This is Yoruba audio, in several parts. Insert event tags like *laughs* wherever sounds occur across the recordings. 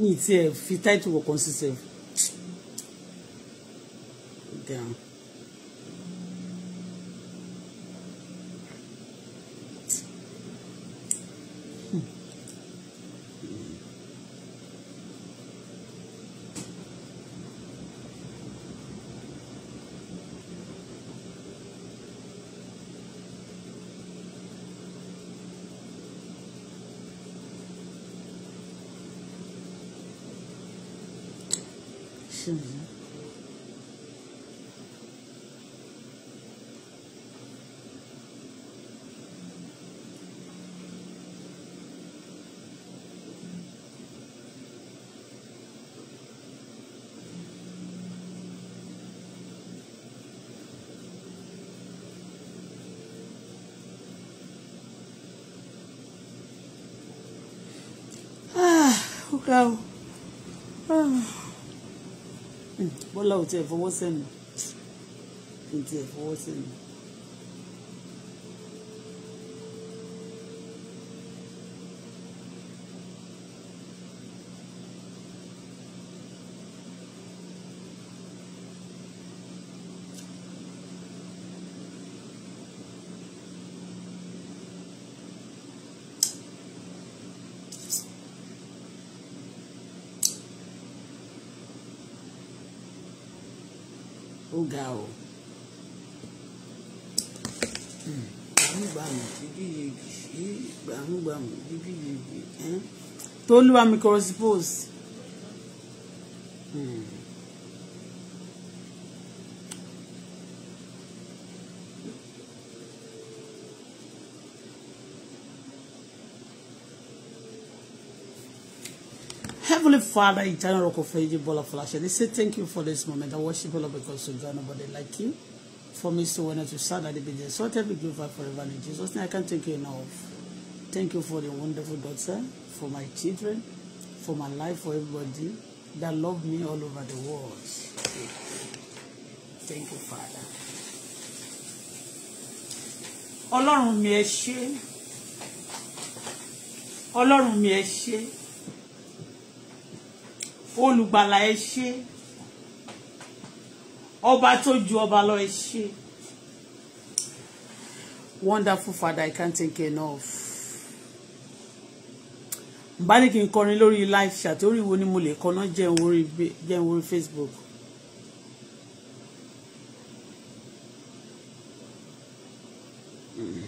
mi tiẹ̀ fi title wọ̀ consistency. Damn. dá o ah. hmm, bọ́lá ò tiẹ̀ fọwọ́ sẹ́nu kò tiẹ̀ fọwọ́ sẹ́nu. ó ga ọ gbàmùgbàmù bíbí yegi gbàmùgbàmù bíbí yegi tó lúwa mi correspose. Father, eternal rock of ages, ball of flesh. They say thank you for this moment. I worship you, Lord, because you got nobody like you. For me, so when I to sad, I be exalted, be glorified forever in Jesus' name. I can't thank you enough. Thank you for the wonderful daughter, for my children, for my life, for everybody that love me all over the world. Thank you, Father. Ọlọ́run mi ẹ ṣé. Ọlọ́run mi ẹ ṣé olùgbàlà ẹ ṣé ọba tó ju ọba lọ ẹ ṣé. wonderful father i can't take enough. bá ní kí kọrin lórí live chat orí wo ni mo lè kọ náà jẹun orí jẹun orí facebook. Mm-hmm.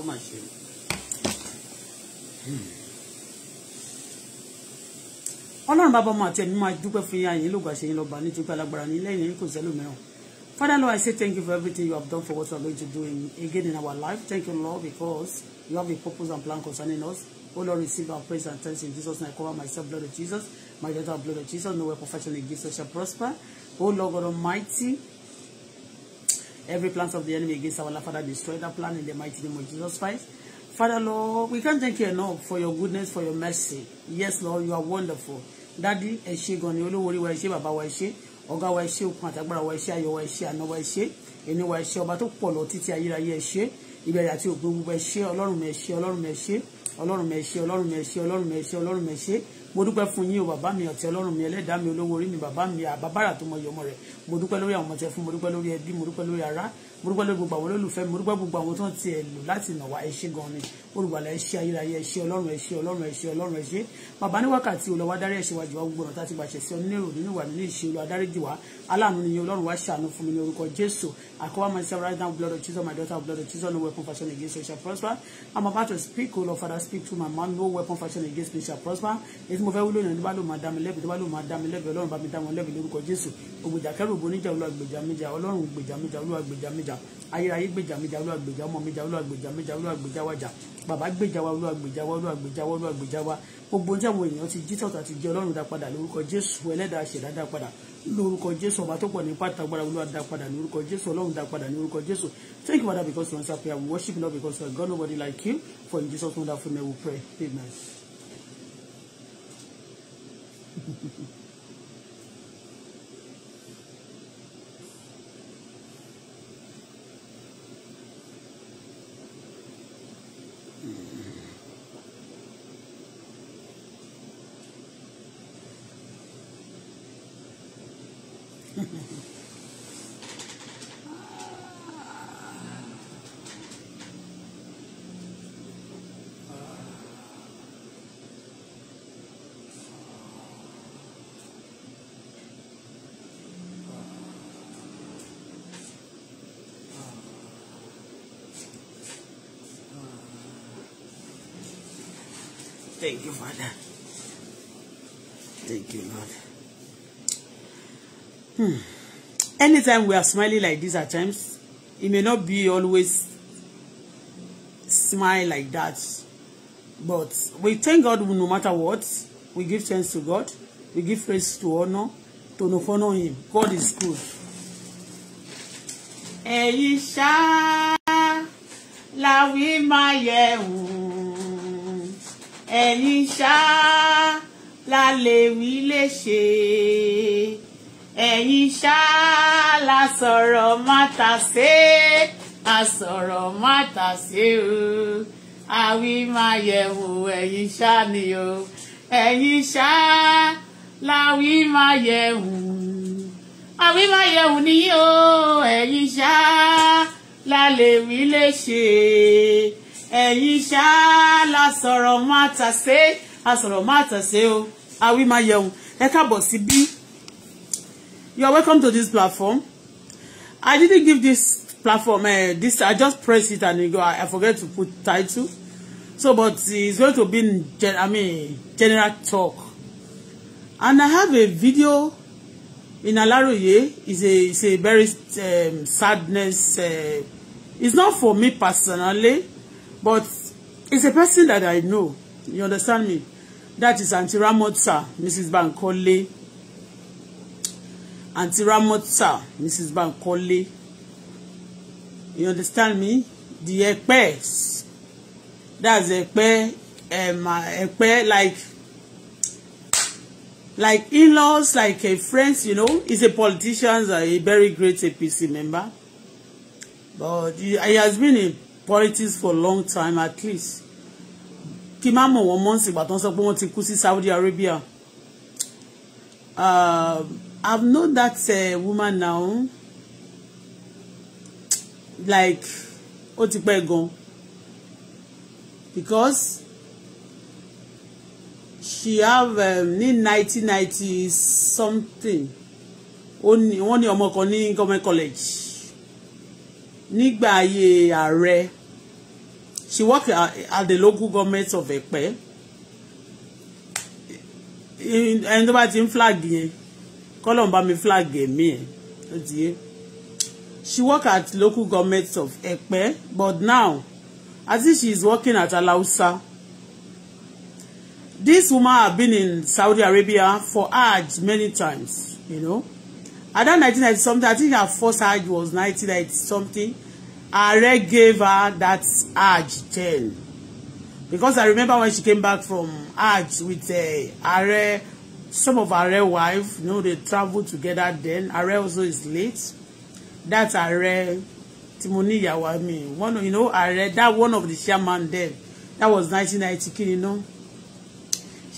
ó hmm. Father Lord, I say thank you for everything you have done for what we are going to do in, again in our life. Thank you, Lord, because you have a purpose and plan concerning us. Oh Lord, receive our praise and thanks in Jesus' name. I cover myself, blood of Jesus, my daughter, blood of Jesus. No way, professionally, against us shall prosper. Oh Lord God Almighty, Every plans of the enemy against our life, Father, destroy that plan in the mighty name of Jesus Christ. Father, Lord, we can't thank you enough for your goodness, for your mercy. Yes, Lord, you are wonderful. Daddy, ẹ ṣé gan ni olówó orí wa ẹ ṣé bàbá wa ẹ ṣé ọ̀gá wa ẹ ṣé okun àtàgbára wa ẹ ṣé ayọ̀ wa ẹ ṣé àná wa ẹ ṣé ẹni wa ẹ ṣé ọba tó pọ̀ lọ títí ayérayé ẹ ṣé ìbẹ̀rẹ̀ àti ògbó gbogbo ẹ ṣé ọlọ́run mi ẹ ṣé mo dúpẹ́ fún yín o bàbá mi ọ̀tí ọlọ́run mi ẹlẹ́dàá mi olówó orí mi bàbá mi àbábàrà tó mọ iye ọmọ rẹ̀ mo dúpẹ́ lórí àwọn ọmọọtẹ fún mo dúpẹ́ lórí ẹbí mo dúpẹ́ lórí ará mo dúpẹ́ lórí gbogbo àwọn olólùfẹ́ mi mo dúpẹ́ gbogbo àwọn tó ń tiẹ̀ lò láti nà wá ẹ gan ni olùgbàlà ẹ ṣé ayérayé ẹ ọlọ́run ẹ ọlọ́run ẹ ọlọ́run ẹ bàbá ní wákàtí olùwà dárí ẹ̀ṣẹ̀ ni ọlọ́run I cover myself right now, blood of Jesus, my daughter, blood of Jesus, no weapon fashioned against me shall prosper. I'm about to speak, oh Lord, Father, speak to my mouth. no weapon fashioned against me shall prosper. Èyí mo fẹ́ wúlò ní ìbálò máa dá mi lẹ́bi, ìbálò máa dá mi lẹ́bi, ọlọ́run bá mi dá wọn lẹ́bi lórúkọ Jésù. Ògbèjà kẹ́rù òbò níjà olúwa gbèjà méjà, ọlọ́run gbèjà méjà, olúwa gbèjà méjà, ayérayé gbèjà méjà, olúwa gbèjà ọmọ méjà, olúwa gbèjà méjà, olúwa gbèjà wájà. Bàbá gbèjà wa, olúwa gbèjà wa, olúwa gbèjà wa, olúwa gbèjà wa. Gbogbo ohun tí àwọn èèyàn ti jí tọ̀tà ti jẹ́ ọlọ́run dá padà lórúkọ Jésù ẹlẹ́dàá ṣẹ̀dá dá padà lórúkọ jésù ọba tó pọ̀ ní pátá agbára olúwa dá padà ní orúkọ jésù ọlọ́run dá padà ní orúkọ jésù thank you father because you answer prayer we worship you not because you are God nobody like you for in Jesus wonderful name we pray amen. *laughs* Thank you, Father. Thank you, Lord. Hmm. Anytime we are smiling like this at times, it may not be always smile like that. But we thank God no matter what. We give thanks to God. We give praise to honor, to no honor Him. God is good. Eisha la wí máa ẹ̀yin ṣá la lè wí lè ṣe ẹ̀yin ṣá la sọ̀rọ̀ má ta ṣe a sọ̀rọ̀ má ta ṣe o àwí máa yẹ̀wò ẹ̀yin ṣá ni o ẹ̀yin ṣá láwí máa yẹ̀wò àwí máa yẹ̀wò nìyí o ẹ̀yin ṣá la lè wí lè ṣe ẹ̀yin ṣáá la sọ̀rọ̀ máa tàṣe a sọ̀rọ̀ máa tàṣe o àwí máa yẹun ẹ káàbọ̀ sí bí you are welcome to this platform I didn't give this platform uh, this I just press it and it go I, I forget to put title so but it's going to be gen, I mean general talk and I have a video in Alaroye is a is a very um, sadness uh, it's not for me personally But it's a person that I know. You understand me? That is Auntie Ramotsa, Mrs. Bankole. Auntie Ramotsa, Mrs. Bankole. You understand me? The Ekpes. That's Ekpe. Um, Ekpe, like like in-laws, like a uh, friends, you know. He's a politician, a very great APC member. But he has been a politics for long time at least kí má mọ̀ wọ́n months ìgbà tó ń sọ pé wọ́n ti kú sí Saudi Arabia uh, I've known that uh, woman now like ó ti pẹ́ gan because she have um, ní nineteen ninety something wọ́n ní ọmọ kan ní government college nígbà ayé ààrẹ She work at, at the local government of Epe. Ẹni tó bá ti ń flag yẹn, kọ́lọ̀ bá mi flag ẹ̀mí ẹ̀ ó ti yé. She work at local government of Epe but now I think she is working at Alausa. This woman have been in Saudi Arabia for Hajj many times, you know. Around 1990 something, I think her first Hajj was 1990 something. Ààrẹ gave her that Hajj gel because I remember when she came back from Hajj with uh, Ààrẹ some of Ààrẹ wife you know they travel together then Ààrẹ also is late that Ààrẹ tí mo ní one of you know Ààrẹ that one of the chairman then that was 1990 you know.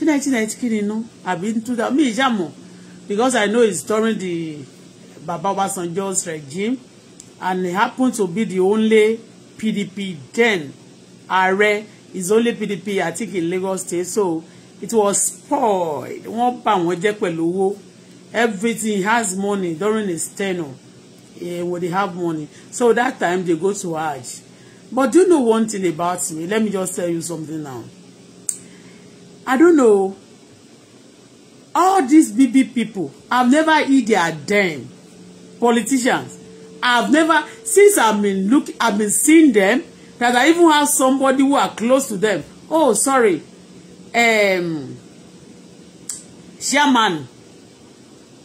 ná 1990 you know, I've been two that. Me jamo, because I know it's during the Baba Obasanjo's regime and happened to be the only PDP then ààrẹ is only PDP I think in Lagos state so it was spoiled wọ́n bà wọ́n jẹ́ pẹ̀lú owó everything has money during his tenure yeah, when they have money so that time they go to Hajj but do you know one thing about me let me just tell you something now I don't know all these BB people I've never eat their damn politicians I've never since I've been look I've been seeing them that I even have somebody who are close to them. Oh, sorry. Um, Sherman.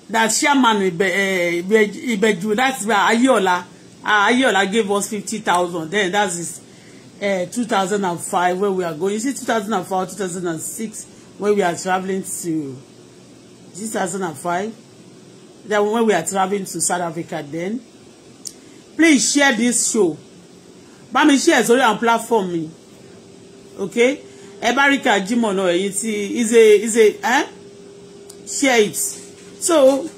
That Sherman eh, Ibeju, that's where Ayola. Uh, Ayola gave us 50,000. Then that's his, uh, 2005 where we are going. You see, 2005, 2006, when we are traveling to 2005. Then when we are traveling to South Africa then please share this show bá mi share sórí àwọn platform mi okay ẹ bá rí kajimọ náà èyí tí ize ize eh? share it so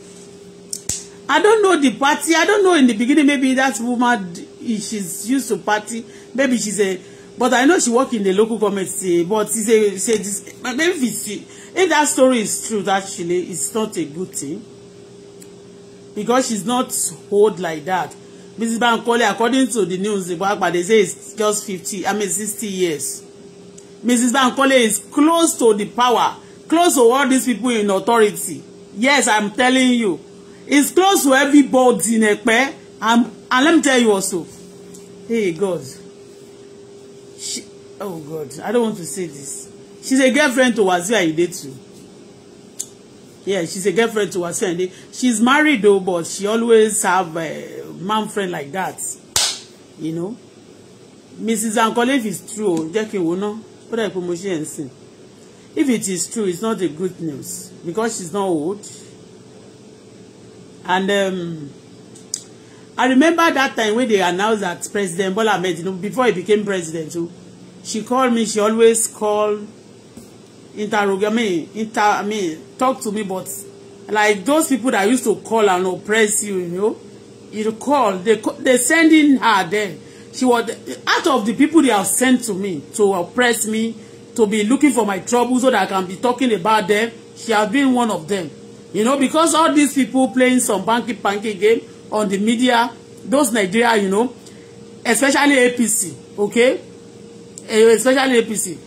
I don't know the party I don't know in the beginning maybe that woman she's used to party maybe she's a but I know she work in the local community but she say say this maybe if, it, if that story is true actually it's not a good thing because she's not old like that Mrs. Bankole, according to the news, they say it's just 50, I mean 60 years. Mrs. Bankole is close to the power, close to all these people in authority. Yes, I'm telling you. It's close to everybody in Ekpe. And, and let me tell you also. Hey, God. She, oh, God. I don't want to say this. She's a girlfriend to Wazir Ayinde too. Yeah, she's a girlfriend to Wazir Ayinde. She's married though, but she always have... Uh, man friend like that you know mrs ankole if it's true jẹ́ kí n wo ná ó dà pé mo ṣe ẹ̀ if it is true it's not a good news because she's not old and um, I remember that time when they announced that President Bola Ahmed you know, before he became president too oh, she called me she always call interrogate I me mean, inter I mean talk to me but like those people that used to call and oppress you you know He call they they sending her there she was out of the people they have sent to me to oppress me to be looking for my trouble so that I can be talking about them she has been one of them you know because all these people playing some banky panky game on the media those Nigeria you know especially APC okay eh, especially APC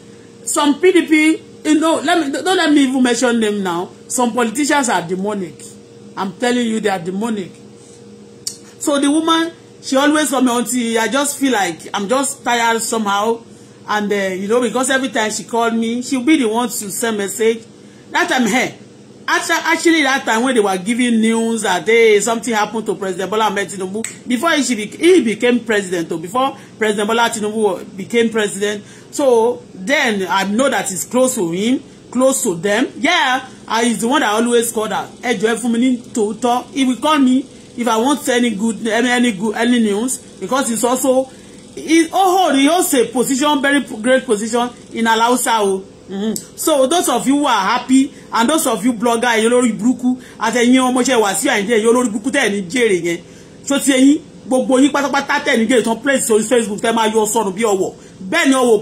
some PDP you know let me don't let me even mention them now some politicians are demonic I'm telling you they are demonic So the woman, she always come until I just feel like I'm just tired somehow. And, uh, you know, because every time she called me, she'll be the one to send message. That time, hey, actually, actually that time when they were giving news that, hey, something happened to President Bola Ahmed Tinubu, before he, be he became president, or before President Bola Tinubu became president, so then I know that it's close to him, close to them. Yeah, I is the one that always called her. Ẹ jọ̀ọ́ ẹ fún mi ní He will call me if I want any good any any good any news because it's also it oh, oh he holds a position very great position in Alausa o. Oh. Mm-hmm. So those of you who are happy and those of you blogger ẹ̀yin olórí burúkú àtẹ̀yin ọmọọṣẹ́ Wàsíù Àyìndé ẹ̀yin olórí burúkú tẹ̀ ní jèrè yẹn tó ti ẹ̀yin gbogbo yín pátápátá tẹ̀ ní jèrè tán place sórí Facebook tẹ́ máa yọ sọnù bí ọwọ́ bẹ́ẹ̀ ni ọwọ́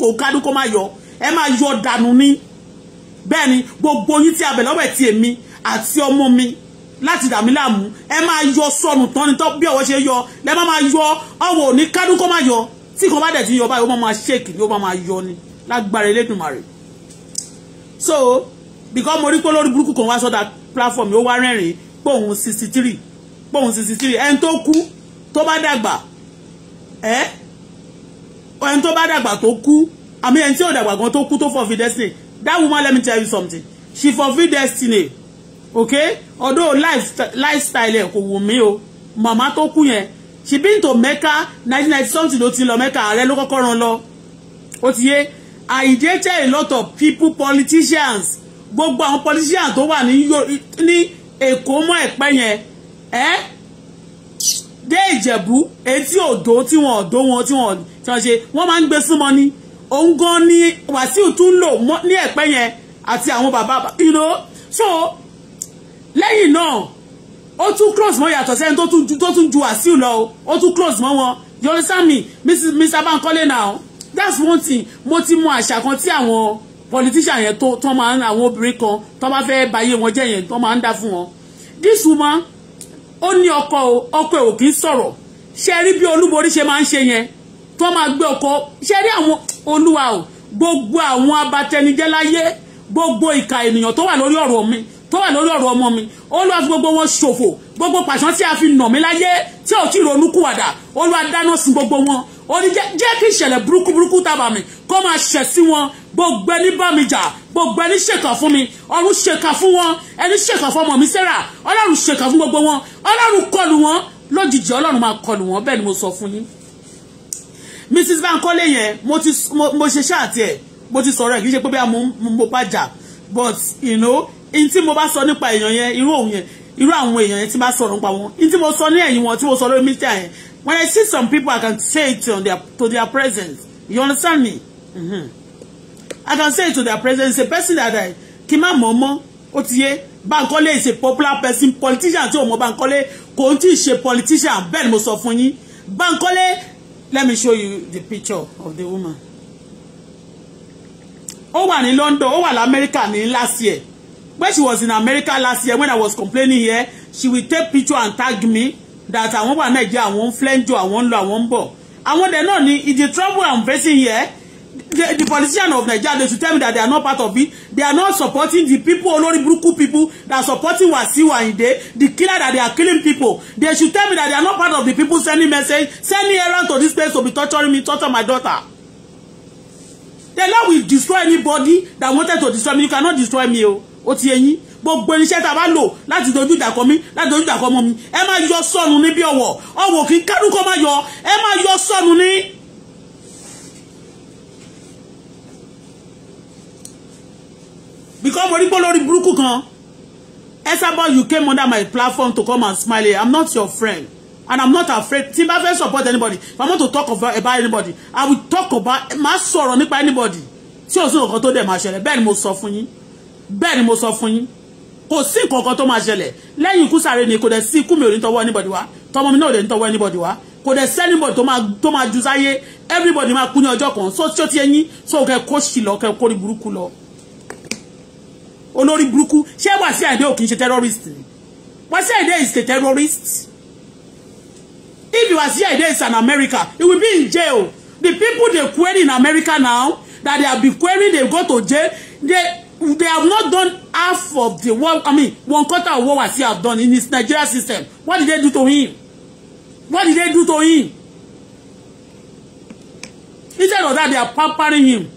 kò kádùn kó máa yọ ẹ máa yọ dànù ní bẹ́ẹ̀ ni gbogbo yín tí abẹ̀ lọ́wọ́ ẹ̀ ti èmi àti ọmọ mi láti dàmí láàmú ẹ máa yọ sọnù tán ni tán bí ọwọ́ ṣe yọ lẹ má máa yọ ọwọ́ òní kádùn kó má yọ tí kan bá dẹ̀ ti yọ báyìí ó má máa ṣèkì ni ó má máa yọ ni lágbára Elédùmarè so because mo rí pé lórí burúkú kan wá sọ́dà platform ó wá rẹ́rìn pòun sixty three pòun sixty three ẹni tó kú tó bá dàgbà ẹ ẹni tó bá dàgbà tó kú àmì ẹni tí ò dàgbà gan tó kú tó forfeit destiny that woman let me tell you something she forfeit destiny okay although lifestyle ẹ̀ kò wù mí o màmá tó kú yẹn she been to Mecca nineteen ninety something ló ti lọ Mecca ààrẹ ló kọ́kọ́ ran lọ ó ti yé I dated a lot of people politicians gbogbo àwọn politicians tó wà ní Èkó mọ́ Ẹ̀pẹ́ yẹn ẹ́ dé Ìjẹ̀bú etí òdó tí wọn òdó wọn tí wọn tí wọn ṣe wọn máa ń gbé súnmọ́ ni òun gan ni Wàsíù tún lò ní Ẹ̀pẹ́ yẹn àti àwọn bàbá you know so lẹ́yìn náà ó tún close mọ́ yàtọ̀ sẹ́ni tó tún ju Wàsíù lọ o ó tún close mọ́ wọn you understand me Mr. Bankole now that's one thing mo ti mọ àṣà kan tí àwọn politician yẹn tó tó máa ń àwọn obìnrin kan tó bá fẹ́ bayé wọn jẹ́ yẹn tó máa ń dá fún wọn this woman ó ní ọkọ o ọkọ ò kì í sọ̀rọ̀ ṣe rí bí olúborí ṣe máa ń ṣe yẹn tó máa gbé ọkọ ṣe rí àwọn olúwa o gbogbo àwọn abatẹnijẹ́ láyé gbogbo ìka ènìyàn tó wà lórí ọ̀rọ̀ mi tó wà lórí ọ̀rọ̀ ọmọ mi olúwa fi gbogbo wọn ṣòfò gbogbo pàṣán tí a fi nà mí láyé tí ò tí ronúkúwàdà olúwa dáná sun gbogbo wọn ó ní jẹ́ kí ìṣẹ̀lẹ̀ burúkú burúkú tàbà mi kó máa ṣẹ̀ sí wọn gbogbo ẹni bá mi jà gbogbo ẹni ṣèkà fún mi ọ̀run ṣèkà fún wọn ẹni ṣèkà fún ọmọ mi sẹ́rà ọlọ́run ṣèkà fún gbogbo wọn ọlọ́run kọlù wọn lójijì ọlọ́run máa kọlù wọn bẹ́ẹ̀ ni mo sọ fún yín mrs bankole yẹn mo ti mo ṣe ṣáàtì ẹ̀ mo ti sọ̀rọ̀ ẹ̀ kì í ṣe pé bí mo bá jà but you know tí mo bá sọ nípa èèyàn yẹn irú òun yẹn irú àwọn èèyàn yẹn tí bá sọ̀rọ̀ nípa wọn tí mo sọ ní ẹ̀yìn wọn tí mo sọ lórí mídíà yẹn when I see some people I can say it to their, to their presence you understand me mm-hmm. I can say it to their presence it's person that I kì í má mọ̀ mọ́ ó ti yé Bankole is a popular person politician tí ò mọ̀ Bankole kò ń tí ì ṣe politician bẹ́ẹ̀ ni mo sọ fún yín Bankole let me show you the picture of the woman ó wà ní London ó wà ní America ní last year when she was in America last year when I was complaining here she will take picture and tag me that àwọn wà Nàìjíríà àwọn ń flenjo àwọn ń lọ àwọn ń bọ̀ àwọn dẹ̀ náà ni in the trouble I'm facing here the, the politicians of Nigeria they should tell me that they are not part of it they are not supporting the people only burúkú people that are supporting Wasiu Ayinde the killer that they are killing people they should tell me that they are not part of the people sending message sending errand to this place to be torturing me torturing my daughter the law will destroy anybody that wanted to destroy me you cannot destroy me Oh ó ti yẹyin gbogbo irinṣẹ́ tá bá lò láti dojú ìjà kọ láti dojú ìjà ọmọ mi ẹ máa yọ sọnù ní bí ọwọ́ ọwọ́ kì kárúkọ máa yọ ẹ máa yọ sọnù ní. because mo rí pé lórí burúkú kan Esabod you came under my platform to come and smile i'm not your friend and i'm not afraid tí n bá fẹ́ support anybody if i want to talk about, about anybody i will talk about máa sọ̀rọ̀ nípa anybody tí o sì nǹkan tó dẹ̀ máa ṣẹlẹ̀ bẹ́ẹ̀ ni mo sọ fún yín bẹ́ẹ̀ ni mo sọ fún yín kò sí nǹkan kan tó máa ṣẹlẹ̀ lẹ́yìn ikú sáré ni kò dẹ̀ sí ikú mi ò ní tọwọ́ anybody wá tọmọ mi náà ò dẹ̀ ní tọwọ́ anybody wá kò dẹ̀ sí anybody tó máa tó máa ju sáyé everybody máa kú ní ọjọ́ kan so tí ó ti ẹyin so kẹ kó sì lọ kẹ kórí burúkú lọ olórí burúkú ṣé Wàsíù Àyìndé ò kì í ṣe terrorist ni Wàsíù Àyìndé is a terrorist if Wàsíù Àyìndé is an America he will be in jail the people dey query in America now that they have been querying they go to jail they they have not done half of the work, I mean, one quarter of what Wasiu have done in his Nigeria system. What did they do to him? What did they do to him? Instead of that, they are pampering him.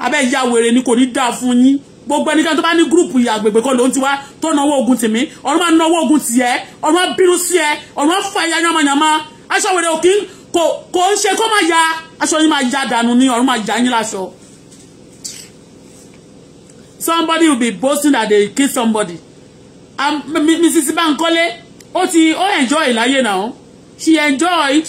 Abẹ́ ìyá wèrè ni kò ní dáa fún yín. Gbogbo ẹnikẹ́ni tó bá ní gúrùpù ìyá àgbègbè kan ló ń ti wá tó náwó ogun tèmi. Ọ̀run máa náwó ogun tiẹ̀. Ọ̀run máa bínú sí ẹ. Ọ̀run máa fà ya yánmayànmá. Aṣọ wèrè òkín kò ń ṣe kó máa ya. Aṣọ yín máa ya dànù ni ọ̀run máa ya yín láṣọ somebody will be boasting that they kill somebody um, Mrs. Bankole ó ti O enjoy láyé náà she enjoyed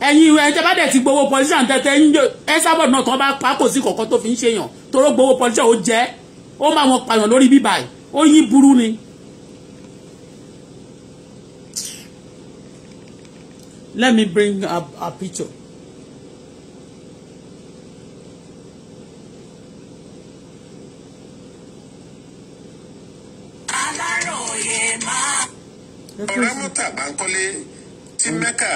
ẹ̀yin ẹ̀jẹ̀ bá dẹ̀ ti gbowó politician tẹ́tẹ́ ẹ̀yin ẹ̀ sábọ̀ náà tán bá pa kò sí kọ̀ọ̀kan tó fi ń ṣèyàn toró gbowó politician ó jẹ́ ó máa wọn pààyàn lórí bíbà yìí ó yí burú ni. Let me bring up a picture. ọ̀rẹ́mútà Bánkọ́lé tí mm. mẹ́kà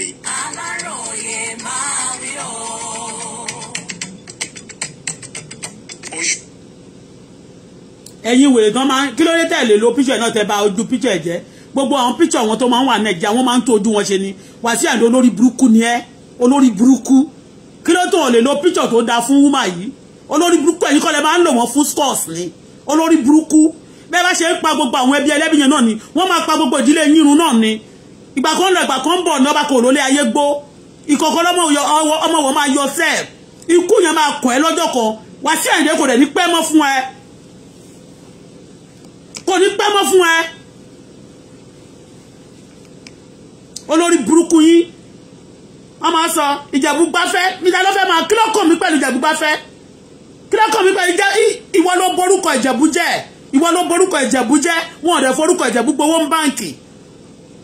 èyí. E. aláròye máa wí o. ẹ̀yin wèrè gan máa kí ló dé tẹ̀lé lo píṣọ̀ náà tẹ́ bá ojú píṣọ̀ ẹ̀ jẹ́ gbogbo àwọn píṣọ̀ wọn tó máa ń wà nàìjíríà wọ́n máa ń tọ́jú wọn ṣe ni Wàsíù Àyìndé olórí burúkú ni ẹ́ olórí burúkú kí ló tó lè lo píṣọ̀ tó dáa fún wúmà yìí olórí burúkú ẹ̀yin kọ́ lẹ máa ń lò wọ́n fún scores ni olórí burúkú bẹ́ẹ̀ bá ṣe ń pa gbogbo àwọn ẹbí ẹlẹ́bí yẹn náà ni wọ́n máa pa gbogbo ìdílé yírun náà ni ìgbà kan lọ ìgbà kan bọ̀ ní ọba kò rólé ayé gbó ìkọ̀kọ́ lọ́mọ wọn máa yọ sẹ́ẹ̀ ikú yẹn máa kọ̀ ẹ́ lọ́jọ́ kan wá sí àyìnlẹ́ kò dẹ̀ ní pẹ́ mọ́ fún ẹ kò ní pẹ́ mọ́ fún ẹ olórí burúkú yín wọ́n máa sọ ìjẹ̀bú gbáfẹ́ níta ló fẹ́ máa kí ló pẹ̀lú ìjẹ̀bú gbáfẹ́ kí ló kàn mí ìwọ ló borúkọ ìjẹ̀bú jẹ́ ẹ̀ ìwọ ló borúkọ ìjẹ̀bú jẹ́ wọn ò dẹ̀ forúkọ ìjẹ̀bú gbowó ń báǹkì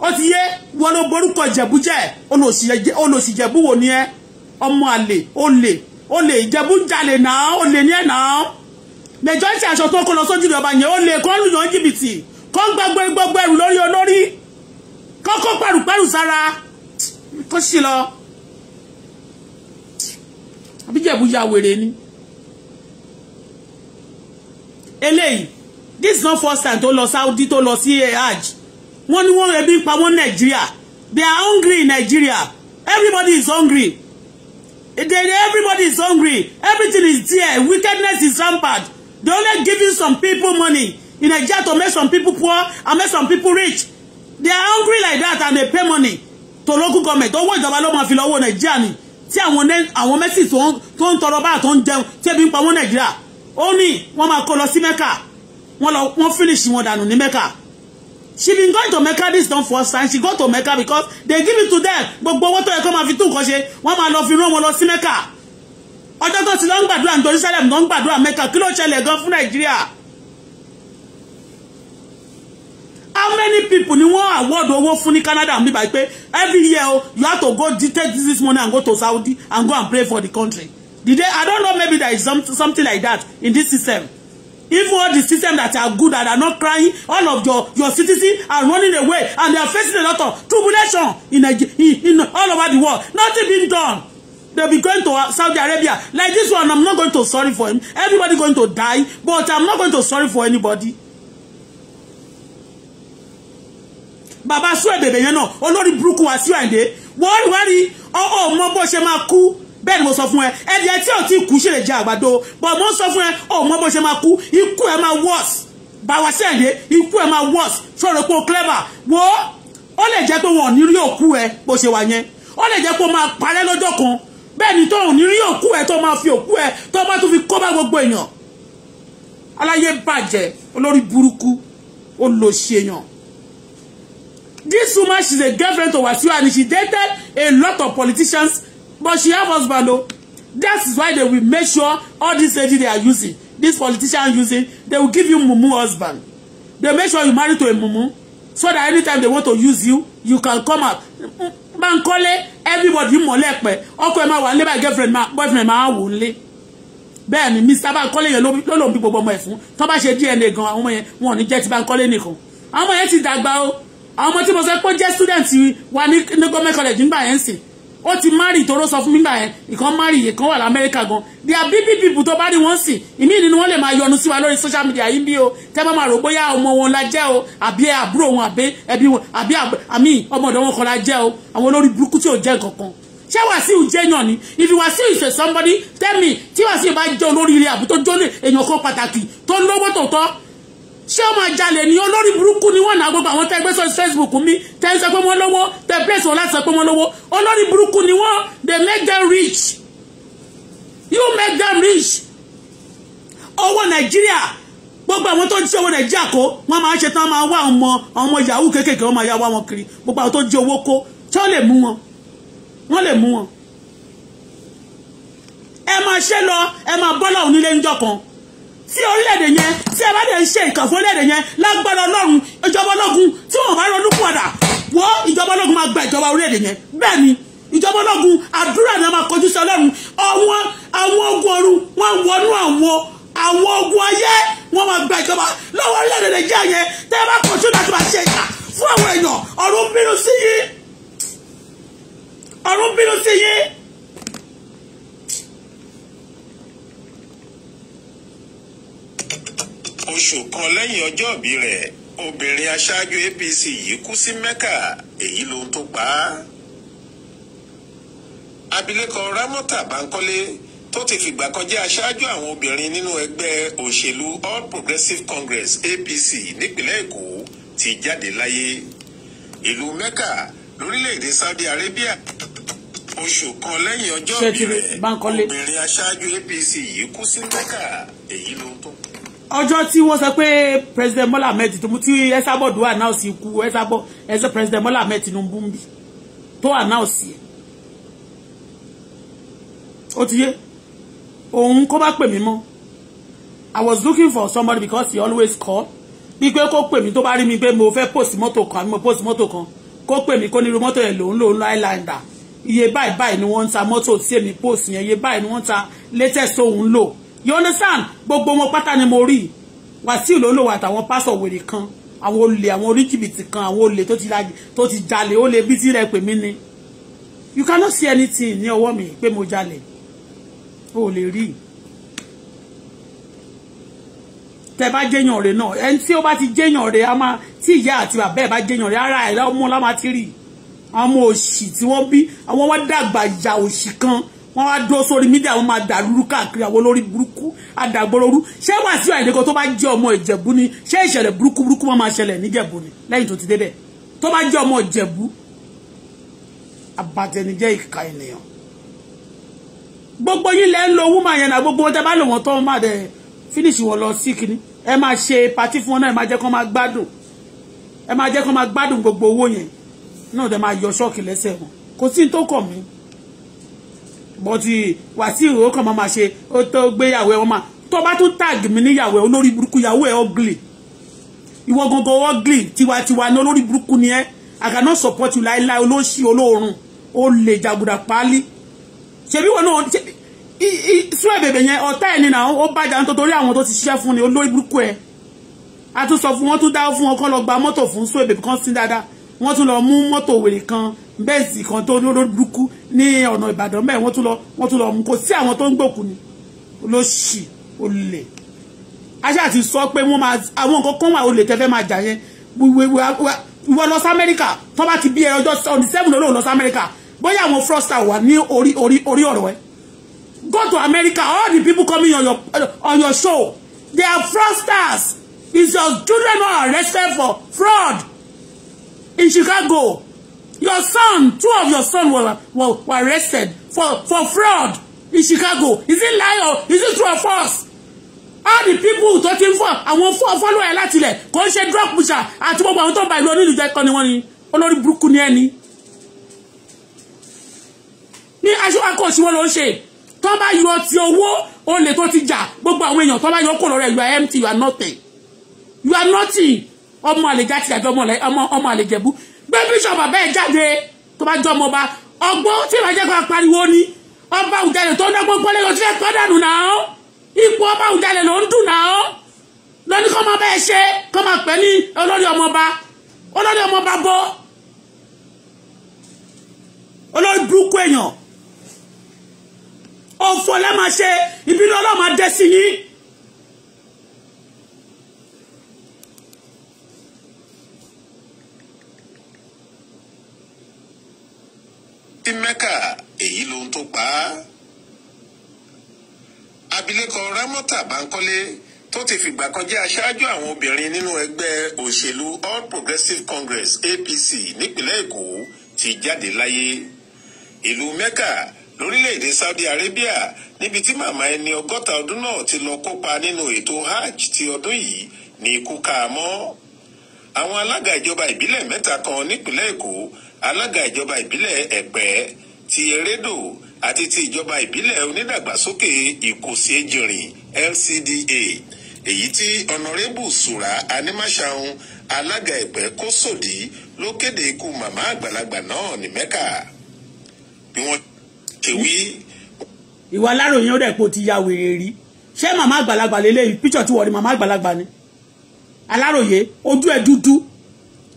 ó ti yé ìwọ ló borúkọ ìjẹ̀bú jẹ́ olùsìjẹ̀bú wò ni ẹ ọmọ àlè olè olè ìjẹ̀bú ń jalè náà olè ní ẹ̀ náà lẹ́jọ́ ìṣe aṣọ tó kó lọ sójú ìjọba yẹn olè kọ́ ń lùyàn jìbìtì kọ́ ń gbàgbọ́ gbogbo ẹrù lórí olórí kọ́kọ́ pẹ̀rùpẹ̀rù sára kó sì lọ àbíjẹ̀bú ya wèrè ni eléyìí this is not first time tó lọ Saudi tó lọ sí hajj wọ́n ní wọ́n ebi ń pa wọ́n Nàìjíríà they are hungry in Nigeria everybody is hungry they, they, everybody is hungry everything is there wickedness is rampant they only giving some people money in Nigeria to make some people poor and make some people rich they are hungry like that and they pay money to local government owó ìjọba ló máa fi lọ́wọ́ Nàìjíríà ni tí àwọn àwọn mẹ́sì tó ń tọrọ báà tó ń jẹun tí ebi ń pa wọ́n Nàìjíríà ó ní wọ́n máa kó lọ sí Mẹ́kà wọ́n lọ wọ́n finish wọn dànù ní mẹ́kà she been going to mecca this don first time she go to mecca because they give it to them gbogbo owó tó yẹ kó máa fi tún nǹkan ṣe wọ́n máa lọ fi rán wọn lọ sí mecca ọjọ́ tó ti lọ ń gbàdúrà ní Jerusalem lọ ń gbàdúrà mecca kí ló ṣẹlẹ̀ gan fún nàìjíríà how many people ni wọ́n award owó fún ní Canada and bíbá pé every year you have to go take this money and go to Saudi and go and pray for the country Did they? I don't know maybe there is some, something like that in this system Even all the system that are good that are not crying, all of your, your citizens are running away and they are facing a lot of tribulation in, in, in all over the world. Nothing being done. They'll be going to Saudi Arabia. Like this one, I'm not going to sorry for him. Everybody going to die, but I'm not going to sorry for anybody. Bàbá Sùwẹ̀ bèbè yẹn náà, olórí brook was you and Wọ́n rí worry, oh oh, mọ́ boy, she ma kú bẹ́ẹ̀ ni mo sọ fún ẹ ẹdìyẹ tí ò tí kú ṣe lè jẹ àgbàdo but mo sọ fún ẹ ò mọ bó ṣe máa kú ikú ẹ máa worse báwa sẹ́ẹ̀dẹ̀ ikú ẹ máa worse ṣọ́ọ̀rọ̀ pé o clever wo ó lè jẹ́ pé wọn ò ní rí òkú ẹ bó ṣe wà yẹn ó lè jẹ́ pé o máa parẹ́ lọ́jọ́ kan bẹ́ẹ̀ ni tó ò ní rí òkú ẹ tó máa fi òkú ẹ tó bá tún fi kó bá gbogbo èèyàn aláyé bàjẹ́ olórí burúkú ó lọ ṣe èèyàn This woman she's a girlfriend to Wasiu and she dated a lot of politicians but she have husband o that is why they will make sure all this lady they are using this politician using they will give you mumu husband they make sure you marry to a mumu so that anytime they want to use you you can come out Bankole everybody mọ̀lẹ́ pẹ̀ ọkọ ẹ̀ máa wà nílé báyìí girlfriend my boyfriend my only. nílé bẹ́ẹ̀ ni Mr. Bankole you know, lòun bí gbogbo ọmọ ẹ̀ fún tó bá ṣe DNA gan àwọn ọmọ yẹn get ò ní jẹ́ ti Bankole nìkan àwọn ọmọ yẹn ti dàgbà o àwọn ọmọ tí mo sọ pé ó jẹ́ government college nígbà yẹn ń ó ti márì tóró sọ fún mi gbà yẹn ìkan marry yẹn kan wà America gan they are big people tó bá ní wọ́n sì ìmí ìdí ni wọ́n lè máa yọnu sí wa lórí social media yìí bí o tẹ́ bá máa rò bóyá ọmọ wọn la jẹ́ o àbí àbúrò wọn àbí ẹbí wọn àbí àmì ọmọdé wọn kan la jẹ́ o àwọn olórí burúkú tí ò jẹ́ kankan ṣé wàsíù jẹyàn ni if wàsíù is somebody tell me tí wàsíù bá jẹ́ olóríire àbí tó jọ́ èèyàn kan pàtàkì tó lówó tòótọ́ ṣé ọmọ àjálẹ̀ ni olórí burúkú ni wọ́n náà gbogbo àwọn tẹ́gbẹ́ sọ Facebook mi tẹ́ sọ pé wọ́n lówó tẹ́ place wọn láti sọ pé wọ́n lówó olórí burúkú ni wọ́n they make them rich you make them rich owó Nàìjíríà gbogbo àwọn tó ń jí owó Nàìjíríà kó wọ́n máa ń ṣe tán máa wá ọmọ ọmọ yahoo kéékèèké wọ́n máa yá wá wọn kiri gbogbo àwọn tó jí owó kó tí wọ́n lè mú wọn wọ́n lè mú wọn ẹ máa ṣe lọ ẹ máa bọ́lá onílé ńjọ kan sí orílẹ̀-èdè yẹn tí ẹ bá dẹ̀ ń ṣe ìkà fún orílẹ̀-èdè yẹn lágbára ọlọ́run ìjọba ológun tí wọn bá ronú padà wọ ìjọba ológun máa gba ìjọba orílẹ̀-èdè yẹn bẹ́ẹ̀ ni ìjọba ológun àdúrà náà máa kọjú sí ọlọ́run àwọn àwọn ogun ọ̀run wọn wọnú àwọn àwọn ogun ayé wọn máa gba ìjọba lọ́wọ́ orílẹ̀-èdè nàìjíríà yẹn tẹ́ ẹ bá kọ̀ tó láti máa ṣe ìkà fún àwọn èèyàn ọ̀run bínú sí yín ọ̀run bínú sí yín oṣù kan lẹ́yìn ọjọ́òbí rẹ̀ obìnrin aṣáájú APC yìí kú sí Mẹ́kà èyí lohun tó pa á. abilékọ Rámọ́tà Bánkọ́lé tó ti fìgbà kan aṣáájú àwọn obìnrin nínú ẹgbẹ́ òṣèlú All Progressives Congress APC nípínlẹ̀ Èkó ti jáde láyé ìlú Mẹ́kà lórílẹ̀‐èdè Saudi Arabia oṣù kan lẹ́yìn ọjọ́ ìbí rẹ̀ obìnrin aṣáájú APC yìí kú sí Mẹ́kà èyí lohun tó pa á ọjọ́ tí wọ́n sọ pé president Mola Ahmed Tinubu tí Esabod wà náà sí ikú Esabod ẹsẹ̀ president Bola Ahmed Tinubu ń bì tó wà náà sí ẹ̀ ó ti yé òun kó bá pè mí mọ́ I was looking for somebody because he always call bí pé kó pè mí tó bá rí mi pé mo fẹ́ post mọ́tò kan àbí mo post mọ́tò kan kó pè mí kó ní irú mọ́tò yẹn lòun lòun Highlander iye báyìí báyìí ni wọ́n ń ta mọ́tò tí èmi post yẹn iye báyìí ni wọ́n ń ta latest òun lò you understand gbogbo wọn pátá ni mo rí wàsíù ló ń lò wà àtàwọn pásọ wèrè kan àwọn olè àwọn oríjìbìtì kan àwọn olè tó ti jalè ó lè bí tí rẹ pè mí ni you cannot see anything ní ọwọ́ mi pé mo jalè o lè rí tẹ bá jẹyàn rẹ náà ẹni tí ó bá ti jẹyàn rẹ a máa tí ìyá àti bàbá ẹ bá jẹyàn rẹ ara ẹ ọmọ la máa ti rí àwọn ọmọ òṣì tí wọ́n bí àwọn wọn dàgbà ìjà òṣì kan wọ́n wá dúró sórí mídíà wọ́n máa dàlúrú káàkiri àwọn olórí burúkú àdàgbòrórú ṣé Wàsíù Àyìndé tó bá jẹ́ ọmọ Ìjẹ̀bú ni ṣé ìṣẹ̀lẹ̀ burúkú burúkú wọ́n máa ṣẹlẹ̀ níjẹ̀bú ni lẹ́yìn tó ti débẹ̀ tó bá jẹ́ ọmọ Ìjẹ̀bú àbàtẹnijẹ́ ìka ènìyàn gbogbo yín lẹ́ ń lo woman yẹn náà gbogbo wọn tẹ́ bá lò wọ́n tọ́ máa dẹ̀ finish wọn lọ sí kinní ẹ máa ṣe patí fún wọn náà ẹ máa jẹ́ kó máa gbádùn ẹ máa jẹ́ kó máa gbádùn bọ́tì wàsíù ó kàn máa máa ṣe ó tó gbéyàwó ẹ̀ wọ́n máa tó bá tún tag mi níyàwó ẹ̀ olórí burúkú yàwó ẹ̀ ọ́gìlì ìwọ gangan ọ́gìlì tiwantiwa ní olórí burúkú ni ẹ́ I cannot support you láéláé olóṣì olóorun ó lè jàgùdà páálí ṣebí wọn náà sún ẹ̀bẹ̀bẹ̀ yẹn ọ̀tá ẹ̀ nínú àwọn ó bàjá nítorí àwọn tó ti ṣiṣẹ́ fún ni olórí burúkú ẹ̀ a tún sọ fún wọn tún dáwọ́ fún wọn lọ gba mọ́tò fún sún bẹ́ẹ̀sì kan tó lórúkú ní ọ̀nà ìbàdàn bẹ́ẹ̀ wọ́n tún lọ wọ́n tún lọ mú kò sí àwọn tó ń gbòkú ni olóṣì olè aṣá ti sọ pé wọ́n máa àwọn nǹkan kan wà olè tẹ́fẹ́ máa jà yẹn ìwọ lọ sí amẹ́ríkà tó bá ti bí ẹ ọjọ́ ọ̀nì sẹ́fún lọ́wọ́ lọ sí amẹ́ríkà bóyá àwọn fraudster wà ní orí orí orí ọ̀rọ̀ ẹ go to america all the people coming on your on your show they are fraudsters it's your children who are arrested for fraud in chicago Your son, two of your son were, were, were arrested for, for fraud in Chicago. Is it lie or is it true or false? All the people tó ti ń fọ́ àwọn fọ́lọ́ ẹ̀ láti ilẹ̀ kò ń ṣe drug pusher àti gbogbo àwọn tó ń ba ìlú onílù jẹ́ kọ́ ni wọ́n ni olórí burúkú ni ẹni. Ní aṣọ akọ̀ṣì wọn ló ń ṣe tó bá yọ ti owó olè tó ti jà gbogbo àwọn èèyàn tó bá yọ kò lọ́rọ̀ ẹ̀ you are empty you are nothing you are nothing ọmọ àlè jáde àbí ọmọ àlè jẹ̀bú gbé bíṣọ̀bù abẹ́ jáde tó bá jọ ọmọọba ọgbọ́n tí ìbàjẹ́ kan pariwo ni ọba òjàlẹ̀ tó ń dá gbogbo lẹ́yìn òtún ẹ̀kọ́ dànù náà ipò ọba òjàlẹ̀ ló ń dùn náà lóní kọ́ máa bẹ́ẹ̀ ṣe kọ́ máa pẹ́ ní olórí ọmọọba olórí ọmọọba bọ́ olórí burúkú èèyàn òfò lẹ́ máa ṣe ìbínú ọlọ́ọ̀ máa dẹ́ sí yín. sí mẹ́kà èyí lohun tó pa á. abilékọ Rámọ́tà Bánkọ́lé tó ti fìgbà kan jẹ́ aṣáájú àwọn obìnrin nínú ẹgbẹ́ òṣèlú All Progressives Congress APC nípínlẹ̀ Èkó ti jáde láyé ìlú mẹ́kà lórílẹ̀‐èdè Saudi Arabia níbi tí màmá ẹni ọgọ́ta ọdún náà ti lọ kópa nínú ètò hajj ti ọdún yìí ní ikú ká àwọn alága ìjọba ìbílẹ̀ mẹ́ta kan nípínlẹ̀ Èkó alága ìjọba ìbílẹ̀ ẹ̀pẹ́ ti erédò àti ti ìjọba ìbílẹ̀ onídàgbàsókè ìkòsíéjìrìn LCDA èyí tí ọ̀nàrẹ́bù sùrà animáṣàun alága ẹ̀pẹ́ kó sòdí ló kéde ikú màmá àgbàlagbà náà ní mẹ́kà bí wọ́n ṣe wí. ìwà aláròyìn ó dẹ̀ kó ti ya wèrè rí ṣé màmá àgbàlagbà lélẹ́yìí píṣọ̀ tí wọ́n rí màmá àgbàlagbà ni aláròyé ojú ẹ̀ dúdú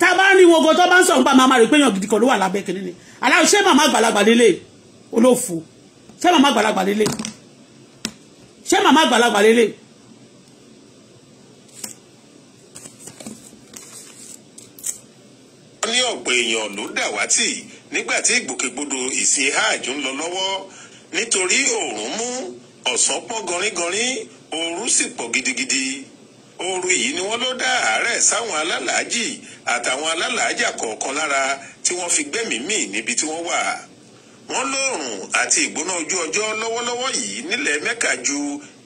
tá a bá ní wọn gan tó bá ń sọ̀rọ̀ nípa màmá rẹ̀ pé èèyàn gidi kan ló wà lábẹ́ kínní ni aláwọ̀ ṣé màmá àgbàlagbà lélẹ̀ olófo ṣé màmá àgbàlagbà lélẹ̀ ṣé màmá àgbàlagbà lélẹ̀ ní ọ̀pọ̀ èèyàn ló dàwátì nígbà tí ìgbòkègbodò ìsìn hajj ń lọ lọ́wọ́ nítorí oòrùn mú ọ̀sán pọ́n gọrígọrí ooru sì pọ̀ gidigidi ooru yìí ni wọ́n ló dá àárẹ̀ sáwọn alálàájì àtàwọn alálàájà kọ̀ọ̀kan lára tí wọ́n fi gbẹ́mìí mì níbi tí wọ́n wà wọ́n lóòrùn àti ìgbóná ojú ọjọ́ lọ́wọ́lọ́wọ́ yìí nílẹ̀ mẹ́kà ju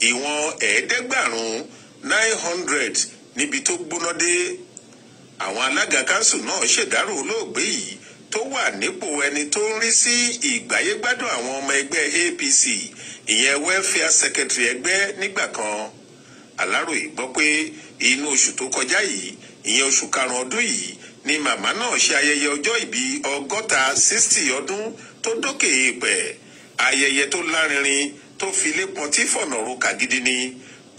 ìwọ̀n ẹ̀ẹ́dẹ́gbàrún nine hundred níbi tó gbóná dé àwọn alága kanṣu náà ṣèdárò olóògbé yìí tó wà nípò ẹni tó ń rí sí ìgbáyégbádùn àwọn ọmọ ẹgbẹ́ APC ìyẹn welfare secretary ẹgbẹ́ nígbà kan aláròye gbọ́ pé inú oṣù tó kọjá yìí ìyẹn oṣù karùn-ún ọdún yìí ni màmá náà ṣe ayẹyẹ ọjọ́ ìbí ọgọ́ta sixty ọdún tó dókè èèpẹ̀ ayẹyẹ tó lárinrin tó fi lépọn tí fọ̀nà òrùka gidi ni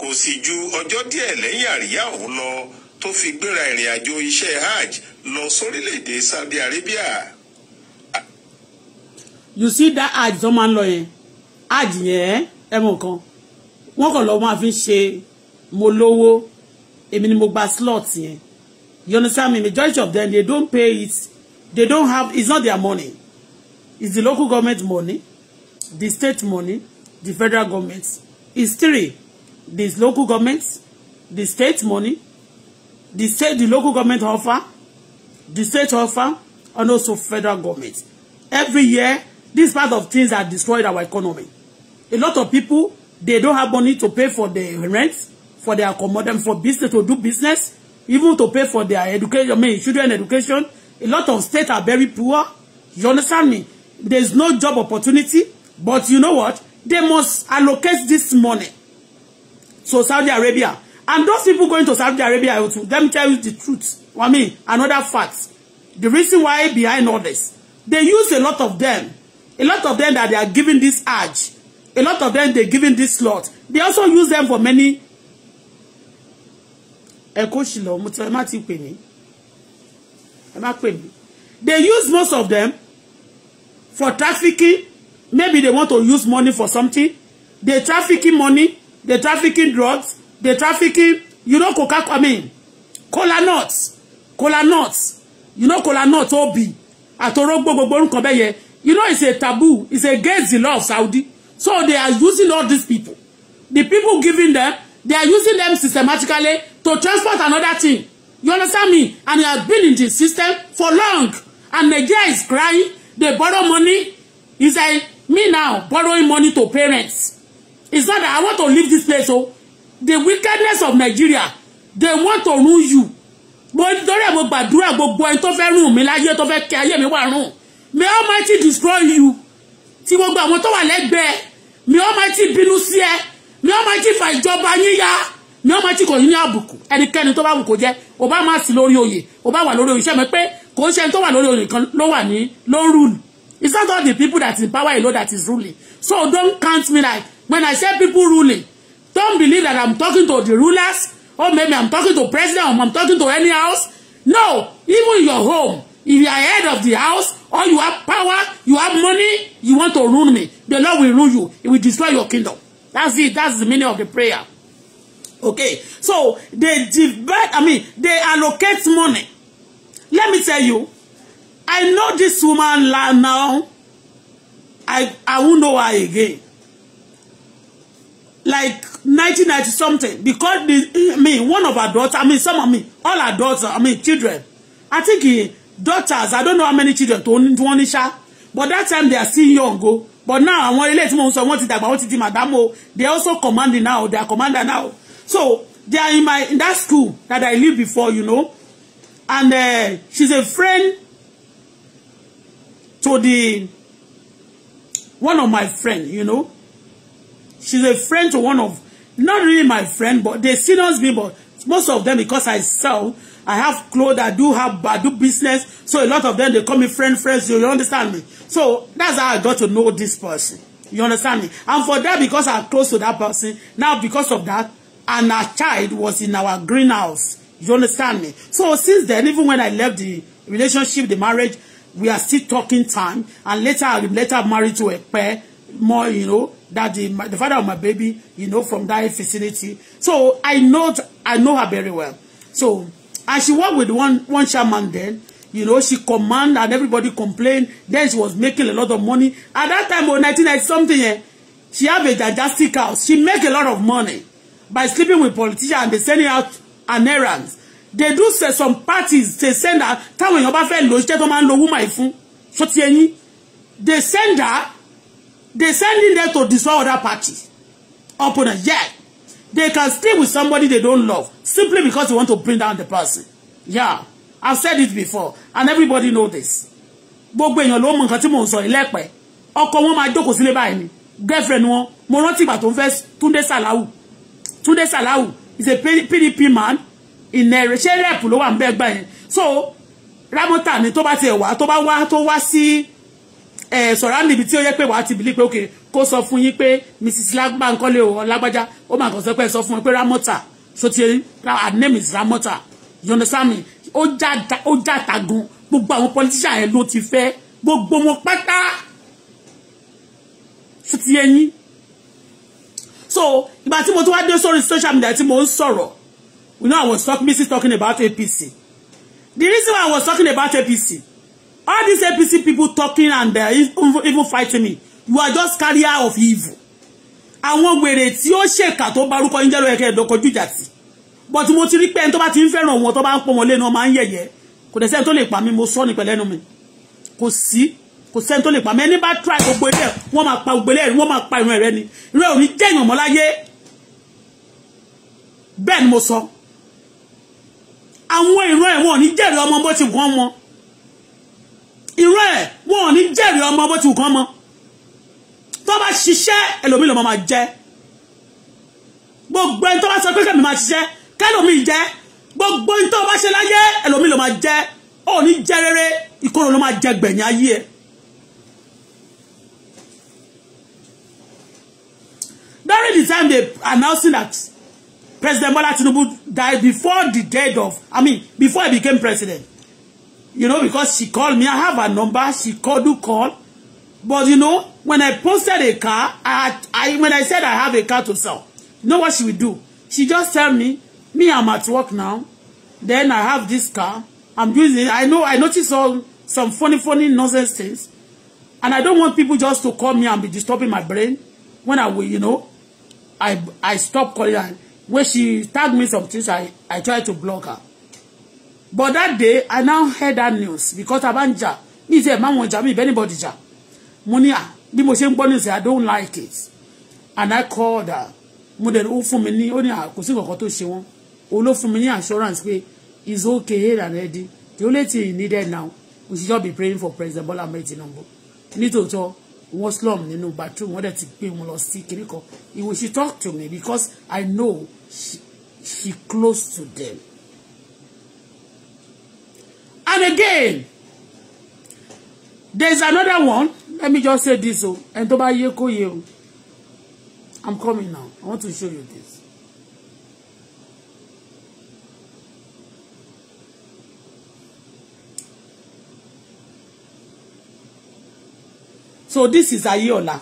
kò sì ju ọjọ́ díẹ̀ lẹ́yìn àríyá ọ̀hún lọ tó fi gbéra ìrìn àjò iṣẹ́ hajj lọ sórílẹ̀‐èdè Saudi Arabia. you see that hajj tó máa ń lọ yẹn hajj yẹn ẹ mọ̀ kan wọ́n kàn lọ́ọ́ máa fi ṣe mo lówó èmi ni mo gba slot yẹn you understand me majority of them they don't pay it they don't have it's not their money it's the local government money the state money the federal government it's three this local government the state money the state the local government offer the state offer and also federal government every year this part of things are destroyed our economy a lot of people they don't have money to pay for the rent for their accommodation, for business, to do business, even to pay for their education, I mean, children education. A lot of states are very poor. You understand me? There's no job opportunity, but you know what? They must allocate this money. to Saudi Arabia, and those people going to Saudi Arabia, let me tell you the truth. I mean, another fact. The reason why behind all this, they use a lot of them. A lot of them that they are giving this Hajj. A lot of them they're giving this slot. They also use them for many ẹ kó sì lọ mo ti ẹ má ti pè mí ẹ má pè mí they use most of them for trafficking maybe they want to use money for something they trafficking money they trafficking drugs they trafficking you know coca i mean kola nuts kola nuts you know kola nuts obi Atoro gbogbo orúkọ bẹ́ẹ̀ yẹn you know it's a taboo it's against the law of Saudi so they are using all these people the people giving them they are using them systematically to transport another thing you understand me and he has been in the system for long and Nigeria is crying they borrow money it's like me now borrowing money to parents it's not that I want to leave this place Oh, the wickedness of Nigeria they want to ruin you mo torí ẹ̀ mo gbàdúrà gbogbo ẹni tó fẹ́ rùn mí láyé tó fẹ́ kí ayé mi wà rùn may Almighty destroy you tí gbogbo àwọn tó wà lẹ́gbẹ̀ẹ́ may Almighty bínú sí ẹ may Almighty fà ìjọba yín ya ní ọmọ tí kò ní àbùkù ẹnikẹ́ni tó bá to kó jẹ́ ó bá má sí lórí oyè ó bá wà lórí oyè iṣẹ́ mi pé kò ń ṣe ẹni tó wà lórí oyè kan ló wà ní ló rule it's not all the people that in power alone that is ruling so don't count me like when I say people ruling don't believe that I'm talking to the rulers or maybe I'm talking to president or I'm talking to any house no even your home if you are head of the house or you have power you have money you want to rule me the Lord will rule you he will destroy your kingdom that's it that's the meaning of the prayer. Okay, so they divide, I mean, they allocate money. Let me tell you, I know this woman now, I, I won't know her again. Like 1990 something, because, the, I mean, one of her daughters, I mean, some of me, all her daughters, I mean, children, I think he, daughters, I don't know how many children, tó ní ṣá, but that time they are still young, go. Oh. But now, I want to let ń sọ, wọ́n ti dàgbà, wọ́n ti di madam o, oh. they also commanding now, they are commander now. So they are in my in that school that I lived before, you know. And uh, she's a friend to the one of my friend, you know. She's a friend to one of not really my friend, but they seen us me, but most of them because I sell, I have clothes, I do have I do business. So a lot of them they call me friend friends, you understand me? So that's how I got to know this person. You understand me? And for that, because I'm close to that person, now because of that, and her child was in our greenhouse you understand me so since then even when I left the relationship the marriage we are still talking time and later I later married to a pair more you know that the, the father of my baby you know from that vicinity so I know I know her very well so and she worked with one one shaman then you know she command and everybody complained. then she was making a lot of money at that time oh 1990 something eh she have a gigantic house she make a lot of money by sleeping with politicians and they sending out an errands they do say some parties they send her táwọn èèyàn bá fẹ́ lò iṣẹ́ tó máa ń lo woman yìí fún tó ti ẹyin they send her they send sending there to destroy other party opponent yeah they can sleep with somebody they don't love simply because they want to bring down the person yeah I've said it before and everybody know this gbogbo èèyàn ló mọ nǹkan tí mò ń sọ ìlẹ́pẹ́ ọkọ wọn máa jókòó sílé báyìí ni girlfriend wọn mo rántí ìgbà tó ń fẹ́ Túndé Sàláwù Túndé Salahu is a PDP man in ìnẹ̀rẹ̀ ṣé rep ló wà níbẹ̀ gbà yẹn so Ramota ni tó bá tiẹ̀ wá tó bá wá tó wá sí sọ̀rọ̀ níbi tí ó yẹ pé wàá ti bìlí pé òkè kó sọ fún yín pé Mrs Bankole o lágbájá ó mà kàn sọ pé sọ fún mi pé Ramota so ti her name is Ramota you understand me ó já ó já tagun gbogbo àwọn politician yẹn ló ti fẹ́ gbogbo wọn pátá so ti yẹ yín so ìgbà tí mo tún wá dé sórí social media tí mo ń sọ̀rọ̀ you know I was talking mrs talking about APC the reason why I was talking about APC all these APC people talking and uh, even fighting me you are just carrier of evil àwọn wèrè tí ó ṣèkà tó barúkọ yín jẹ́rọ ẹ̀kẹ́ ìdókojú ìjà sí but mo ti rí pé ẹni tó bá ti ń fẹ́ràn wọn tó bá ń pọ̀ wọn lẹ́nu ọmọ á ń yẹ̀yẹ́ kò dẹ̀ sẹ́ni pa mí mo sọ ní pẹ̀lẹ́nu mi kò sí kò sẹ́ni tó lè pa mẹ́ni bá try gbogbo ilé wọ́n máa pa gbogbo ilé ẹ̀rí wọ́n máa pa ìran ẹ̀rẹ́ ni ìran ò ní jẹ́yàn mọ́ láyé bẹ́ẹ̀ ni mo sọ àwọn ìran ẹ̀ wọn ò ní jẹ́rìí ọmọ bó ti kàn wọn ìran ẹ̀ wọn ò ní jẹ́rìí ọmọ bó ti kàn wọn tó bá ṣiṣẹ́ ẹlòmíì lọ́mọ máa jẹ́ gbogbo ẹni tó bá sọ pé kẹ́mi máa ṣiṣẹ́ kẹ́lòmíì jẹ́ gbogbo ẹni tó bá ṣe láyé ẹlòmíì lọ́mọ máa jẹ́ ò ní jẹ́ rere ìkorò ló máa jẹ gbẹ̀yìn ayé ẹ̀. time they announcing that President Bola Tinubu died before the death of, I mean, before I became president. You know, because she called me. I have her number. She called, do call. But you know, when I posted a car, I, I when I said I have a car to sell, you know what she would do? She just tell me, me, I'm at work now. Then I have this car. I'm using it. I know, I notice all some funny, funny nonsense things. And I don't want people just to call me and be disturbing my brain when I will, you know. I I stop calling her. When she tagged me some things, I, I try to block her. But that day, I now heard that news because Abanja, me say, man won't jam anybody jam. Money, ah, bí most important say I don't like it. And I called her. Mo dẹ̀ ó fún mi ní, ó ní ah, kò sí kankan tó ṣe wọ́n. assurance pé it's okay here and ready. The only thing needed now, we should all be praying for President Bola Need to Nítòótọ́, wọ́n slum nínú bathroom wọ́n dẹ̀ ti gbé wọn lọ sí kiri kan ìwé she talk to me because I know she, she close to them. And again there is another one let me just say this o oh. ẹni tó bá yé kó yé o I'm coming now I want to show you this. so this is Ayeola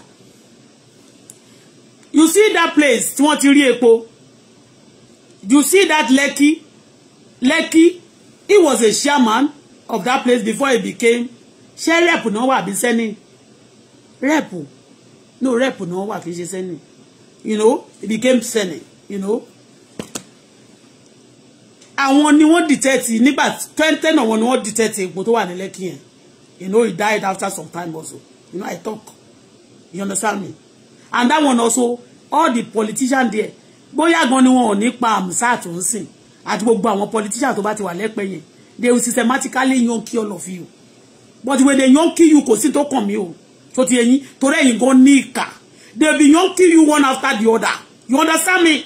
you see that place tí wọ́n ti you see that Lekki Lekki he was a chairman of that place before he became ṣé rep náà wà bí sẹ́ni rep no rep náà wà kì í you know he became sẹ́ni you know àwọn ni wọ́n detect nígbà ten ten àwọn ni wọ́n detect epo tó wà ní Lekki yẹn you know he died after some time also. You know, I talk. You understand me? And that one also, all the politicians there, bóyá gan ni wọn ò ní pa àmúsá tó ń sìn àti gbogbo àwọn politicians tó bá ti wà lẹ́pẹ́ yẹn. They will systematically yank all of you. But when they yank you, kò sí tó kàn mí o. So ti ẹ̀yin, torí ẹ̀yin gan ní They be yanking you one after the other. You understand me?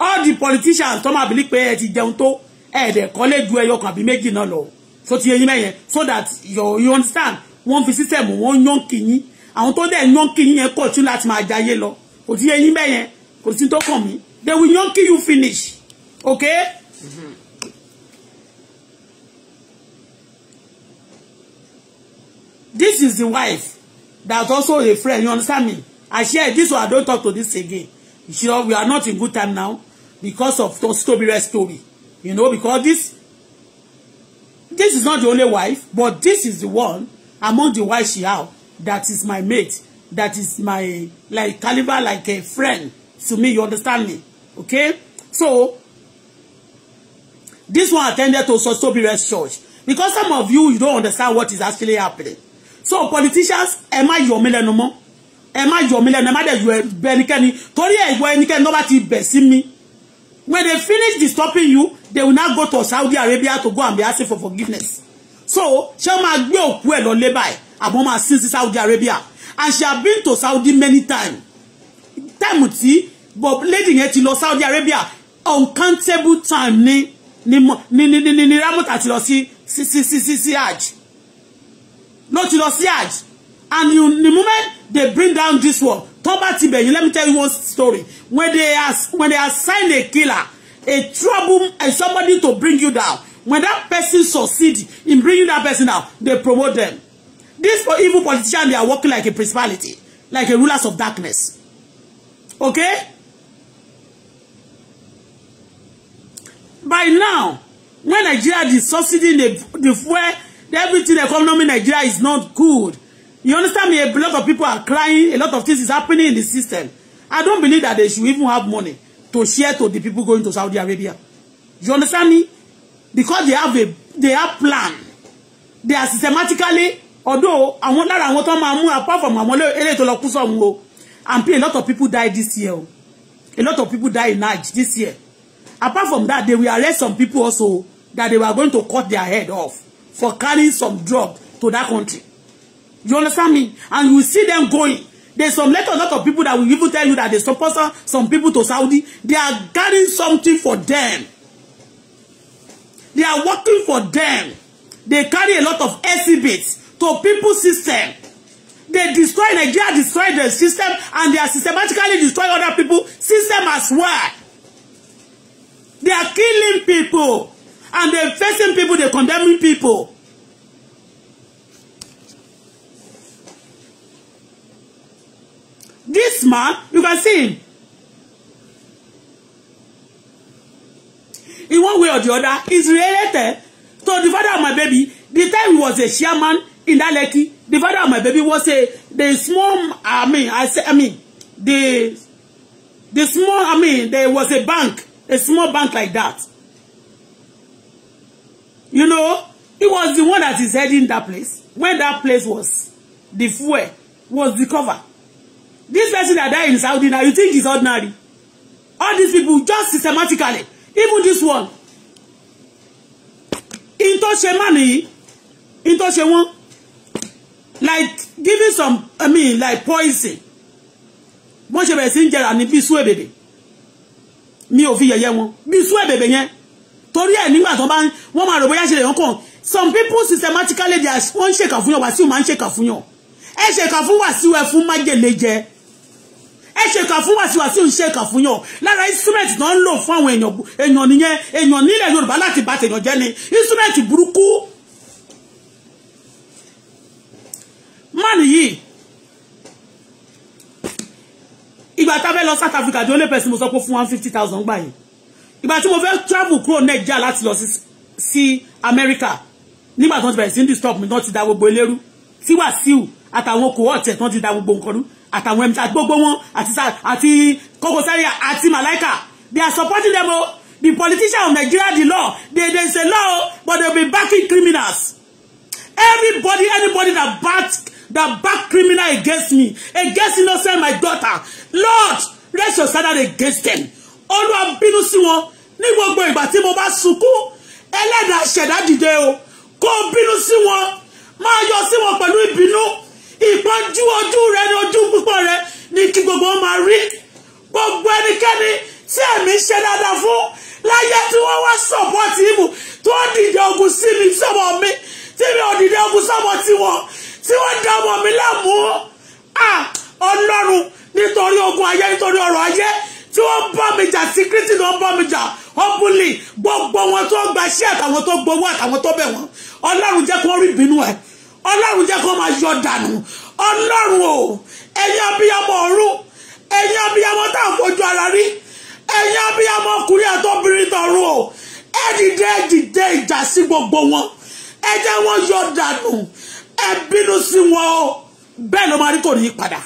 All the politicians tó máa bìlí pé ẹ ti to, tó ẹ̀ẹ́dẹ̀ college ju ẹyọ kan àbí méjì náà lọ. So ti ẹ̀yin mẹ́yẹn so that you, you understand wọ́n fi system wọ́n yán kìyín àwọn tó dẹ̀ yán kìyín yẹn kọ̀ tún láti máa jayé lọ kò tí eyín bẹ́ẹ̀ yẹn kò tí tó kàn mí they will yán kí you finish okay. Mm-hmm. this is the wife that also a friend you understand me i share this one i don talk to this again she we are not in good time now because of Tobire story you know because this this is not the only wife but this is the one among the wives she have that is my mate that is my like caliber like a friend to me you understand me okay so this one attended to Sosobires church because some of you you don't understand what is actually happening so politicians ẹ má yọ mí lẹ́nu mọ́ ẹ má yọ mí lẹ́nu ẹ má dẹ̀ yọ ẹbẹ ẹnikẹ́ni torí ẹ̀gbọ́ ẹnikẹ́ni ló ti bẹ̀ mi when they finish disturbing you they will now go to Saudi Arabia to go and be asking for forgiveness so ṣé máa gbé òkú ẹ̀ lọ lé báyìí àmọ́ máa sin sí Saudi Arabia and she have been to Saudi many times time tí bob lady yẹn ti lọ Saudi Arabia uncountable time ni ni ni ni ni ni ramota ti lọ sí sí sí sí sí sí hajj ló ti lọ sí hajj and you, the moment they bring down this one tó bá ti bẹ̀yìn let me tell you one story when they as when they assign a killer a trouble and somebody to bring you down When that person succeed in bringing that person out, they promote them. These evil politicians, they are working like a principality, like a rulers of darkness. Okay? By now, when Nigeria is succeeding, the, the fuel, everything, the economy in Nigeria is not good. You understand me? A lot of people are crying. A lot of things is happening in the system. I don't believe that they should even have money to share to the people going to Saudi Arabia. You understand me? because they have a they have plan they are systematically although àwọn lára àwọn tó máa mú apart from àwọn eléyìí tó lọ kú sọ̀hún o and pay a lot of people die this year o a lot of people die in Hajj this year apart from that they will arrest some people also that they were going to cut their head off for carrying some drug to that country you understand me and you see them going there's some letter a lot of people that will even tell you that they sponsor some people to Saudi they are carrying something for them They are working for them. They carry a lot of exhibits to people's system. They destroy Nigeria, destroy the system, and they are systematically destroy other people's system as well. They are killing people, and they're facing people, they're condemning people. This man, you can see him. in one way or the other is related to the father of my baby the time he was a chairman in that Lekki the father of my baby was a the small I mean I say I mean the the small I mean there was a bank a small bank like that you know he was the one that is heading that place when that place was the fuel was the cover this person that died in Saudi now you think he's ordinary all these people just systematically even this one in tó ṣe má nìyí in tó ṣe wọ́n like giving some i mean like poison wọ́n ṣe bẹ̀rẹ̀ sí ń jẹrà ní bí sú èbèbè mi ò fi yẹ̀yẹ́ wọn bí sú èbèbè yẹn torí ẹ̀ nígbà tó bá wọ́n máa rò bóyá ṣe lè some people systematically they are wọ́n ń ṣèkà fún yàn wàsíù máa ń ṣèkà fún yàn ẹ ṣèkà fún wàsíù ẹ fún májèlé jẹ ẹ ṣèkà fún wàsíwà sí òun ṣèkà fún yàn lára instrument náà ń lò fún àwọn èèyàn èèyàn nìyẹn èèyàn nílẹ̀ Yorùbá láti bá tèèyàn jẹ́ ni instrument burúkú mọ́nì yìí ìgbà tá a fẹ́ lọ South Africa di only person mo sọ pé fún one fifty thousand gbà yìí ìgbà tí mo fẹ́ travel kúrò Nàìjíríà láti lọ sí America nígbà tí wọ́n ti bẹ̀rẹ̀ sí ní disturb mi náà ti da gbogbo eléru tí Wàsíù àtàwọn kò wọ́ọ̀tì ẹ̀ tí wọ́n ti da gbogbo nǹkan rú àtàwọn ẹ̀mí àti gbogbo wọn àti Koko Zaria àti Malaika they are supporting them o oh. the politicians of Nigeria the law they they say law but they be backing criminals everybody anybody that back that back criminal against me against innocent my daughter Lord raise your standard against them Olúwa bínú sí wọn ní gbogbo ìgbà tí mo bá sunkún ẹlẹ́dàá ṣẹ̀dá dìde o oh. kó o bínú sí wọn máa yọ sí wọn pẹ̀lú ìbínú ìpọ́njú ojú rẹ ní ojú púpọ̀ rẹ ní kí gbogbo wọn máa rí gbogbo ẹnikẹ́ni tí ẹ̀mí ṣe dáadáa fún láyé tí wọ́n wá sọ̀pọ̀tì ìmù tó dìde ogun sí mi sọ́mọ mi tí mi ò dìde ogun sọ́mọ tiwọn tí wọ́n da ọmọ mi láàmú ọlọ́run nítorí ogun ayé nítorí ọrọ̀ ayé tí wọ́n bá mi jà síkírítì ni wọ́n bá mi jà ọ́bùnlé gbogbo wọn tó gba iṣẹ́ àtàwọn tó gbowó àtàwọn tó bẹ̀ wọ́n ọlọ́run jẹ́ kó rí ìbínú ẹ̀ ọlọ́run jẹ́ kó máa yọ dànù ọlọ́run o ẹ̀yin abiyamọ ọ̀run ẹ̀yin abiyamọ tá à ń fojú ara rí ẹ̀yin abiyamọ ọkùnrin àtọ́bìnrin tọ̀run o ẹ dìde ẹ dìde ìjà sí gbogbo wọn ẹ jẹ́ wọn yọ dànù ẹ bínú sí wọn o bẹ́ẹ̀ ló máa rí kò ní í padà.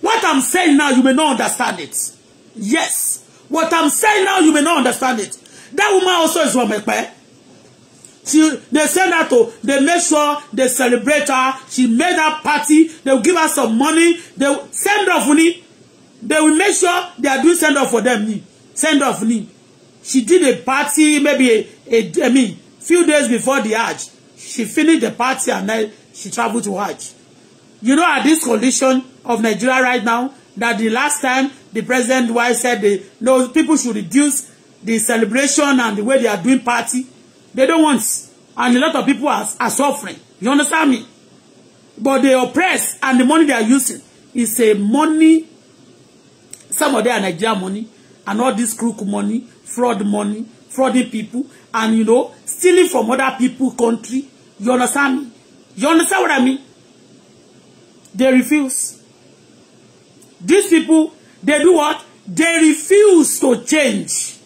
What I'm saying now, you may not understand it. Yes. What I'm saying now, you may not understand it. That woman also is from Ekpe. She, they send her to, they make sure they celebrate her. She made her party. They will give her some money. They will send off money. They will make sure they are doing send off for them. Send off money. She did a party maybe a, a, I mean, few days before the Hajj. She finished the party and then she traveled to Hajj. You know, at this condition of Nigeria right now, that the last time the president wife said the, no, people should reduce the celebration and the way they are doing party. They don't want. And a lot of people are, are suffering. You understand me? But they oppress and the money they are using is a money. Some of them are Nigerian money and all this crook money, fraud money, frauding people, and you know, stealing from other people country. You understand me? You understand what I mean? They refuse. These people, they do what? They refuse to change.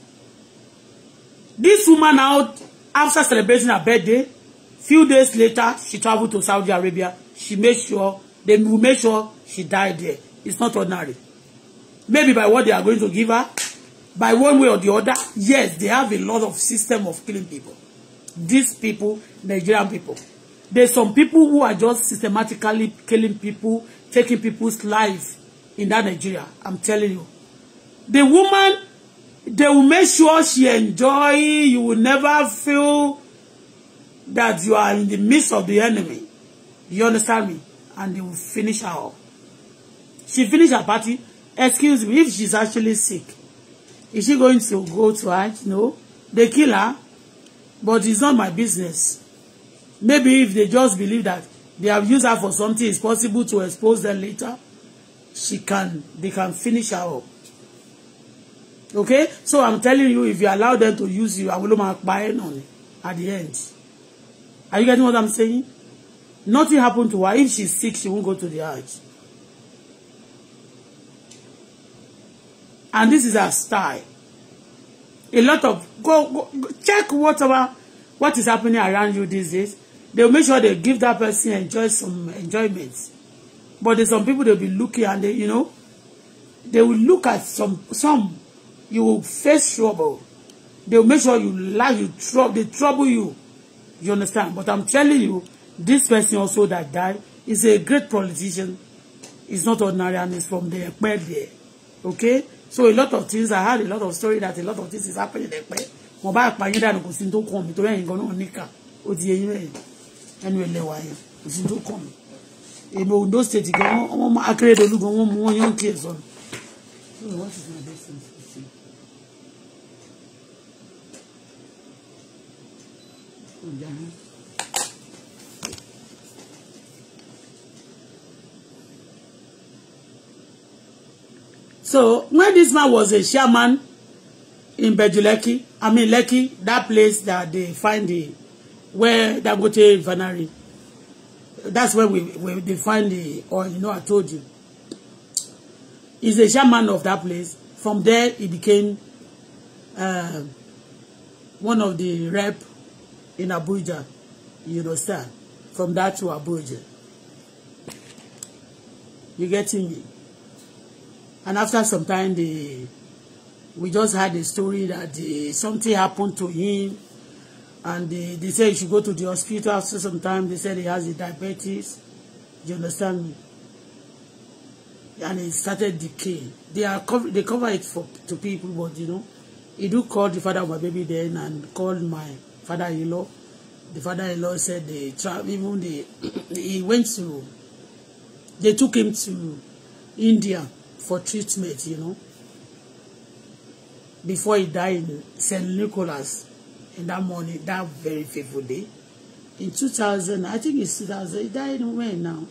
This woman out After celebrating her birthday, few days later, she traveled to Saudi Arabia. She made sure, they will make sure she died there. It's not ordinary. Maybe by what they are going to give her, by one way or the other, yes, they have a lot of system of killing people. These people, Nigerian people. There's some people who are just systematically killing people, taking people's lives in that Nigeria. I'm telling you. The woman they will make sure she enjoy you will never feel that you are in the midst of the enemy you understand me and they will finish her up she finish her party excuse me if she's actually sick is she going to go to her? no they kill her but it's not my business maybe if they just believe that they have used her for something it's possible to expose them later she can they can finish her up okay so i'm telling you if you allow them to use you I will not buy ẹ́ at the end are you getting what i'm saying nothing happened to her if she's sick she won't go to the hajj and this is her style a lot of go, go, go check whatever what is happening around you these days they'll make sure they give that person enjoy some enjoyment but there's some people they'll be looking and they you know they will look at some some you will face trouble. They will make sure you lie, you trouble, they trouble you. You understand? But I'm telling you, this person also that died is a great politician. He's not ordinary and he's from the Ekpe there. Okay? So a lot of things, I had a lot of story that a lot of things is happening in Ekpe. Mo bá pa yín dànù kò sí tó kàn mí torí ẹ̀yin gan-an níkà ó ti yé yín lẹ́yìn ẹnu ẹlẹ́wà yẹn kò sí tó kàn mí. Èmi Ondo state gan-an wọ́n mú So when this man was a chairman in Bejuleki, I mean Leki, that place that they find the where Dangote vanari. that's where we, we they find the oil, you know, I told you. He's a chairman of that place. From there, he became uh, one of the rep in Abuja. You understand? From that to Abuja. You getting me? And after some time, the we just had a story that the, something happened to him, and the, they said he should go to the hospital. After some time, they said he has a diabetes. You understand me? And it started decaying. They are cover, they cover it for to people, but you know, he do call the father of my baby then and called my father-in-law. The father-in-law said they travel even the *clears throat* he went to they took him to India for treatment, you know. Before he died in St. Nicholas in that morning, that very fateful day. In 2000, I think it's 2000, he died when now?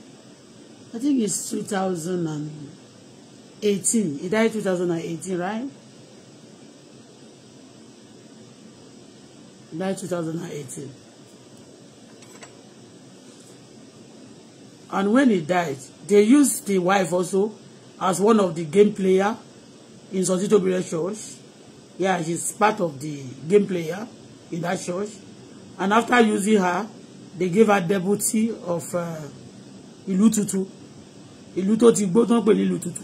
I think it's 2018. He died 2018, right? nine two thousand and eighteen and when he died they used the wife also as one of the game player in Sunday Tobire church yeah she's part of the game player in that church and after using her they gave her deputy of uh, Ilututu, tuntun ìlú tó ti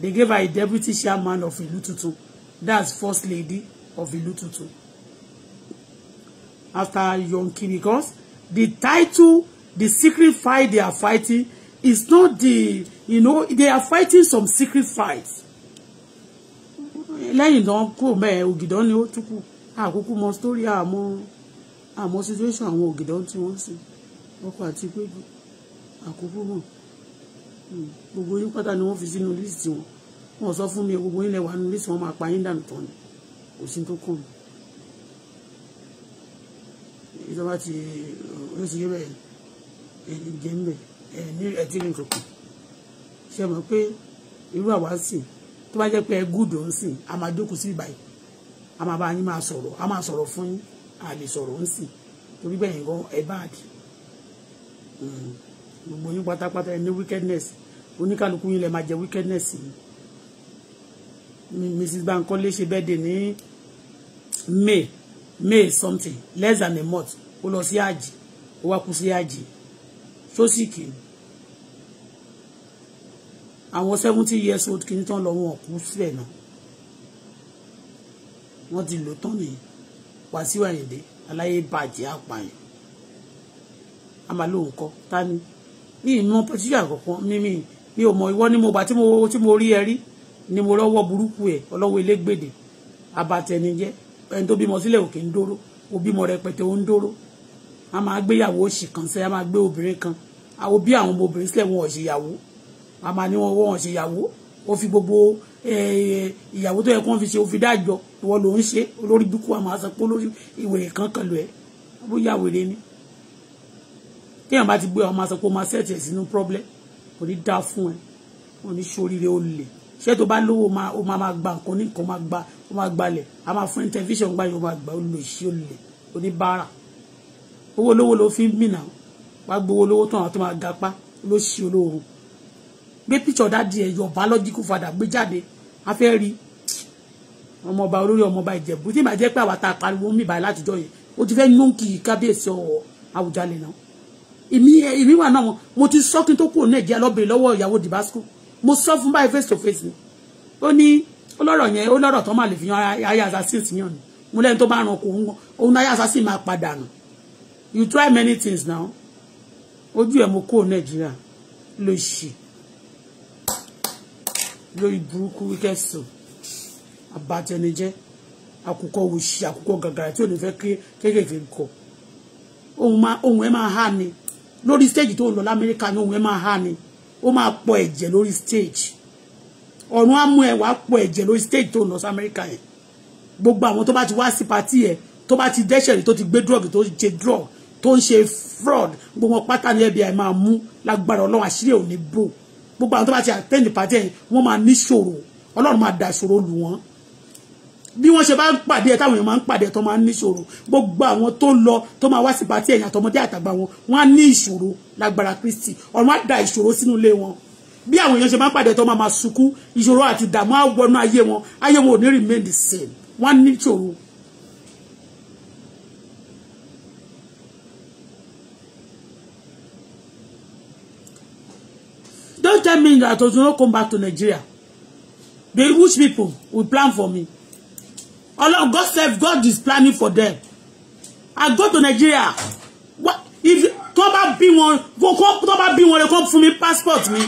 they gave her a deputy chairman of Ilututu, that's first lady of Ilututu after Yong Kim because the title, the secret fight they are fighting is not the, you know, they are fighting some secret fights. Lẹ́yìn náà kúrò mẹ́ẹ̀ ògìdán ni ó tún kù. Àkókò mọ story àmọ́ àmọ́ situation àwọn ògìdán tí wọ́n sì. Ọkọ̀ àti péjú àkókò mọ̀. Hmm, gbogbo yín pátá ni wọ́n fi sínú líìsì wọn. Wọ́n sọ fún mi gbogbo yín lẹ́wà nínú líìsì wọn máa pa yín dànù tán ni. Kò sí tó kàn mí ìjọba ti oníṣègbè bẹ́ẹ̀ ìjẹ́ ń bẹ̀ ẹ̀ ní ẹtí ní kankan ṣe mọ̀ pé irú àwa sì tó bá jẹ́ pé ẹ gúdò ń sìn a máa jókòó sí ìbàyìí a máa bá yín máa sọ̀rọ̀ a máa sọ̀rọ̀ fún yín a lè sọ̀rọ̀ ń sìn torí bẹ́ẹ̀ yẹn gan ẹ báàdì hmm, gbogbo yín pátápátá ẹ ní wickedness oníkálukú yín lè máa jẹ wickedness yìí Mrs. Bankole ṣe bẹ́ẹ̀ dè ní May May something less than a month ó lọ sí àjì ó wá kú sí àjì sósìkì àwọn seventy years old kì í tán lọ wọn kú síbẹ̀ náà wọ́n ti lò tán nìyí Wàsíù Àyìndé aláyé bàjẹ́ àpààyàn àmàlóhùn kọ́ tani ní ìmọ̀ pẹ̀tíṣà kọ̀ọ̀kan mímí mi ò mọ ìwọ ni mo bá tí mo tí mo rí ẹ rí ni mo lọ́wọ́ burúkú ẹ̀ ọlọ́wọ́ elégbèdè abatẹnijẹ́ ẹni tó bímọ sílẹ̀ òkè ń dóró òbímọ rẹpẹtẹ ó ń dóró a máa gbéyàwó òṣì kan sẹ́yìn a máa gbé obìnrin kan àwọn bí àwọn ọmọ obìnrin sílẹ̀ wọn ò ṣèyàwó a máa ní wọn wọn ò ṣèyàwó ó fi gbogbo ìyàwó tó yẹ kó fi ṣe ó fi dájọ ìwọ ló ń ṣe olórí bíkú a máa sọ pé olórí kan kan lọ ẹ bóyá wèrè ni téèyàn bá ti gbé ọ máa sọ máa ṣẹ̀tì sínú problem kò ní dá fún ẹ kò ní ṣoríire ó lè ṣé tó bá lówó ó máa máa gba nǹkan ní nǹkan ó máa gbalẹ̀ a máa fún ẹ tẹlifíṣàn ó máa gbà ó lè ṣí ó lè oníbàárà owó olówó ló fi ń mìnà wàá gbowó olówó tán àwọn tó máa gapá ló ṣe olówó gbé píṣọ dáàdi ẹ your biological father gbé jáde a fẹ́ rí ọmọọba olórí ọmọọba ìjẹ̀bú tí ìbàjẹ́ pé àwa ta pariwo ń mìbàyí látijọ́ yẹn ó ti fẹ́ yóǹkì kábíyèsí ọ̀wọ̀ Àwùjalẹ̀ náà èmi èmi wà náà mo ti sọ kí n tó kúrò nàìjíríà lọ́bìnrin lọ́wọ́ ìyàwó dìbásíkò mo sọ fún báyìí face to face ni ó ní ọlọ́rọ̀ yẹn ó tó máa lè fi yan ayé assassin yàn ni mo lẹ́yìn tó bá ràn kó òun ayé assassin máa padà nù you try many things now ojú ẹ̀ mo kó nàìjíríà lo ṣì lórí burúkú wicked soul àbàtẹnijẹ́ àkùkọ òṣì àkùkọ gàgàrà tí ò ní fẹ́ kéékèèké kọ ohun ẹ̀ máa há ni lórí stage tó ń lọ lamẹ́ríkà ní ohun ẹ̀ máa há ni ó máa pọ ẹ̀jẹ̀ lórí stage ọ̀run á mú ẹ wàá pọ ẹ̀jẹ̀ lórí stage tó ń lọ sí amẹ́ríkà yẹn gbogbo àwọn tó bá ti wá sí pàtí ẹ tó bá ti dẹ́ṣẹ̀ rí tó ti gbé drug tó ti ṣe drug tó ń ṣe fraud gbogbo wọn pátá ní FBI máa mú lágbára ọlọ́run àṣírí òní bò gbogbo àwọn tó bá ti attend party yẹn wọ́n máa níṣòro ọlọ́run máa da ìṣòro lù wọ́n bí wọ́n ṣe bá ń pàdé ẹ̀ táwọn èèyàn máa ń pàdé ẹ̀ tó máa ń níṣòro gbogbo àwọn tó lọ tó máa wá sí party ẹ̀yìn àtọmọdé àtàgbà wọn wọ́n á ní ìṣòro lágbára Kristi ọ̀run á da ìṣòro sínú ilé wọn bí àwọn èèyàn ṣe máa ń pàdé tó máa máa sunkún ìṣòro àti ìdààmú á wọnú ayé wọn ayé wọn ò ní remain the same wọ́n á ní ìṣòro that I do not come back to Nigeria. The rich people will plan for me. Allah, God save God is planning for them. I go to Nigeria. What if tó bá bí wọn come bá bí wọn lè kọ́ fún mi passport mi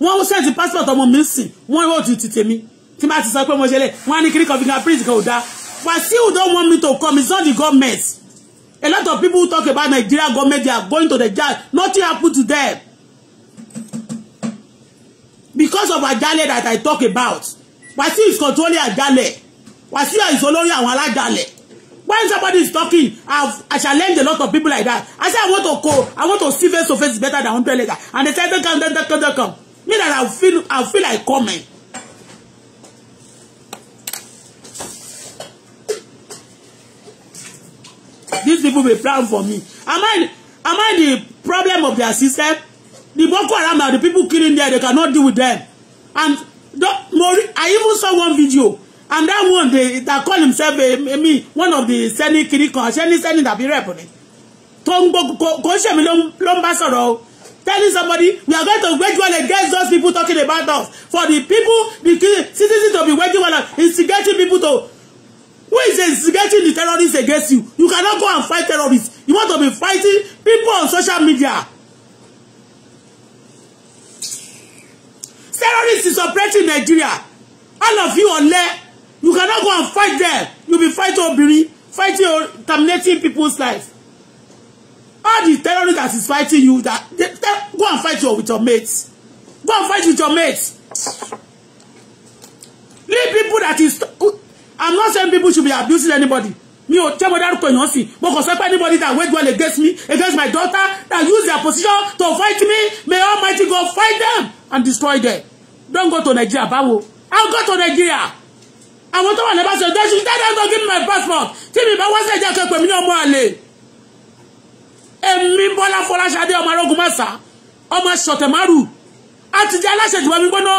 wọ́n send the passport missing, mi sìn wọ́n yóò ti tètè mi tí bá ti sọ pé mo ṣe lẹ̀ wọ́n á ní kíríkọ̀ fingerprint kan ò But still, don't want me to come it's not the government a lot of people who talk about Nigeria government they are going to the jail nothing happened to them because of àjálẹ̀ that I talk about Wasiu is controlling àjálẹ̀ Wasiu is olórí àwọn alájálẹ̀ when somebody is talking I've, I challenge a lot of people like that I say I want to go I want to see face to face better than hundred later and they say don't come don't come don't come me that I feel I feel like coming. These people be plan for me. Am I am I the problem of their system? The Boko Haram are the people killing there. They cannot deal with them. And the, I even saw one video. And that one, they, that call himself a, eh, a, me, one of the Seni Kiriko, Seni Seni that be repping. Tongo, Koshemi Lomba Soro, telling somebody, we are going to wage war against those people talking about us. For the people, the citizens to be waging war, instigating people to, who is instigating the terrorists against you? You cannot go and fight terrorists. You want to be fighting people on social media. Terrorists is operating Nigeria. All of you are there. You cannot go and fight there. You'll be fighting Obiri, fighting or terminating people's life. All the terrorists that is fighting you, that they, they, go and fight your, with your mates. Go and fight with your mates. Leave people that is... I'm not saying people should be abusing anybody. mi ò tẹ́ mo dárúkọ èèyàn sí mo kàn sọ pé anybody that went well against me against my daughter that use their position to fight me may Almighty God fight them and destroy them don't go to Nigeria báwo I'll go to Nigeria àwọn tó wà ní bàṣẹ they should tell them to give me my passport tí mi bá wá sí ẹ̀jẹ̀ kẹ́pẹ́ mi ní ọmọ àlè èmi Bọ́lá Fọláṣadé ọmọ arógun mẹ́sà ọmọ sọ̀tẹ̀márù àtijọ́ aláṣẹjùmọ̀ mi gbọ́ná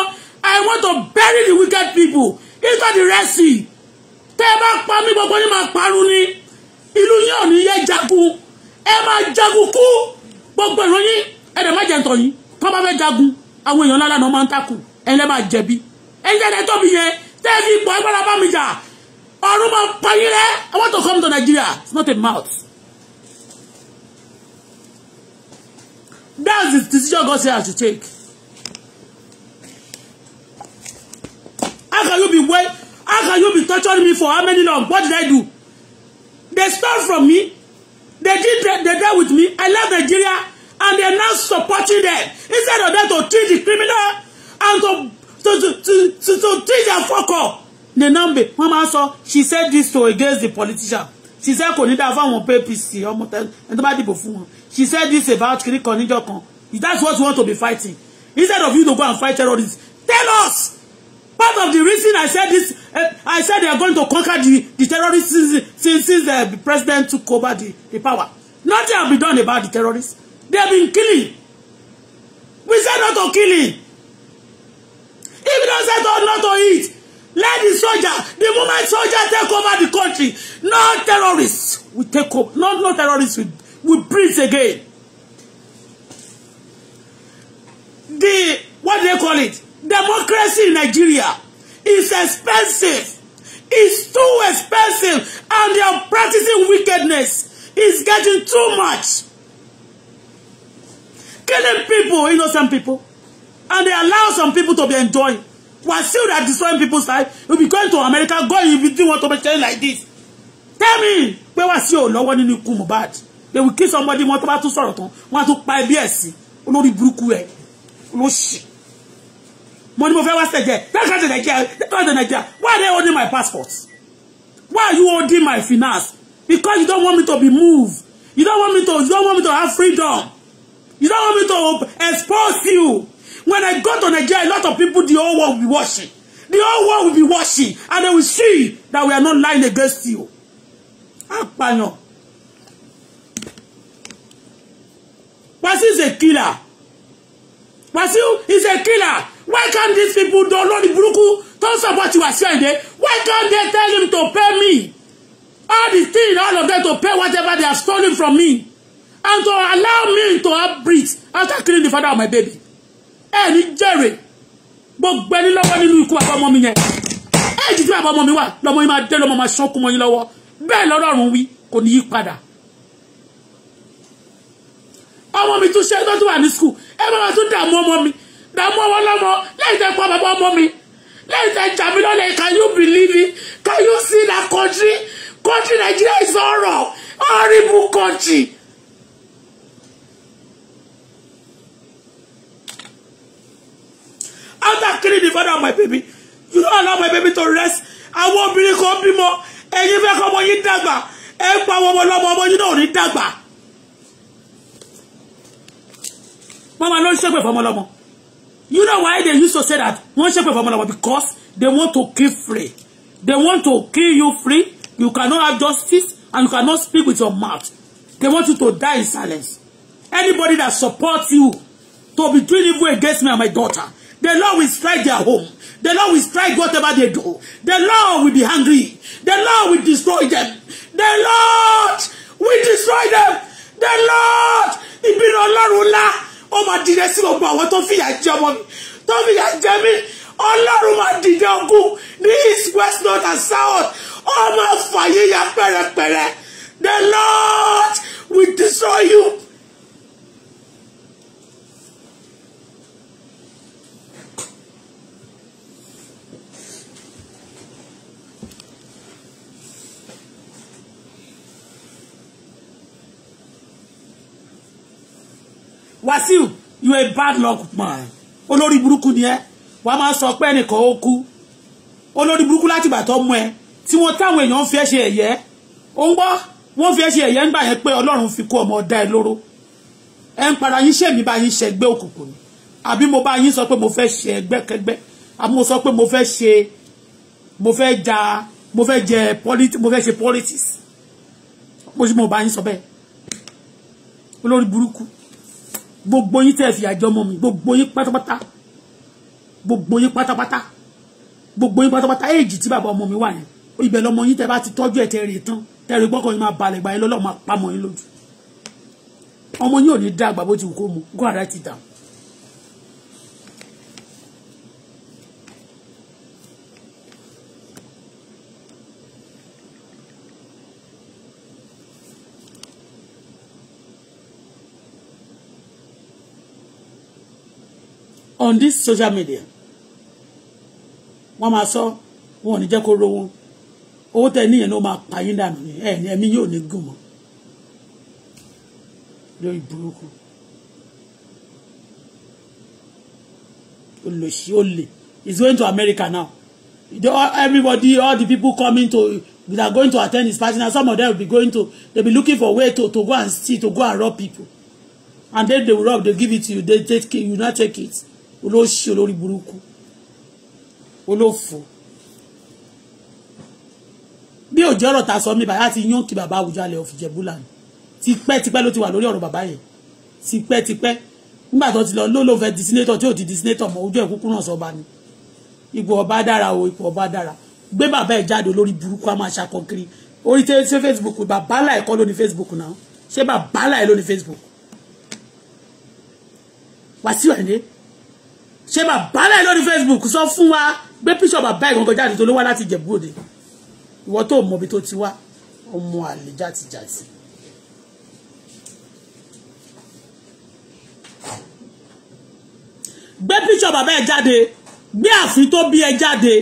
I want to bury the wicked people into the Red Sea tẹ́ ẹ bá pa mí gbogbo yín máa parun ni ìlú yín ò ní yẹ jagun ẹ máa jagun kú gbogbo ìròyìn ẹ̀dẹ̀ má jẹ́ ntọ̀ yín tó bá fẹ́ jagun àwọn èèyàn lálẹ́ náà máa ń takùn ẹlẹ́ máa jẹ̀bi ẹ̀jẹ̀ rẹ̀ tóbi yẹn tẹ́ẹ̀fì ìpọ̀ ẹgbẹ́ lábá mi jà ọ̀run máa pa rẹ̀ I want to come to Nigeria it's not a mouth. that's the decision God say I should take. How can you be well? How can you be torturing me for how many long? What did I do? They stole from me. They did they, they dealt with me. I left Nigeria and they are now supporting them. Instead of that to treat the criminal and to to to to to, to teach and fuck up nenambe wọn máa sọ she said this to against the politician she said kò ní dáa fáwọn apc ọmọ ẹni tó bá dìbò fún wọn she said this about kiri kan níjọ kan that's what we want to be fighting instead of you to go and fight terrorists tell us part of the reason i said this uh, i said they are going to conquer the the terrorists since since, since eh, the president took over the, the power nothing have been done about the terrorists they have been killing we said not to killing If you don't settle not to eat, let the soldier, the moment soldier take over the country, no terrorists will take over, Not no terrorists will, will breathe again. The, what do they call it? Democracy in Nigeria is expensive. It's too expensive and they are practicing wickedness. It's getting too much. Killing people, innocent people. And they allow some people to be enjoying. Wasiu that destroying people's life. You'll be going to America, going, you'll be doing what to be saying like this. Tell me, where was your law when you come Mohbad. They will kill somebody Want to bá tún sọ̀rọ̀ tán. Wọ́n á tún pa ẹbí ẹ̀ sí. Olórí burúkú of Olóṣì. Mo ní mo fẹ́ Nigeria. That's not Nigeria. Why are they holding my passport? Why are you holding my finance? Because you don't want me to be moved. You don't want me to, you don't want me to have freedom. You don't want me to expose you. When I go to Nigeria, a lot of people, the whole world will be watching. The whole world will be watching. And they will see that we are not lying against you. Apanyo. Ah, Wasi is a killer. Wasi is a killer. Why can't these people don't know the Buruku? Don't support you are as Why can't they tell him to pay me? All the thing, all of them to pay whatever they have stolen from me. And to allow me to have breathe after killing the father of my baby ẹ ní jèrè gbogbo ẹni lọ́wọ́ nínú ikú bàbá ọmọ mi yẹn ẹ jù tí bàbá ọmọ mi wà lọ́mọ yín máa dé lọ́mọ máa sọ́kù mọ́ yín lọ́wọ́ bẹ́ẹ̀ lọ́rọ̀rùn wí kò ní yí padà ọmọ mi tún ṣe tó tún wà ní skul ẹ bá wa tún dààmú ọmọ mi dààmú ọmọ lọ́mọ lẹ́yìn tẹ́ pa bàbá ọmọ mi lẹ́yìn tẹ́ jà mí can you believe it can you see that country country Nigeria is horror horrible country. after killing the father of my baby you don't allow my baby to rest àwọn obìnrin kan bímọ ẹ̀yin fẹ́ kọ́ ọmọ yín dàgbà ẹ pa ọmọ ọlọ́mọ ọmọ yín náà ní dàgbà Mama, no ló ń ṣépè fọmọ ọlọ́mọ you know why they used to say that No wọ́n ṣépè fọmọ ọlọ́mọ because they want to kill free they want to kill you free you cannot have justice and you cannot speak with your mouth they want you to die in silence anybody that support you to be doing evil against me and my daughter The Lord will strike their home. The Lord will strike whatever they do. The Lord will be hungry. The Lord will destroy them. The Lord will destroy them. The Lord ìbínú ọlọ́run ńlá ó máa dìde sí gbogbo àwọn tó fìyà jẹ ọmọ mi tó fìyà jẹ mí ọlọ́run máa dìde ogun ní east west north and south ó máa fàyè ya pẹ̀rẹ̀pẹ̀rẹ̀ The Lord will destroy you. Wàsíù you a bad luck man Olori buruku ni ẹ wàá máa sọ pé ẹnìkan ó kú olórí burúkú láti ìgbà tó mú ẹ tí wọn táwọn èèyàn ń fi ẹ ṣe ẹ̀yẹ ó ń gbọ́ wọ́n fi ẹ ṣe ẹ̀yẹ ńgbà yẹn pé fi kó ọmọ ọdá ẹ lóró ẹ ń para yín ṣèmi bá yín ṣẹgbẹ́ òkùnkùn ni àbí mo ba yín sọ pé mo fẹ́ ṣe ẹgbẹ́kẹgbẹ́ àbí mo sọ pé mo fẹ́ ṣe mo fẹ́ ja mo fẹ́ jẹ politi mo fẹ́ ṣe politics mo sì mo bá yín sọ bẹ́ẹ̀ olórí gbogbo yín tẹ́ fìyà jẹ ọmọ mi gbogbo yín pátápátá gbogbo yín pátápátá gbogbo yín pátápátá èjì tí bàbá ọmọ mi wà yẹn ibẹ̀ lọmọ yín tẹ́ bá ti tọ́jú ẹ̀ tẹ́ rè tán tẹ́ rí gbọ́kàn yín máa balẹ̀ gbà yín lọ́lọ́ máa pamọ́ yín lójú ọmọ yín ò ní dá àgbà bó ti wù kó mu go and write it down on this social media wọ́n máa sọ wọn ò ní jẹ́ kó rówó owó tẹ níyẹn ló máa pa yín dànù ní ẹ̀yìn ẹ̀mí yóò ní gùn mọ́ lórí burúkú olùsí olè is going to America now the, everybody all the people coming to they are going to attend his party now some of them will be going to they be looking for way to to go and steal to go and rob people and then they will rob they give it to you they take it you not take it olóṣì olórí burúkú olófò bí òjò ọ̀rọ̀ ta sọ mi bàbá ti yán kí bàbá Awùjalẹ̀ of Ìjẹ̀bú-Ìlà tipẹ́tipẹ́ ló ti wà lórí ọ̀rọ̀ bàbá yẹn tipẹ́tipẹ́ nígbà tó ti lọ lólo fẹ́ di tí ò ti di sínétọ̀ ojú ẹ̀ kúkú náà sọ́ba ni ipò ọba dára o ipò ọba dára gbé bàbá ẹ̀ jáde olórí burúkú a máa ṣakọ kiri orí tẹ ṣé Facebook bàbá láì kọ́ ló Facebook náà ṣé bàbá láì ló Facebook wàásù ẹ̀ ṣe bàbá láì lórí Facebook sọ fún wa gbé píṣọ bàbá ìgbọ̀ngàn jáde tó ló wá láti Ìjẹ̀bú Òde ìwọ tó mọ ibi tó ti wá ọmọ àlè jàtìjàtì. gbé píṣọ bàbá ẹ jáde gbé àfin tó bí ẹ jáde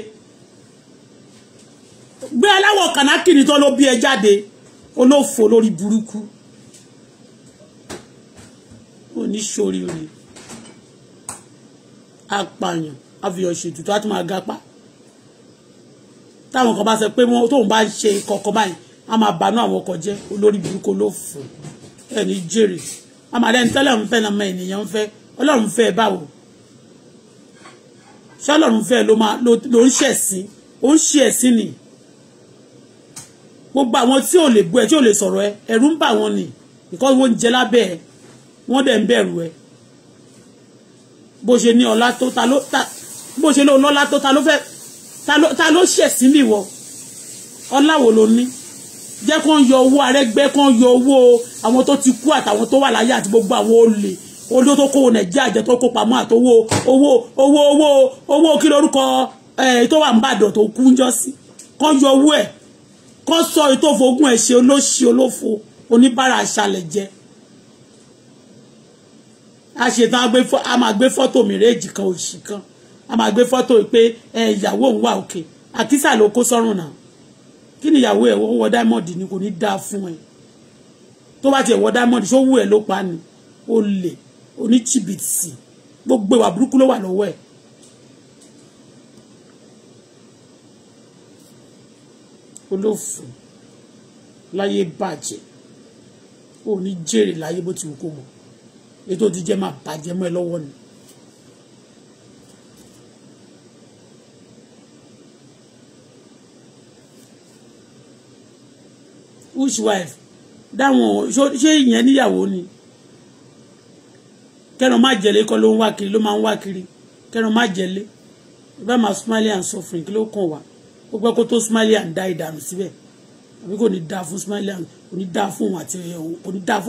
gbé aláwọ̀ kànákìnì tó ló bí ẹ jáde olófò lórí burúkú oníṣòrí orin apààyàn àfihàn ṣètùtù á tún máa gapá táwọn kan bá sọ pé tóun bá ṣe kọ̀ọ̀kan báyìí á máa banú àwọn ọkọ̀ jẹ́ olórí burúkú ló fò ẹni jèrè a tẹ́lẹ̀ ń fẹ́ na ọmọ ènìyàn ń fẹ́ ọlọ́run fẹ́ ẹ báwo ṣé ọlọ́run fẹ́ ló máa ló ń ṣẹ̀sìn ó ń ṣe ẹ̀sìn nì gbogbo àwọn tí ò lè bú ẹ tí ò lè sọ̀rọ̀ ẹ ẹ̀rù ń bà wọ́n nì ìkọ́ wọn jẹ lábẹ́ ẹ wọ́n dẹ̀ ń bẹ̀rù ẹ bó ṣe ní ọlá tó ta ló ta bó ṣe lóun lọ́lá tó ta ló fẹ́ ta ló ta ló ṣẹ̀ sí mi wọ ọlá wo ló ní jẹ́ kó ń yọ owó arẹ́gbẹ́ kó ń yọ owó àwọn tó ti kú àtàwọn tó wà láyé àti gbogbo àwọn olè olóò tó kówó nàìjíríà jẹ tó kó pamọ́ àtowó owó owó owó owó kí lórúkọ ẹ tó wà ń bàdàn tó kú ń jọ sí kó ń yọ owó ẹ kó sọ ètò òfògùn ẹ ṣe olóṣì olófo oníbàárà aṣálẹ̀ jẹ a ṣetán a máa gbé fọ́tò mi réèjì kan òṣì kan a máa gbé fọ́tò pé ìyàwó òun wà òkè àkísà ló kó sọ́rùn náà kí ni ìyàwó ẹ̀ wọ́ diamond ni kò ní dáa fún ẹ tó bá tiẹ̀ wọ́ diamond ṣó wù ẹ̀ ló pa ni olè oníjìbìtì gbogbo ìwà burúkú ló wà lọ́wọ́ ẹ̀. olófin láyé bàjẹ́ ò ní jèrè láyé bó ti wù kó mọ̀ ètò ìdíjẹ máa bàjẹ́ mọ́ ẹ lọ́wọ́ ni. bushwife dáwọn ṣé ìyẹn níyàwó ni kẹran má jẹlé kọ́ ló ń wá kiri ló máa ń wá kiri kẹran má jẹlé bá máa smile and suffering kí ló kàn wá ó gbọ́ kó tó smile and die dànù síbẹ̀ àbí kò ní dáa fún smile and kò ní dáa fún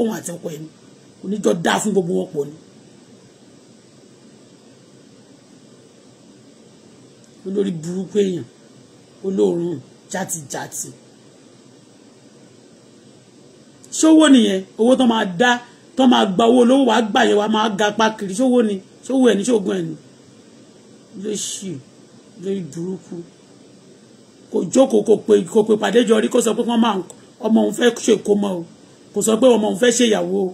òun àti ọkọ ẹni kò ní jọ dáa fún gbogbo wọn pọ̀ ni. olórí burúkú èèyàn olóòórùn játijàti ṣówó nìyẹn owó tó máa dá tó máa gba owó olówó wàá gbà yẹn wàá máa ga pa kiri ṣówó ni ṣówó ẹni ṣógun ẹni lóṣì lórí burúkú kò jókòó kò pè kò pè pàdé jọ rí kó sọ pé wọn máa ọmọ òun fẹ́ ṣèkómọ o kò sọ pé ọmọ òun fẹ́ ṣèyàwó o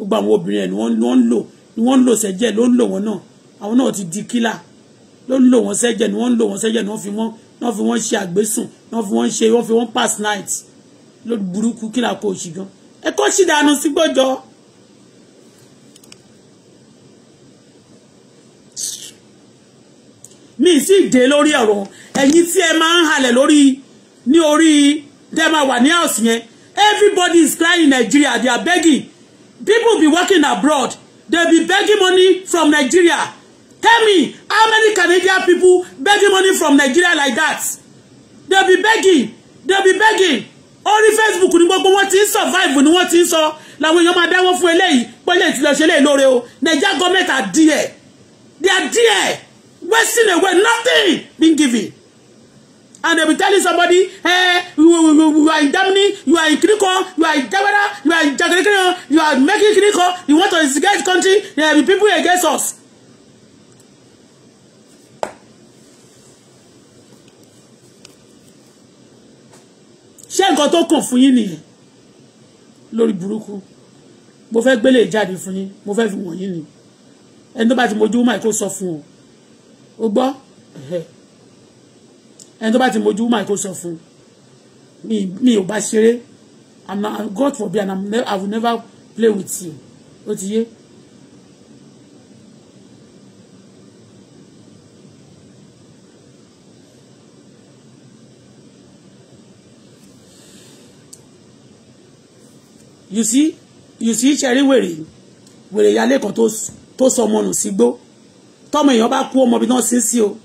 gbogbo àwọn obìnrin ẹ̀ ni wọ́n ń lò ni wọ́n ń lò sẹ́jẹ̀ ló ń lò wọ́n náà àwọn náà ti di kílà ló ń lò wọ́n sẹ́jẹ̀ ni wọ́n ń lò wọ́n sẹ́jẹ̀ ni wọ́n fi wọ́n wọ́n fi wọ́n ṣe àgbésùn wọ́n fi wọ́n ṣe wọ́n fi wọ́n pass night ló burúkú kílà kó o ṣì gan ẹ kọ́ sí dànù sí gbọ́jọ́. mi sì dé lórí ọ̀rọ̀ ẹ̀yin tí ẹ máa ń halẹ̀ lórí ní orí tẹ́ máa wà ní house yẹn everybody is crying in Nigeria they are begging People be working abroad. They be begging money from Nigeria. Tell me, how many Canadian people begging money from Nigeria like that? They be begging. They be begging. Only Facebook ni gbogbo wọn ti ń survive ni wọ́n ti ń sọ. Làwọn èèyàn máa dáwọ́ fún eléyìí. Pẹ́lẹ́ ti lọ ṣe eléyìí lóore o. Nigeria government are there. They are there. Wasting away. Nothing being given and they be telling somebody hey eh, you, you, you are in Germany you are in kiriko you are in jabara you are in jagirikiriyo you are making kiriko you want to instigate country there be people against us. ṣé nǹkan tó kàn fún yín nìyẹn lórí burúkú mo fẹ́ gbélé jáde fún yín mo fẹ́ fi wọ̀nyí ni ẹni tó bá ti mojú mọ́ ẹ̀ kó sọ fún ọ o gbọ́ ẹni tó bá ti mojú wúmà kó sọ fún mi mi ò bá ṣeré i'm not god forbid and I'm i will never play with you ó ti yé. you see you see ṣẹ̀rí wèrè wèrè yálé kan tó sọ ọmọ nù sígbó tọmọ èèyàn bá kú ọmọ bí náà sí sí o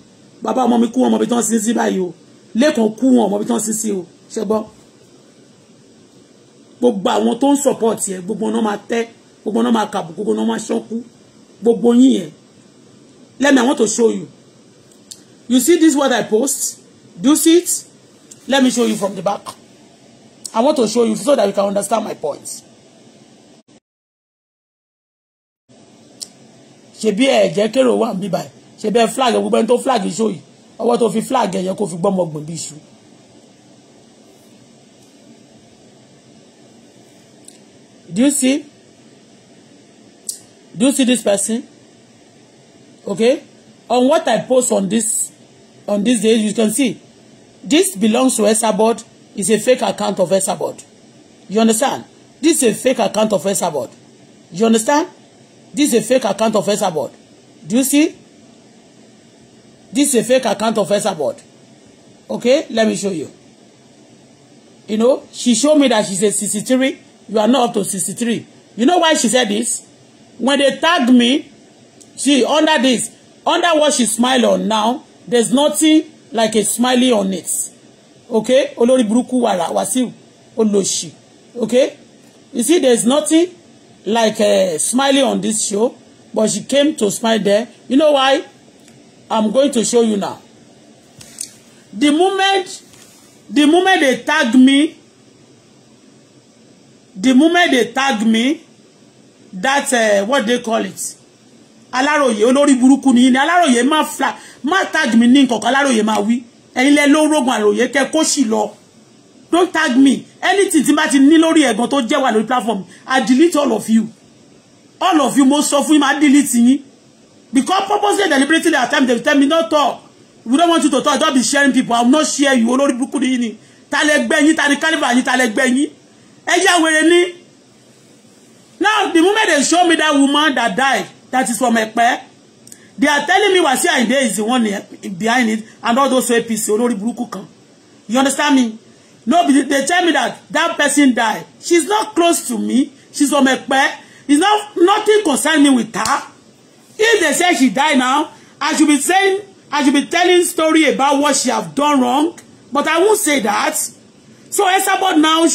bàbá ọmọ mi kú wọn ọmọbi tán sí sí báyìí o lẹ́kàn kú wọn ọmọbi tán sí sí o ṣe gbọ́ gbogbo àwọn tó ń support yẹ gbogbo náà máa tẹ́ gbogbo náà máa kàbù gbogbo náà máa ṣọ́kú gbogbo yín yẹn let me I want to show you you see this what I post do you see it let me show you from the back I want to show you so that you can understand my point. ṣebí ẹ jẹ́ kérò wà ń bí báyìí ṣe bẹ́ẹ̀ flag gbogbo ẹni tó flag ṣó yìí ọwọ́ tó fi flag ẹ̀yẹ kó fi gbọ́mọ gbìn bí iṣu. do you see do you see this person okay on what I post on this on this day you can see this belongs to Esabod it's a fake account of Esabod you understand this is a fake account of Esabod you understand this is a fake account of Esabod do you see This is a fake account of Esabod. Okay, let me show you. You know, she showed me that she's a 63. You are not up to 63. You know why she said this? When they tagged me, see under this, under what she smile on now, there's nothing like a smiley on it. Okay? olori burúkú wala wasi, oloshi. Okay? You see, there's nothing like a eh, smiley on this show, but she came to smile there. You know why? I'm going to show you now. The moment, the moment they tag me, the moment they tag me, that's uh, what they call it. Aláròyé olórí burúkú ni ni Aláròyé má fla má tag me ní nǹkan kan Aláròyé má wí ẹ̀yin lẹ lọ rogun Aláròyé kẹ́ kó don't tag me anything tí bá ti ní lórí ẹ̀gbọ́n tó jẹ́ wà lórí platform I delete all of you all of you most of you, yín delete yín because purposely and deliberately at times they tell me not talk we don't want you to talk don't be sharing people i will not share you olórí burúkú ni yín ni ta lẹ gbẹ yín ta now the moment they show me that woman that died that is from Ekpe, they are telling me Wasiu there is the one behind it and all those APC olórí burúkú kan you understand me no they tell me that that person died she's not close to me she's from Ekpe. it's not nothing concern me with her If they say she die now, I should be saying, I should be telling story about what she have done wrong. But I won't say that. So Esabod now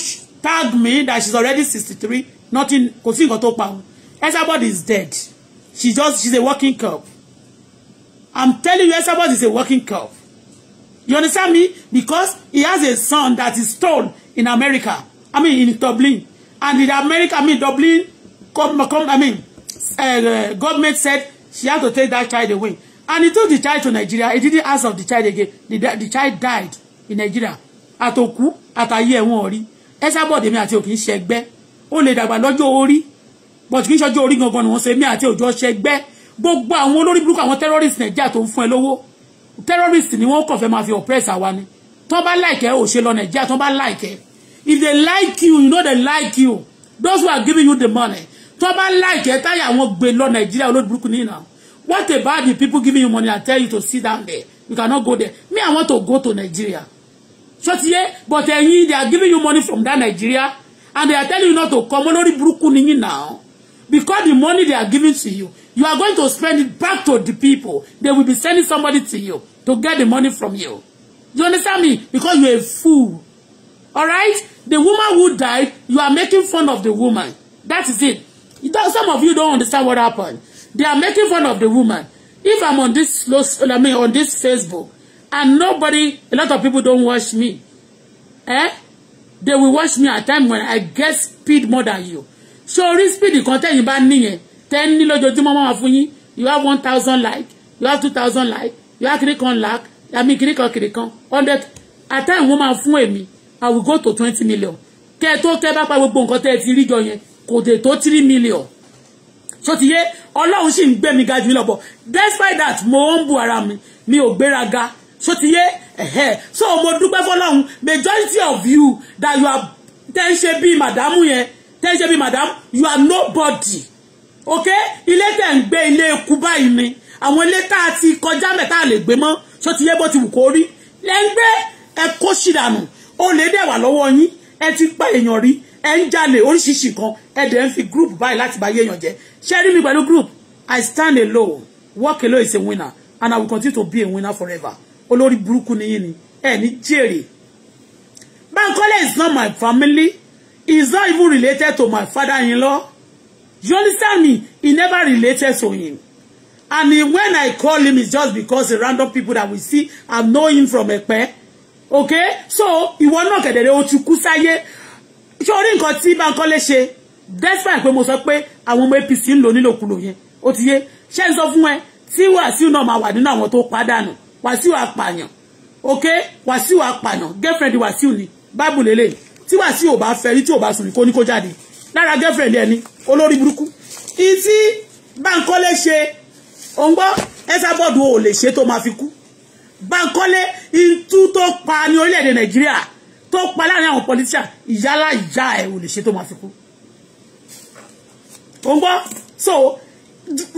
tagged me that she's already 63. Nothing, kò sí nǹkan tó pa Esabod is dead. She just, she's a walking corpse. I'm telling you, Esabod is a walking corpse. You understand me? Because he has a son that is stole in America. I mean, in Dublin. And in America, I mean, Dublin, come, come, I mean, uh, government said she had to take that child away. And he took the child to Nigeria. He didn't ask of the child again. The, the child died in Nigeria. Àtòkú àtàyé ẹ̀wọ̀n orí. Ẹ̀sà bọ̀dé mi àti òkì ń ṣẹgbẹ́. Ó lè dàgbà lọ́jọ́ orí. But kì í ṣọjọ́ orí gangan ni wọ́n ṣe mí àti òjò ṣẹgbẹ́. Gbogbo àwọn olórí burúkú àwọn terrorist Nàìjíríà tó ń fún ẹ lówó. Terrorist ni wọ́n kàn fẹ́ máa fi oppress àwa ni. Tọ́ bá like ẹ ò ṣe lọ Nàìjíríà tọ́ bá like ẹ. If they like you, you know they like you. Those who are giving you the money tó bá ń láìkẹ́ táyà wọn gbé lọ nàìjíríà olóòdì burúkú nínú what about the people giving you money and tell you to sit down there you cannot go there me i want to go to nigeria so tiye but ẹ̀yin eh, they are giving you money from that nigeria and they are telling you not to come olórí burúkú nìyí now because the money they are giving to you you are going to spend it back to the people they will be sending somebody to you to get the money from you you understand me because you a fool all right the woman who died you are making fun of the woman that is it some of you don't understand what happened. They are making fun of the woman. If I'm on this I mean on this Facebook, and nobody, a lot of people don't watch me. Eh? They will watch me at time when I get speed more than you. So orí speed content tẹ́yìn bá níyẹn ten ní lójoojúmọ́ máa fún yín you have one thousand like you have two thousand like you have kiri kan like àmì kiri kan kiri kan hundred at time woman, máa fún I will go to twenty million. Kẹ́ ẹ pa gbogbo nǹkan tẹ́ ẹ kò dé tó three million ṣó ti yé ọlọ́run sì ń gbé mi ga jù mí despite that mo ń bu ara mi mi ò gbéraga ṣó ti yé ẹ̀hẹ́ so mo dúpẹ́ fọlọ́run majority of you that you are ten ń ṣe bíi màdámù yẹn tẹ́ ń ṣe bíi you are nobody okay ilé tẹ̀ ń gbé ilé ikú báyìí ni àwọn ilé tá a ti kọjá mẹ́ta lè gbé mọ́ ṣó ti yé bó ti wù kó rí lẹ́ ń gbé ẹ̀kọ́ ṣìdànù ó dẹ̀ wà lọ́wọ́ yín ẹ ti pa èèyàn rí ẹ ń jalè oríṣiríṣi nǹkan ẹ dẹ̀ ń fi group báyìí láti bá yéèyàn jẹ́ ṣé rí mi pẹ̀lú group I stand alone work alone is a winner and I will continue to be a winner forever olórí burúkú ni yín ni ẹ ní jèrè Bankole is not my family he is not even related to my father-in-law you understand me he never related to him and when I call him it's just because the random people that we see have known him from Epe okay so ìwọ náà kẹ̀dẹ̀rẹ̀ o ti kú sáyé ṣé orí nǹkan tí Bankole ṣe despite pé mo sọ pé àwọn ọmọ APC ń lò nílòkulò yẹn ó ti yé ṣé ń sọ fún ẹ tí Wàsíù náà máa wà nínú àwọn tó pàdánù Wàsíù apààyàn ok Wàsíù apààyàn girlfriend Wàsíù ni báàbù lélẹ̀ tí Wàsíù ò bá fẹ́ rí tí ò bá sùn ní kó ní kó jáde lára girlfriend ẹni olórí burúkú ìtí Bankole ṣe òǹgbọ́ ẹ̀sà bọ́ọ̀dù ò lè ṣe tó máa fi kú Bankole ìtú tó pa ní orílẹ̀ Nàìjíríà tó pa láàrin àwọn politician ìyálà ìyá ẹ̀ ò lè ṣe tó máa fi kú. ó ń gbọ́ so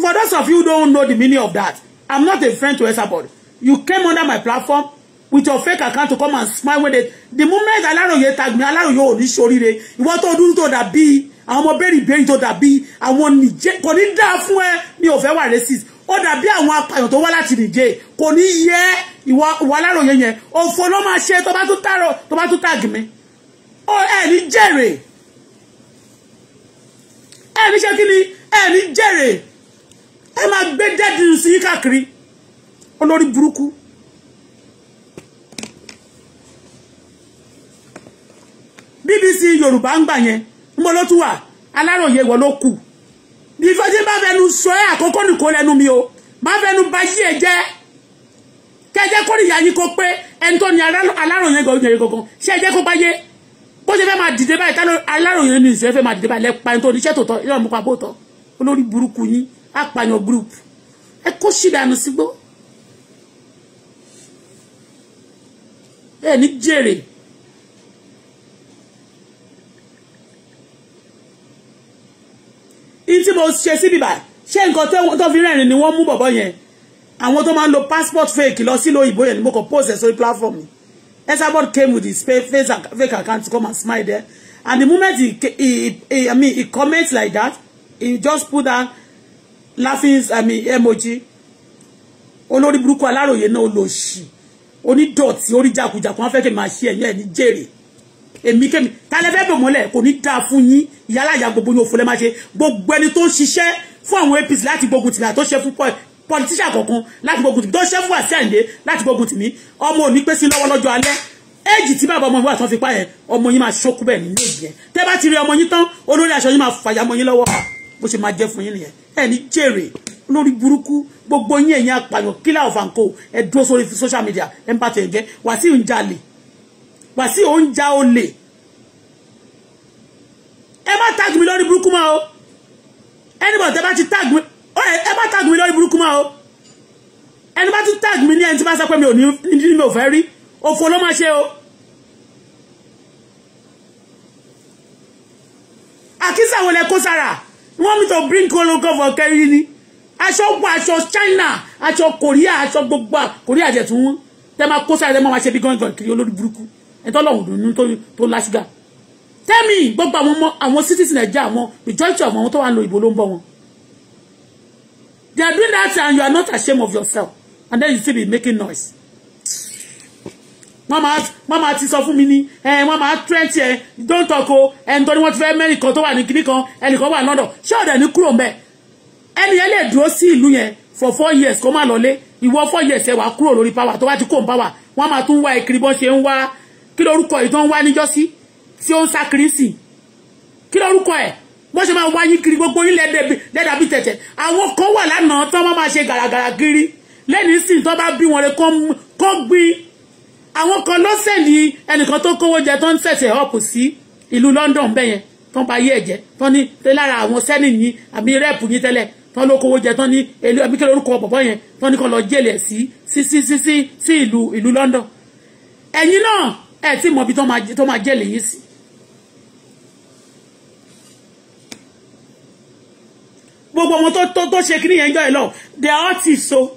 for those of you who don't know the meaning of that I'm not a friend to Esabod you came under my platform with your fake account to come and smile with it the moment Aláròyé tag me Aláròyé ò ní ṣoríire ìwọ tó dúró tó dàbí àwọn ọmọ bẹ́ẹ̀rì bẹ́ẹ̀rì tó dàbí àwọn nìjẹ́ kò ní dáa fún ẹ mi ò fẹ́ wà racist ó dàbí àwọn apààyàn tó wá láti nìjẹ́ kò ní yẹ ìwọ ìwọ aláròye yẹn òfò ló máa ṣe tó bá tún tààrọ tó bá tún tààgì mi ó ẹni jèrè ẹni ṣe kí ni ẹni jèrè ẹ máa gbé dẹ́ẹ̀dì sí i káàkiri olórí burúkú. BBC Yorùbá ń gbà yẹn ń bọ́ ló tún wà aláròye ìwọ ló kù bí ìfọ́jú bá fẹnu sọ ẹ́ àkókò nìkó lẹ́nu mi o má fẹnu bà yí ẹ jẹ́ tẹ́ ẹ jẹ́ kó nìyá yín kó pé ẹni tó ní aláròyìn yẹn gangan ṣé ẹ jẹ́ kó bá yé bó ṣe fẹ́ máa dìde báyìí tánú aláròyìn ní ìṣẹ́ fẹ́ máa dìde báyìí lẹ́pa ẹni tó oníṣẹ́ tòótọ́ yóò mú papò tọ́ olórí burúkú yín apàyàn group ẹ kó ṣìdànù sígbó ẹ jèrè. ní tí mo ṣe síbí báyìí ṣé nǹkan tó fi rẹ́rìn ni wọ́n mú bọ̀bọ̀ yẹn àwọn tó máa ń lo passport fake lọ sílò òyìnbó yẹn ni mo kàn post ẹ̀ sórí platform mi Esabod came with his face fake account to come and smile there and the moment he, he, he I mean he comments like that he just put that laughing I mean emoji olórí burúkú aláròye náà lò sí onídọ̀tí orí jakujaku wọn fẹ́ kí n máa ṣe ẹ̀yìn ẹ̀ ní jèrè èmi kémi tálẹ́ fẹ́ bò mọ́lẹ̀ kò ní dáa fún yín ìyálàyà gbogbo yín òfò lẹ́ máa ṣe gbogbo ẹni tó ń ṣiṣẹ́ fún àwọn APC láti gbógun tìlà tó ṣe fún politician kankan láti gbógun tì mí tó ṣe fún àṣẹ àìlè láti gbógun tì mí ọmọ òní pé sí lọ́wọ́ lọ́jọ́ alẹ́ éèjì tí bàbá ọmọ ìwà tán fi pa yẹn ọmọ yín máa ṣókú bẹ́ẹ̀ nínú èjì yẹn tẹ́ bá ti rí ọmọ yín tán olórí aṣọ yín máa fàyà ọmọ yín lọ́wọ́ bó ṣe máa jẹ́ fún yín nìyẹn ẹ̀ ní jèrè lórí burúkú gbogbo yín ẹ̀yin apààyàn kílà of anko ẹ dúró sórí social media ẹ̀ ń bá tẹ̀ jẹ́ Wàsíù ń jalè Wàsíù ń ja olè ẹ má tag mi lórí burúkú máa o anybody tẹ́ bá ti tag mi ẹ má tag mi lórí burúkú máa o ẹni bá tún tag mi ní ẹni tí bá sọ pé mi ò ní ní mi ò fẹ́ rí òfò ló máa ṣe o. àkísà wo lẹ kó sára wọ́n mi tó bring kólógó for kẹrin ni aṣọ gbọ́ aṣọ China aṣọ Korea aṣọ gbogbo Korea jẹ̀tún wọn tẹ máa kó sára tẹ máa ṣe bí gángan kiri olórí burúkú ẹni tó lọ́hùn dùnú tó lásìgà tẹ́mi gbogbo àwọn ọmọ àwọn citizen Nàìjíríà àwọn majority of àwọn tó wà ń lo ìbò ló ń bọ̀ wọn. They are doing that and you are not ashamed of yourself. And then you still be making noise. Mama, mama ti sọ fún mi eh, mama twenty ẹ, eh, don't talk Oh, and don't want very many. fẹ́ mẹ́rin kan tó wà ní and kan, ẹnì kan wà lọ́dọ̀, ṣé ọ̀dẹ̀ ní kúrò And Ẹni yẹn lè dúró sí for four years Come on, má You ìwọ four years ẹ wà kúrò lórí power tó bá ti kó n power, wọ́n máa tún wá ìkiri bọ́n ṣe ń wá, kí lórúkọ ìtàn wá níjọ́sí tí ó ń sá kiri sí, kí lórúkọ ẹ̀? bó ṣe máa wá yín kiri gbogbo yín lẹ́dà bí tẹ̀tẹ̀ àwọn kan wà lánàá tó máa ṣe gàràgàrà kiri lẹ́ni sì tó bá bí wọn rẹ kó gbin àwọn kan lọ́sẹ̀ ní ẹnìkan tó kówó jẹ tó ń tẹ̀tẹ̀ ọ̀pù sí ìlú London bẹ́yẹn tó ń ba ayé ẹ̀jẹ̀ tó ní lára àwọn sẹ́nì yín àbí rẹ́ẹ̀pù yín tẹ́lẹ̀ tó ló kówó jẹ tó ní èlú abíkẹ́ lórúkọ bọ̀bọ̀ yẹn tó ní kó lọ jẹ́lẹ̀ sí sí sí sí ìlú London ẹ̀yin náà ẹ̀ tí mọ̀ bí tó máa jẹ́lẹ̀ yín sí gbogbo wọn tó tó tó ṣe kí nìyẹn jọ ìlọ they are all thieves o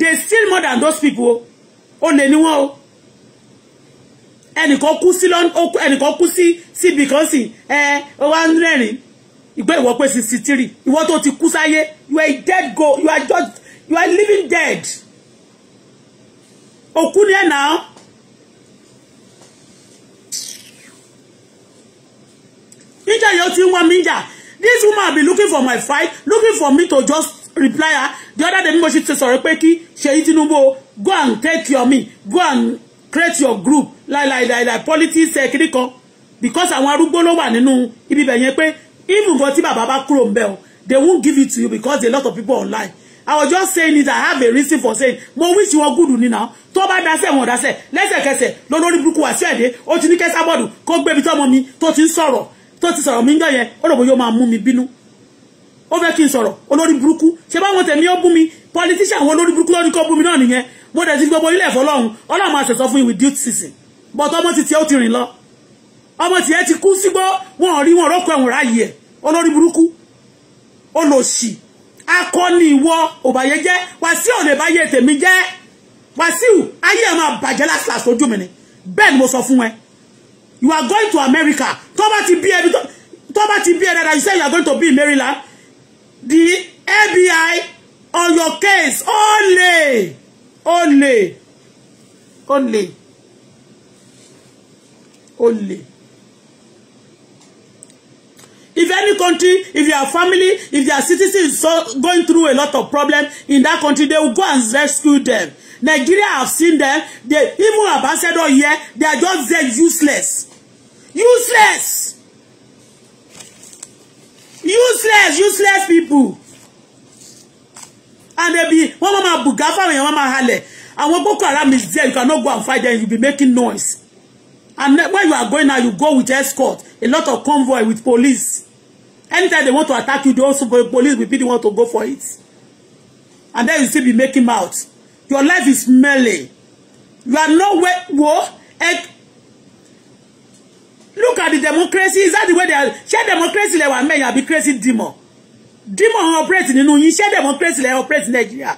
they steal more than those people o ó lè ní wọn o ẹnìkan kú sí ẹnìkan kú sí síbi kan sí ẹ one rẹ́rìn ìgbẹ́ ìwọ pé sixty three ìwọ tó ti kú sáyé you are dead go you are just you are living dead òkú ni ẹ̀ náà. níjà yẹn ó ti ń wọ́n mi jà this woman be looking for my fight looking for me to just reply her the other day mo ṣe ṣe sọ̀rọ̀ pé kí Ṣèyí Tinubu go and take your me go and create your group like like like like politics ẹ̀ eh, kiri kan because àwọn arúgbó ló wà nínú ibi bẹ̀ yẹn pé even gan tí bàbá bá kúrò ń bẹ̀ o they won't give it to you because a lot of people online I was just saying it. I have a reason for saying mo wish you were good ni now. Tó bá dasẹ̀ wọn dasẹ̀ lẹ́sẹ̀kẹsẹ̀ lọ́lórí burúkú wá sí ẹ̀dẹ́ ó ti ní kẹ́sà bọ́ọ̀dù kó gbébi tọ́mọ mi tó ti ń tó ti sọ̀rọ̀ mi ń jọ yẹn ó rò bó yóò máa mú mi bínú ó fẹ́ kí n sọ̀rọ̀ olórí burúkú ṣe báwọn tẹ̀mí ó bú mi politician àwọn olórí burúkú lórí kọ́ bú mi náà nìyẹn mo dẹ̀ ti gbogbo ilé ẹ̀fọ́ lọ́hùn ọlọ́run máa ṣẹ̀sọ́ fún ìwé duty season but ọmọ ti tiẹ̀ ó ti rìn lọ ọmọ tiẹ̀ ti kú sígbó wọn rí wọn rọ́kọ̀ ẹ̀wọ̀n ráàyè ẹ̀ olórí burúkú olòṣì akọni ìwọ òbàyẹjẹ wàsíù lè báyé tèmi jẹ wàsíù ayé ẹ máa bàjẹ́ lásìlásì ojú mi ni bẹ́ẹ̀ ni mo sọ fún ẹ you are going to America tó bá ti bí ẹbí tó bá you say you are going to be in Maryland the FBI on your case Only. Only. Only. Only. If any country, if your family, if your citizen is so going through a lot of problems in that country, they will go and rescue them. Nigeria have seen them. They even ambassador here, they are just there useless useless useless useless people and they be wọ́n máa bùgá fáwọn èèyàn wọ́n máa And when boko haram is there you cannot go and fight them you be making noise and when you are going now you go with escort a lot of convoy with police anytime they want to attack you they also police will be the one to go for it and then you still be making mouth your life is smelly you are nowhere wo look at the democracy is that the way they are ṣé democracy lẹ wà mẹ́yìn àbí crazy demon demon operate nínú yín ṣé democracy lẹ operate Nàìjíríà.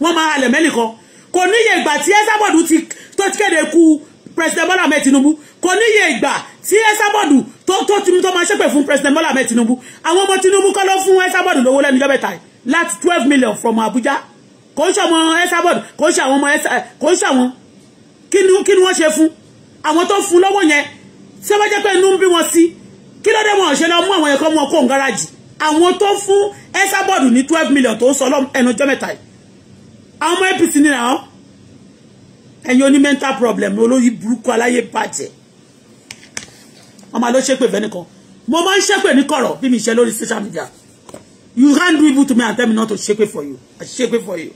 wọ́n máa halẹ̀ mẹ́nìkan kò níye ìgbà tí Esabod ti tó ti kéde ku president Bola Ahmed Tinubu kò níye ìgbà tí Esabod tó tó Tinubu tó máa ṣépè fún president Bola Ahmed Tinubu àwọn ọmọ Tinubu kọ́ ló fún Esabod lówó lẹ́nu jọ́bẹ̀ta láti twelve million from Abuja kò ń ṣàwọn ẹ́sàbọ̀dù kò ń ṣàwọn ọmọ ẹ́sà eh, kò ń ṣàwọn kí ni kí ni wọ́n ṣe fún àwọn tó fún lọ́wọ́ yẹn tí wọ́n jẹ́ pé inú ń bí wọn sí kí ló dé wọn ṣe lọ mú àwọn ẹ̀kọ́ wọn kó ń gáràjì àwọn tó fún ẹ́sàbọ̀dù ní twelve million tó sọ ẹnu ọjọ́ mẹ́ta yìí àwọn ọmọ APC ni àwọn ẹ̀yin oní mental problem olóyìn burúkú aláyé bàjẹ́ ọmọ ló ṣépè fẹ́nìkan mo máa ń ṣépè ní kọ̀rọ̀ bí mi ṣe lórí social you hand people to me and tell me not to it for you I it for you.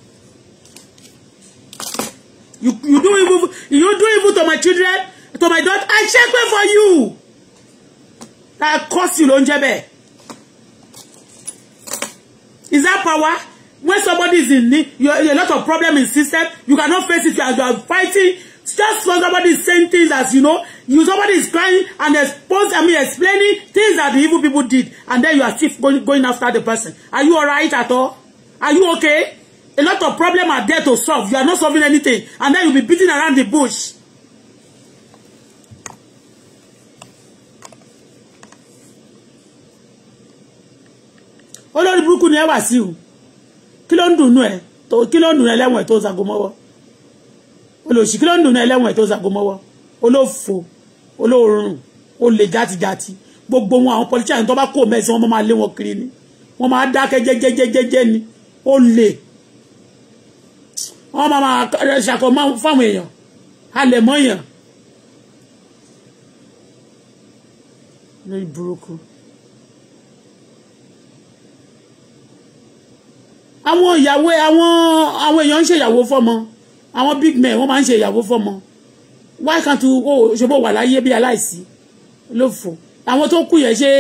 You you do evil you do evil to my children to my daughter. I ṣépè for you. I curse you ló ń Is that power? When somebody is in need, you have a lot of problem in system. You cannot face it. You are, you are fighting. Just when somebody saying things as you know, you somebody is crying and expose, I mean, explaining things that the evil people did, and then you are still going, going after the person. Are you all right at all? Are you okay? A lot of problems are there to solve. You are not solving anything. And then you'll be beating around the bush. olórí burúkú the ẹ wà sí o kí ló ń dùnú ẹ tó kí ló ń dùnú ẹ lẹ́wọ̀n ẹ tó ń sago mọ́wọ́ olóòṣì kí ló ń dùnú ẹ lẹ́wọ̀n ẹ tó ń sago mọ́wọ́ olófò olóòrùn olè játijàti gbogbo wọn àwọn politician tó bá kó mẹ́sàn-án wọn máa lé wọn kiri ni wọn máa dákẹ́ jẹ́jẹ́jẹ́jẹ́ wọ́n máa máa ṣàkọ fáwọn èèyàn halẹ̀ mọ́yàn lórí burúkú. àwọn ìyàwó àwọn àwọn èèyàn ń ṣe ìyàwó fọ́mọ àwọn big men wọ́n máa ń ṣe ìyàwó fọ́mọ why can't you o oh, ṣòbó wà láyé bí aláìsí ló fò àwọn tó kú yẹn ṣe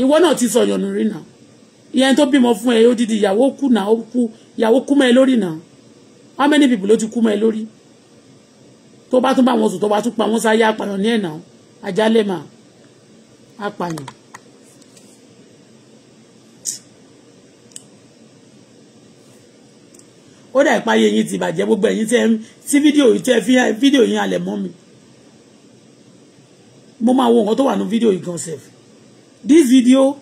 ìwọ náà ti sọyọnù rí náà ìyẹn tó bímọ fún ẹ ó dídì ìyàwó kú náà ó kú ìyàwó kú mọ́ ẹ lórí náà how many people ló ti kú mọ́ ẹ lórí tó bá tún bá wọn sùn tó bá tún pa wọn sáyé apààyàn ní ẹ̀nà ajálẹ̀ mà apààyàn. ó dà ìpáyé yín ti bàjẹ́ gbogbo ẹ̀yin tẹ́ tí fídíò yìí tẹ́ fídíò yín alẹ̀ mọ́ mi mo máa wo nǹkan tó wà ní fídíò yìí gan sef this video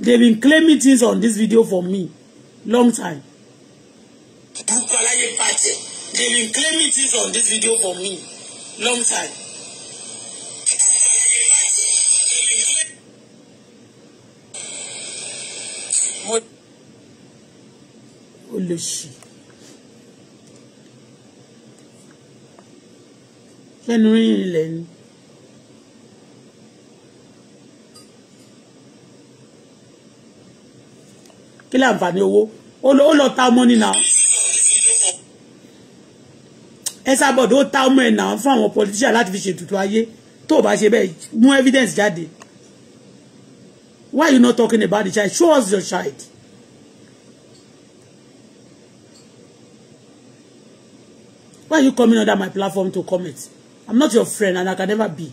they been claiming things on this video for me long time burúkú aláyé bàjẹ́ they been claiming things on this video for me long time. ó lè ṣì lẹ́nu rí ilẹ̀ ni. kí láǹfààní owó ó lọ ta ọmọ nínú àwọn ẹ sábọ̀dọ̀ ó ta ọmọ ẹ̀ fún àwọn politician láti fi ṣètùtù ayé tó o bá ṣe bẹ́ẹ̀ mú evidence jáde why you not talking about the child show us your child. why are you coming under my platform to comment i'm not your friend and i can never be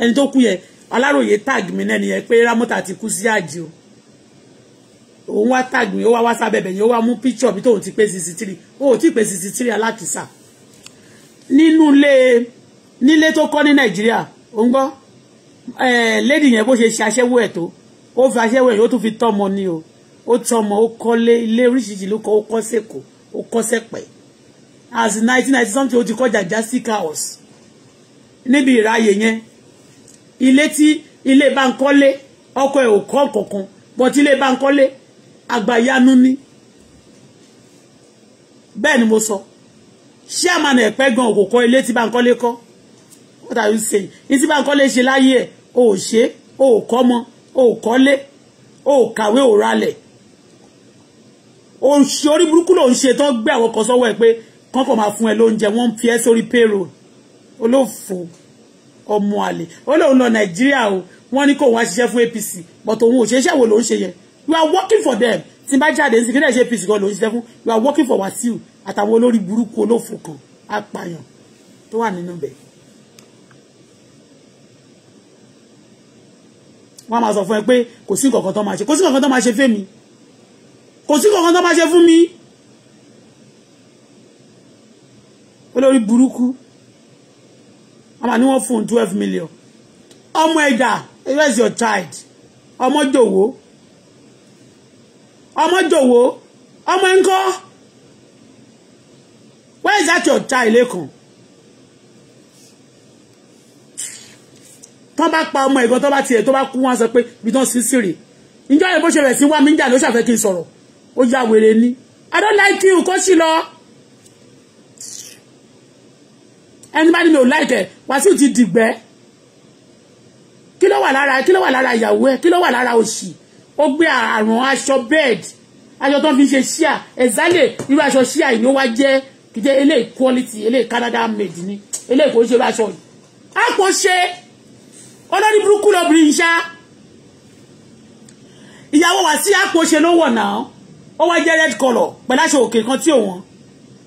ẹni tó kú yẹ aláròye tag mi náà nìyẹn pé ramota ti kú sí àjò òun wá tàgbìn ó wá wá sábẹ́bẹ̀ yẹn ó wá mú píchọ̀ bí tóun ti pé sixty three ó ò tí ì pé sixty three alákìsà nínú ilé nílé tó kọ́ ní nàìjíríà ó ń gbọ́ lédi yẹn bó ṣe ṣe aṣẹ́wó ẹ̀ tó ó fi aṣẹ́wó ẹ̀ yóò tún fi tọ́mọ ni o ó tọ́mọ ó kọ́lé ilé oríṣiríṣi ló kọ́ ó kọ́ sẹ́kọ̀ọ́ ó kọ́ sẹ́pẹ̀ as nineteen ninety something ó ti kọ́ jajastic house níbi ìráyè yẹn ilé tí ilé Bánkọ́lé ọkọ ẹ̀ ò kọ́ kankan bọ́tí ilé Bánkọ́lé àgbàyanu ni bẹ́ẹ̀ ni mo sọ ṣíàmánà ẹ̀pẹ́ gan òkò kọ́ ilé tí Bánkọ́lé kọ́ what are you saying ní tí Bánkọ́lé ṣe láyé ẹ̀ o ò ṣe o ò kọ́mọ o ò kọ́lé o ò kàwé o ò ralẹ̀ o ń ṣe orí burúkú ló ń ṣe tó gbé àwọn kan sọ́wọ́ ẹ̀ pé kọ́kọ́ máa fún ẹ lóúnjẹ wọ́n ń fi ẹ́ sórí payroll olófò ọmọ àlè ó lóun lọ Nàìjíríà o wọ́n ní kó wọ́n á ṣiṣẹ́ fún APC but òun ò ṣeéṣẹ́ wo ló ń ṣe yẹn you are working for them tí n bá jáde ní sikiri ẹ̀ ṣe apc gan ló ń fún you are working for Wasiu àtàwọn olórí burúkú olófò kan apààyàn tó wà nínú bẹ̀. wọ́n á máa sọ fún ẹ pé kò sí nǹkan tó máa ṣe kò sí nǹkan tó máa ṣe fẹ́ kò sí nǹkan tó máa ṣe fún mi olórí burúkú wọ́n máa wọ́n fún twelve million ọmọ ẹ̀dà where is your child ọmọ jòwó ọmọ jòwó ọmọ ńkọ́ where is that your child lẹ́kàn tán bá pa ọmọ ẹ̀gbọ́n tó bá tiẹ̀ tó bá kú wọn sọ pé bí tán sí sí rè ìjọ yẹn bó ṣe rẹ̀ sí wá mi ń jà ló ṣàfẹ́ kí n sọ̀rọ̀ ó ya wèrè ni I don't like you kó sì lọ ẹni bá like ẹ Wàsíù ti dìgbẹ́ kí ló wà lára kí ló wà lára ìyàwó ẹ kí ló wà lára òṣì ó gbé àrùn aṣọ bed aṣọ tó ń fi ṣe ṣíà ẹ̀zálẹ̀ irú aṣọ ṣíà yìí wá jẹ́ kìjẹ́ eléyìí quality eléyìí Canada made ni eléyìí kò ń ṣe irú aṣọ yìí á kò ṣe olórí burúkú lóbìnrin ṣá ìyàwó wa sí àpò ṣe ló wọ̀ náà ó wá jẹ́ red colour pẹ̀lú aṣọ òkè kan tí òun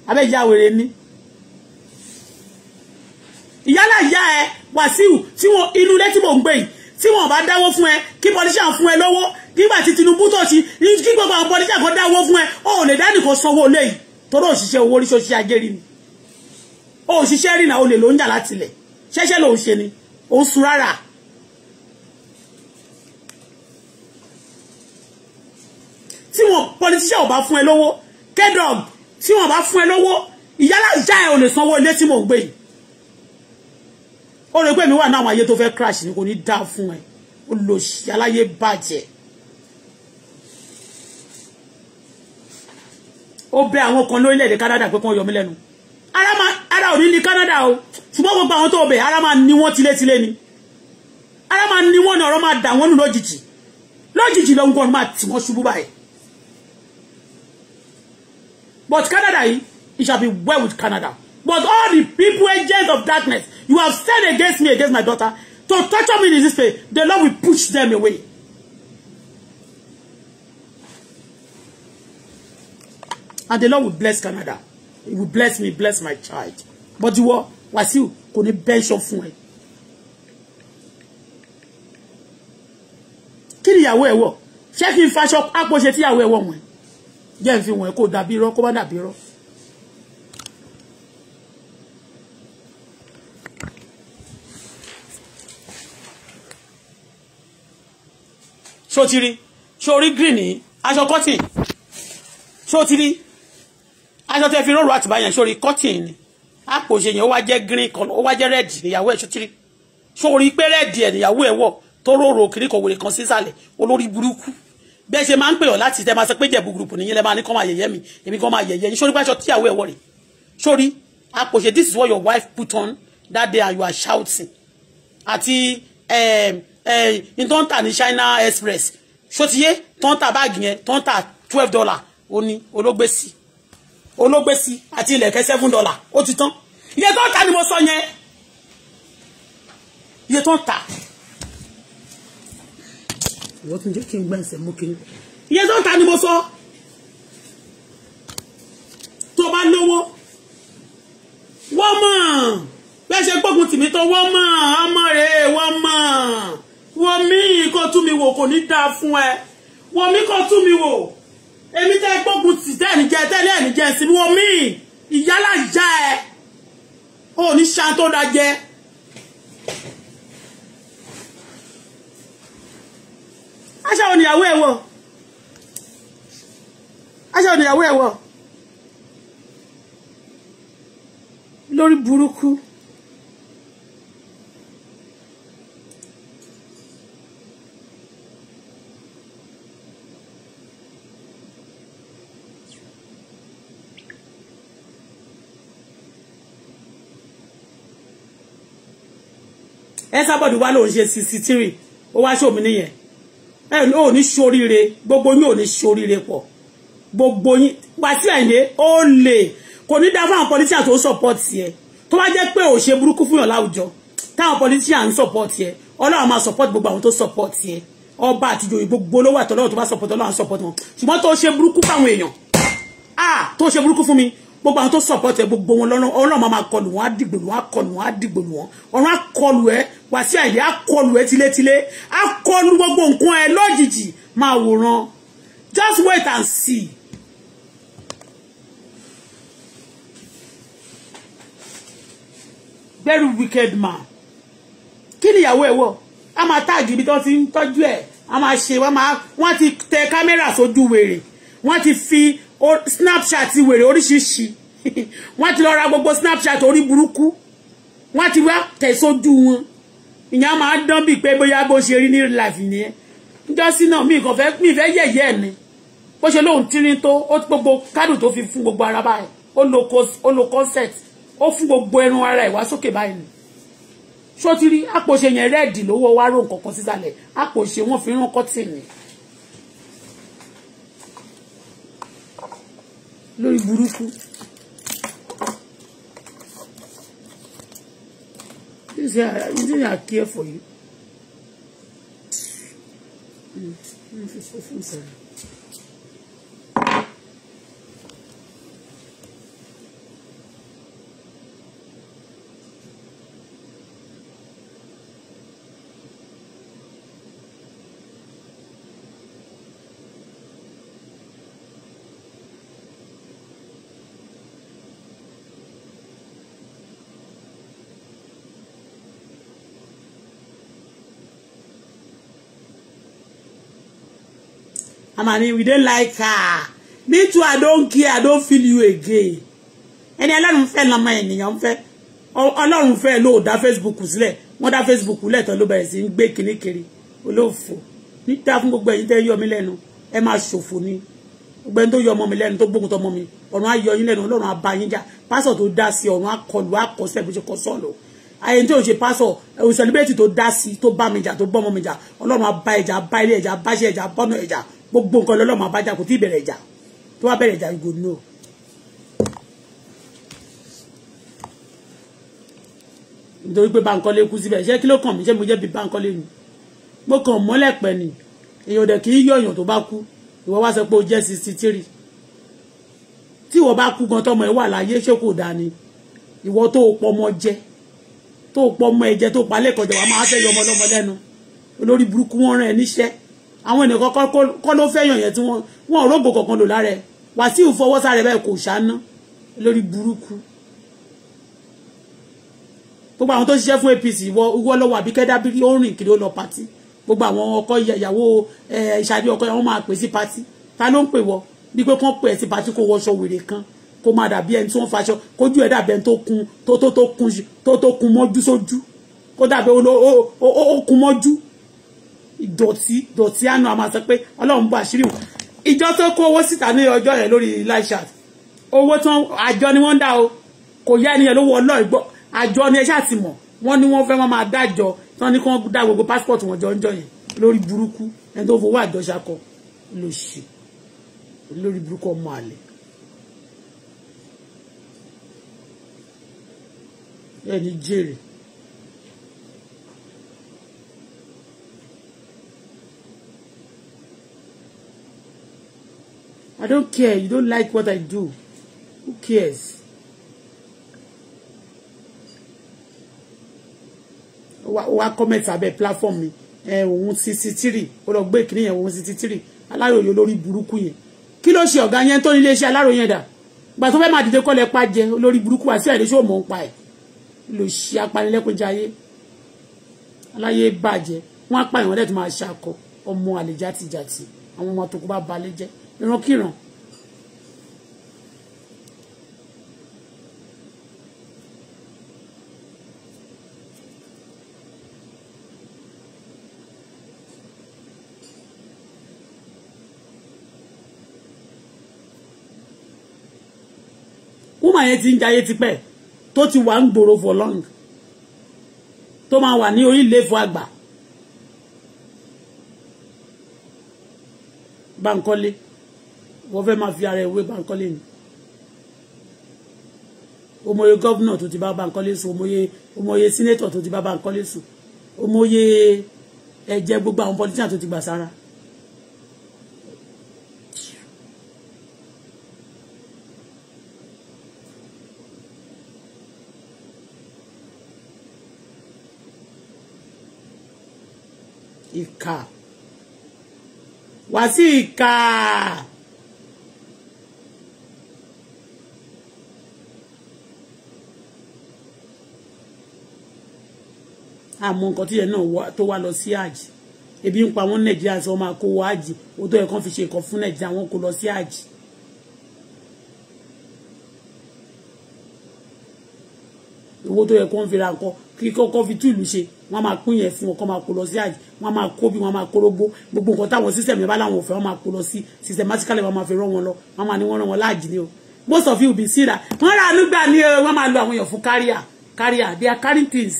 abẹ́ ìyá wèrè ni ìyálà ìyá ẹ Wàsíù tí wọn inú ilé mò ń gbé yìí tí wọ́n bá dáwó fún ẹ kí politician fún ẹ lọ́wọ́ nígbà tí Tinubu tó ti kí gbogbo àwọn politician kan dáwó fún ẹ ó lè dání kó sanwó léyìí torí òṣìṣẹ́ owó oríṣi òṣìṣẹ́ ajérí ni òṣìṣẹ́ rìnà olè ló ń jà láti ilẹ̀ ṣẹ́ṣẹ́ lòun ṣe ni òun sun rárá tí wọ́n politician ò bá fún ẹ lọ́wọ́ kẹ́dọ̀g tí wọ́n bá fún ẹ lọ́wọ́ ìyálà já ẹ ò lè sanwó ilé tí mò ń gbé yìí ó rẹ pé mi wà ní àwọn ayé tó fẹ́ crash ni kò ní dá fún ẹ ó lò sí aláyé bàjẹ́ ó bẹ àwọn kan lórílẹ̀‐èdè Canada pé kí wọ́n yọ mí lẹ́nu ara ò ní ní Canada o ṣùgbọ́n gbogbo àwọn tó bẹ̀ ara máa ní wọ́n tilétilé ni ara máa ní wọ́n ní ọ̀rọ̀ máa dà wọ́n nù lójijì lójijì lọ́hùn kan máa tì wọ́n ṣubú báyìí but Canada yìí it shall be well with Canada. But all the people, agents of darkness, you have said against me, against my daughter, to torture me in this way, the Lord will push them away. And the Lord will bless Canada. He will bless me, bless my child. But you were, Wasiu, you ní bench fún ẹ. Kí ni ìyàwó ẹ wọ̀? Ṣé kí n faṣọ àpòṣe tí ìyàwó ẹ wọ̀ wọ̀n? Jẹ́ n fi wọ̀n ẹ kó bureau. irọ́, kó bá bureau. ṣó ti rí ṣó rí green ní aṣọ cotton ṣó ti rí aṣọ tẹ fi rọrùn àtìbá yẹn ṣó rí cotton ni yẹn ó wá jẹ́ green kan ó wá jẹ́ red níyàwó ẹ̀ ṣó ti rí ṣó rí pé red ẹ̀ níyàwó ẹ̀ wọ̀ tó róró kiri kan wèrè kan sísàlẹ̀ olórí burúkú bẹ́ẹ̀ ṣe máa ń pè ọ́ láti tẹ́ máa sọ pé jẹ̀bù group nìyẹn lẹ́ máa ní kọ́ máa yẹ̀yẹ́ mi èmi kọ́ máa yẹ̀yẹ́ yín sórí pàṣọ tíyàwó ẹ̀ wọ̀ rè sórí àpòṣe this is what your wife put on that day and you are shouting àti um, Eh, tó ń tà ní China Express ṣótiyé tó ń tà báàgì yẹn tó ń tà twelve dollar ó ní ológbèsì ológbèsì àti ilẹ̀kẹ̀ seven dollar ó ti tán iye tó ń tà ni mo sọ yẹn iye tó ń tà ìwọ́n tún jẹ́ kí n gbá ẹsẹ̀ mú kiri iye tó ń tà ni mo sọ tó bá lówó wọ́n mọ̀ bẹ́ẹ̀ ṣe gbógun tìmí wọ́n mọ̀ ọmọ rẹ̀ wọ́n mọ̀. Wọ̀mí kó tú mi wò kò ní dáa fún ẹ Wọ̀mí kó tú mi wò èmi tẹ́ gbógun tì tẹ́ẹ̀nì jẹ tẹ́lẹ̀ ẹ̀nì jẹ sí Wọ̀mí ìyálà ìjà ẹ o ní ṣan tó da jẹ. aṣọ òníyàwó ẹ wọ aṣọ òníyàwó ẹ wọ lórí burúkú. Esabod wá lòun ṣe sixty three ó wá ṣòmí nìyẹn ẹ ò ní ṣoríire gbogbo yín ò ní ṣoríire pọ̀ gbogbo yín Wasiu Ayinde ó lè kò ní dá fáwọn politician tó ń support yẹ tó bá jẹ́ pé ò ṣe burúkú fún yàn láwùjọ táwọn politician ń support yẹ ọlọ́run máa support gbogbo àwọn tó support yẹ ọba àtijọ́ gbogbo ló wà tọ́lọ́run tó bá support ọlọ́run support wọn ṣùgbọ́n tó ṣe burúkú fáwọn èèyàn ah tó ṣe burúkú fún mi gbogbo àwọn tó support gbogbo wọn lọ́nà ọlọ́run máa kọlù wọn á dìgbò wọn á kọlù wọn á dìgbò wọn ọ̀run á kọlù ẹ wá sí àyè á kọlù ẹ tilétilé á kọlù gbogbo nǹkan ẹ lójijì máa wòran just wait and see. very wicked man kí ni ìyàwó ẹ wọ a máa táàgì ibi tó ti ń tọ́jú ẹ̀ a máa ṣe wọ́n máa wọ́n ti tẹ kámẹ́rà sójú wèrè wọ́n ti fi snapchat wèrè oríṣiríṣi *laughs* wọ́n ti lọ ra gbogbo snapchat ori burúkú wọ́n ti wá tẹ̀sójú wọn ìyá máa ń dán bíi pé bóyá bó ṣe rí ní life nìyẹn níjọ́sí náà mi kàn fẹ́ mi fẹ́ yẹ̀yẹ́ ni bó ṣe lóun tírín tó ó gbogbo kádùn tó fi fún gbogbo ara báyìí o lo corset ó fún gbogbo ẹran ara ẹ̀ wá sókè báyìí ni ṣó ti rí àpòṣe yẹn rẹ́ẹ̀dì lówó wá rò nǹkan kan sísàlẹ̀ àpòṣe wọn fi rán kọ́tìnì lórí burúkú. You say I, you say I care for you. Mm. Mm. and I mean we don't like her me too I don't care I don't feel you again ẹni ọlọ́run fẹ́ lọ́mọ ènìyàn fẹ́ ọlọ́run fẹ́ ló dá Facebook sílẹ̀ wọ́n dá Facebook lẹ̀ tán ló bẹ̀rẹ̀ sí ń gbé kinní kiri olóòfò níta fún gbogbo ẹ̀yin tẹ́ yọ mí lẹ́nu ẹ máa ṣòfò ni gbogbo ẹni tó yọ ọmọ mi lẹ́nu tó gbógun tọmọ mi ọ̀run á yọ yín lẹ́nu ọlọ́run á bá yín jà pásọ̀ tó dá sí ọ̀run á kọlù á kọ sílẹ̀ bó ṣe kọ sọ́ọ̀lù ayé tí o ṣe pásọ̀ òṣèlú bẹ́ẹ̀ tí tó dá sí tó bá mi jà tó bọ́ ọmọ mi jà ọlọ́run á bá ẹ̀jà bá ilé ẹ̀jà bá ṣe ẹ̀jà bọ́nà ẹ̀jà gbogbo nǹkan lọ́lọ́mọ abájá kò tí ì bẹ̀rẹ̀ ìjà tó wá bẹ̀rẹ̀ ìjà you go know. nítorí pé Bankole kú síbẹ̀ ṣé kí ló kàn mí ṣé mo jẹ́ bí Bankole ni mo kàn mọ́lẹ̀ pẹ̀ ni èèyàn dẹ̀ kì í yọ èèyàn tó bá kú ìwọ wá sọ pé o jẹ́ sixty three tí ìwọ bá kú gan tọmọ ẹ wà láyé ṣé kò dáa ni ìwọ tó o pọ ọmọ jẹ tó o pọ ọmọ ẹ jẹ tó o palẹ̀ kọjá wa máa fẹ́ yọ ọmọ ọlọ́mọ lẹ́nu olórí burúkú wọn rán ẹ níṣẹ́ àwọn ènìyàn kọ́ ló fẹ́yàn yẹn tí wọ́n wọ́n rógbò kankan lò lára ẹ̀ Wàsíù fọwọ́ sára ẹ̀ báyìí kò ṣáná lórí burúkú gbogbo àwọn tó ṣiṣẹ́ fún APC wọ́ lọ́wọ́ àbí kẹ́dábírí ó rìn kiri ó lọ pátì gbogbo àwọn ọkọ ìyàwó ìṣàdí ọkọ ìyàwó máa pè sí pátì ta ló ń pè wọ bí pé kán pè ẹ sí pátì kó wọṣọ wèrè kan kó máa dàbí ẹni tí wọ́n faṣọ kójú ẹ̀ dàbí ẹni tó kun tó tó kun mọ́jú sójú kó dàbí ó kun mọ́jú ìdọ̀tí dọ̀tí àánú a máa sọ pé ọlọ́run bá àṣírí wọn ìjọ tó kó owó síta ní ọjọ́ yẹn lórí láìsà owó tán àjọ ni wọ́n ń dá o kò yá ẹniyẹn lówó ọlọ́run gbọ́ àjọ ni ẹ ṣáà ti mọ̀ wọ́n ní wọ́n fẹ́ wọ́n máa dájọ tán ní kí wọ́n dá gbogbo passport wọn jọ ń jọ yẹn lórí burúkú ẹni tó fowó àjọ ṣakọ ló ṣe lórí burúkú ọmọ àlè. ẹni jèrè I don't care. You don't like what I do. Who cares? Wa comment abẹ́ platform mi. Eh ohun 63. Ó lọ gbé kíni yẹn ohun 63. Aláròyé olórí buruku yẹn. Kí ló ṣe ọ̀gá yẹn tó ní ilé iṣẹ́ Aláròyé yẹn dà? Gbà tó fẹ́ máa dìde kò lè pa jẹ olórí burúkú àti ere so mo npa ẹ̀. Ló ṣe apanilẹ́kún jayé. Aláyé bàjẹ́. Wọ́n apá ìwọ̀n dẹ̀ tó máa ṣakọ ọmọ àlèjátijàti. Àwọn ọmọ tó kú bá balẹ̀ jẹ́ ìrankíran woman yẹn ti ń jayé tipẹ́ tó ti wà ń gbòòrò for long tó máa wà ní orílẹ̀ fún àgbà Bánkọ́lé wọ́n fẹ́ máa fi ara ìwé Bankole ni omoye gọ́vnà tó ti bá Bankole sùn omoye omoye sínétọ̀ tó ti bá Bankole sùn omoye ẹ̀jẹ̀ gbogbo àwọn politician tó ti gbà sára. ìkà wá sí ìkà. àmọ́ nǹkan tí yẹn náà tó wá lọ sí àjì ebi ń pa wọn nàìjíríà sọ máa kó wọ àjì ó tó yẹ kán fi ṣe nǹkan fún nàìjíríà wọn kó lọ sí àjì. owó tó yẹ kán fi ra nǹkan kí kọ́kọ́ fi tú ìlú ṣe wọ́n máa pín yẹn fún wọn kán máa kó lọ sí àjì wọ́n máa kó bí wọ́n máa kó rógbó gbogbo nǹkan táwọn sísẹ̀mù yẹn bá láwọn òfẹ́ wọ́n máa kó lọ sí systematically wọ́n máa fi rán wọn lọ wọ́n máa ní wọ́n rán wọn láàjì ni o most of you be see that wọ́n rà nígbà ní wọ́n máa lo àwọn èèyàn fún káríà káríà they are carrying things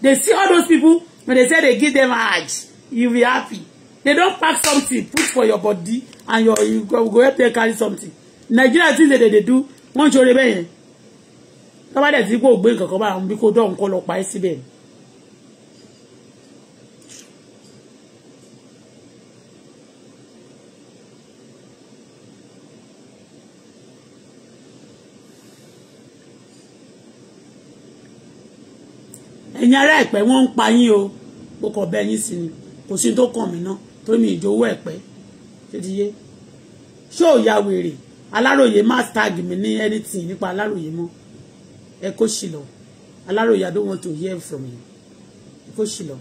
They see all those people, when they say they give them Hajj, you be happy. They don't pack something, put for your body, and your, you go, go help them carry something. Nigeria things that they, they do, wọ́n ṣe oore bẹ́yẹn. Tọ́ba dẹ̀ go kó gbé nǹkan kan báyìí, bí kò dọ̀ nǹkan lọ pa ẹ̀yin ará ẹ̀pẹ́ wọ́n ń pa yín o mo kọ̀ bẹ́ẹ̀ yín sí ni kò sí tó kàn mí náà torí mi ìjòwó ẹ̀pẹ́ ṣèdíyé ṣé ò ya wèrè aláròye má tag mi ní anything nípa aláròye mọ́ ẹ kó sì lọ aláròye I don't want to hear from you ẹ kó sì lọ.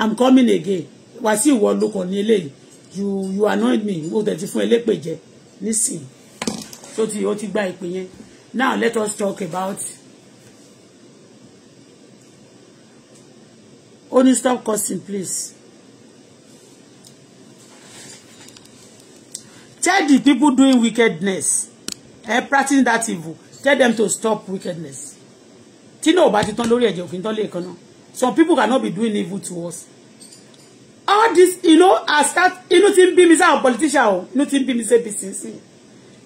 I'm coming again wàásù ìwọ ló kàn ní eléyìí you you annoyed me mo tẹ̀ ti fún elépè jẹ nísìn tó ti ó ti gba ìpè yẹn now let us talk about only stop cursing please tell the people doing wickedness eh, practicing that evil tell them to stop wickedness tí náà ò bá ti tán lórí ẹ̀jẹ̀ òfin tán lè e kan náà some people cannot be doing evil to us all this you know i start inú tí ń bí mi sáwọn politician You know, tí be bí mi ṣe bìsìn sí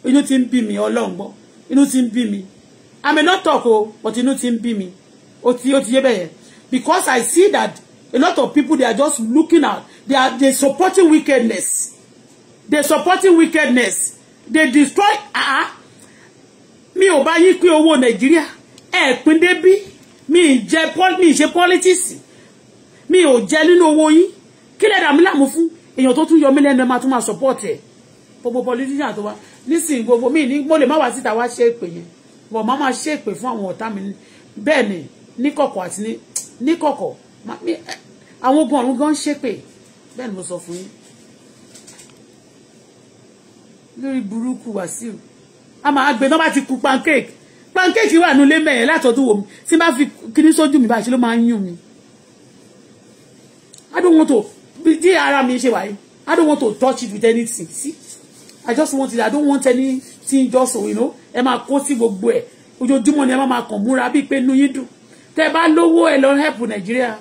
inú tí ń bí mi you know, inú be me. i may not talk oh, but inú tí ń bí mi ó ti ó ti yé bẹ́yẹn because i see that a lot of people they are just looking out they are they supporting wickedness they supporting wickedness they destroy ah, ah. mi ò bá yín pín owó nàìjíríà ẹ pín débí mi ì jẹ mi ì ṣe politics mi ò jẹ nínú owó yín kí lè dàmí láàmú fún èèyàn tó tún yọ mí lẹ́nu ẹ máa tún máa support ẹ̀ gbogbo politician tó wá nísìnyí gbogbo míì ní mo lè má wá síta wá ṣe èpè yẹn wọ́n máa máa ṣe èpè fún àwọn ọ̀tá mi bẹ́ẹ̀ ni níkọ̀kọ̀ àti níkọ̀kọ̀ àwọn ogun ọ̀run gan ṣépè bẹ́ẹ̀ ni mo sọ fún yín lórí burúkú wàsíù a máa gbé náà bá ti ku pancake pancake wà nílé mẹ́yẹn látọ̀dún wò mí tí n bá fi kíní sójú mi báyìí ṣe ló máa ń yún mi. I don't want to bí ara mi ṣe wáyé I don't want to touch it with anything see I just want it I don't want anything just so you know ẹ máa kó sí gbogbo ẹ ojoojúmọ́ ni ẹ máa máa kàn múra bíi pé inú yín dùn tẹ́ bá lówó ẹ lọ help Nigeria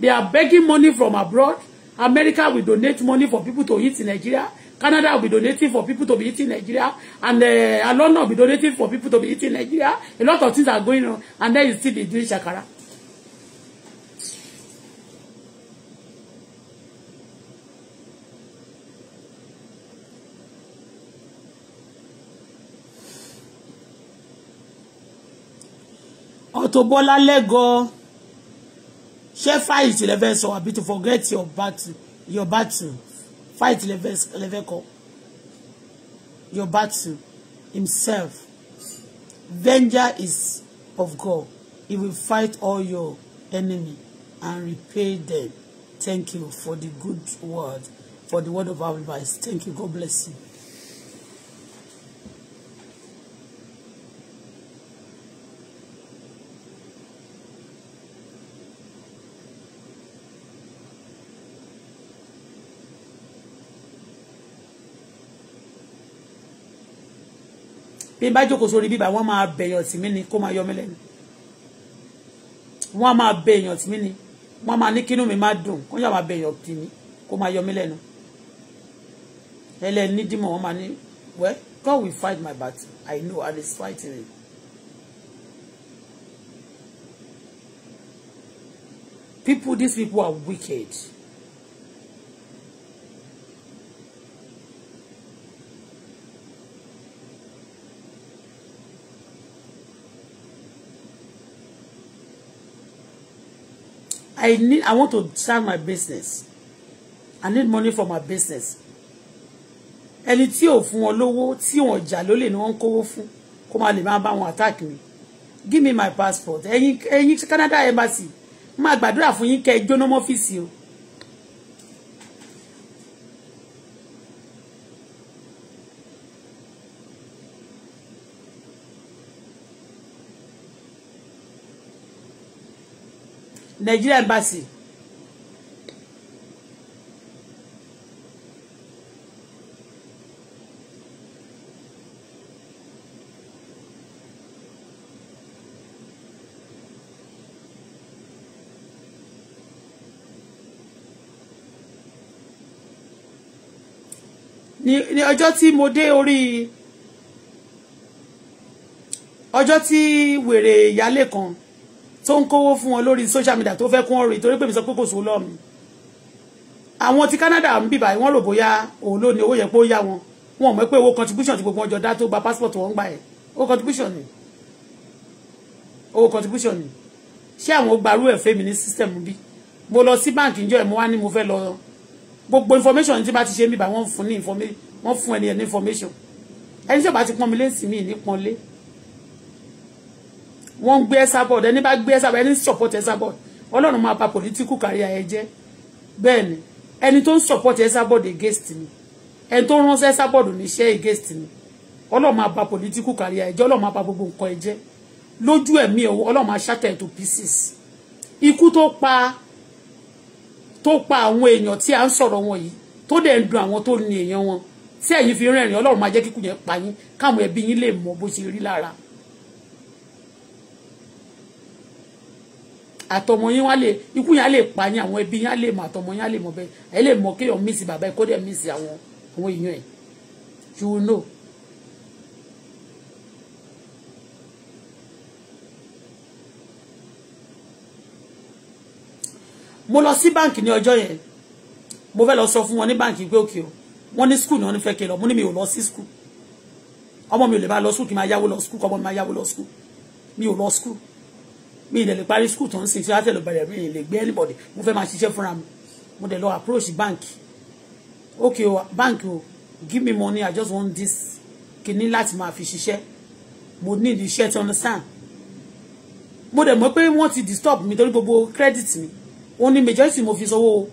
they are begging money from abroad America will donate money for people to eat in Nigeria Canada will be donating for people to be eating Nigeria and uh, eh, London will be donating for people to be eating Nigeria a lot of things are going on and then you still dey doing shakara Auto Bola Lego. Ṣé fight lẹ fẹ́ sọ àbí to forget your battle your battle fight lẹ fẹ́ lẹ kọ your battle himself Venger is of God he will fight all your enemy and repay them thank you for the good word for the word of our advice thank you God bless you. bí n bá jókòó sórí bíbá wọ́n máa bẹ èèyàn tì mí ni kó máa yọ mí lẹ́nu wọ́n máa bẹ èèyàn tì mí ni wọ́n máa ní kínú mi má dùn kó yà máa bẹ èèyàn tì mí kó máa yọ mí lẹ́nu ẹlẹ́ni dímọ̀ wọ́n máa ní well God will fight my battle I know and he's fighting it. People, these people are wicked. I need I want to start my business. I need money for my business. Ẹni tí ò fún wọn lówó tí wọn jà lólè ni wọ́n ń kówó fún kó má lè máa bá wọn attack me. Give me my passport. Ẹ̀yin ẹ̀yin Canada embassy. Máa gbàdúrà fún yín kẹ́ ẹ jóná mọ́fíìsì o. Nigeria embassy ni ni ọjọ́ tí mo dé orí ọjọ́ tí wèrè ìyálé kan tó ń kówó fún wọn lórí social media tó fẹ́ kún ọ̀rẹ́ torí pé mi sọ pé kò sówó lọ́ọ̀ mi àwọn ti Canada ń bìbà wọ́n rò bóyá òun ló ní owó yẹ pé ó yá wọn wọn ò mọ̀ pé owó contribution ti gbogbo ọjọ́ dá tó gba passport wọn gbà ẹ̀ owó contribution ni owó contribution ni ṣé àwọn gbarú ẹ̀ fẹ́mi ní system bí mo lọ sí báǹkì njọ́ ẹ̀ mo wá ní mo fẹ́ lọ gbogbo information tí bá ti ṣe mi bá wọ́n fún ní information wọ́n fún ẹni ẹ̀ ní information ẹni tí ò bá ti pọ́n mi lé sí mi ní pọ́n lé wọ́n ń gbé Esabod ẹni bá gbé Esabod ẹni support Esabod ọlọ́run máa bà political career ẹ jẹ́ bẹ́ẹ̀ ni ẹni tó ń support Esabod against mi ẹni tó ń ránṣẹ́ Esabod níṣẹ́ against mi ọlọ́run máa bà political career ẹ jẹ́ ọlọ́run máa bà gbogbo nǹkan ẹ lójú ẹ̀mí ọwọ́ ọlọ́run máa shatter to pieces ikú tó pa tó pa àwọn èèyàn tí a ń sọ̀rọ̀ wọn yìí tó dẹ̀ ń dun àwọn tó ní èèyàn wọn tí ẹ̀yin àtọmọ yín wá lè ikú yín á lè pa yín àwọn ẹbí yín á lè mọ àtọmọ yín á lè mọ bẹ́ẹ̀ ẹ lè mọ kéèyàn mísì bàbá ẹ kó dẹ̀ mísì àwọn àwọn èèyàn ẹ̀ you know. mo lọ sí báǹkì ní ọjọ́ yẹn mo fẹ́ lọ sọ fún wọn ní báǹkì pé òkè o wọ́n ní skul ni wọ́n ní fẹ́ kí lọ mo ní mi ò lọ sí skul ọmọ mi ò lè bá lọ skul kí n máa yáwó lọ skul kọ́ ọmọ mi máa yáwó lọ skul mi ò lọ skul mi ìdẹ̀ lè parí school tó ń sìn tí wọ́n á tẹ̀lé bẹ̀rẹ̀ mi lè gbé anybody mo fẹ́ máa ṣiṣẹ́ fúnra mi mo dẹ̀ lọ approach bank ok o bank o give me money i just want this kìíní láti máa fi ṣiṣẹ́ mo need ìdí iṣẹ́ tí wọ́n sàn mo dẹ̀ mọ̀ pé wọ́n ti disturb mi torí gbogbo credit mi òun ni majority mo fi sanwó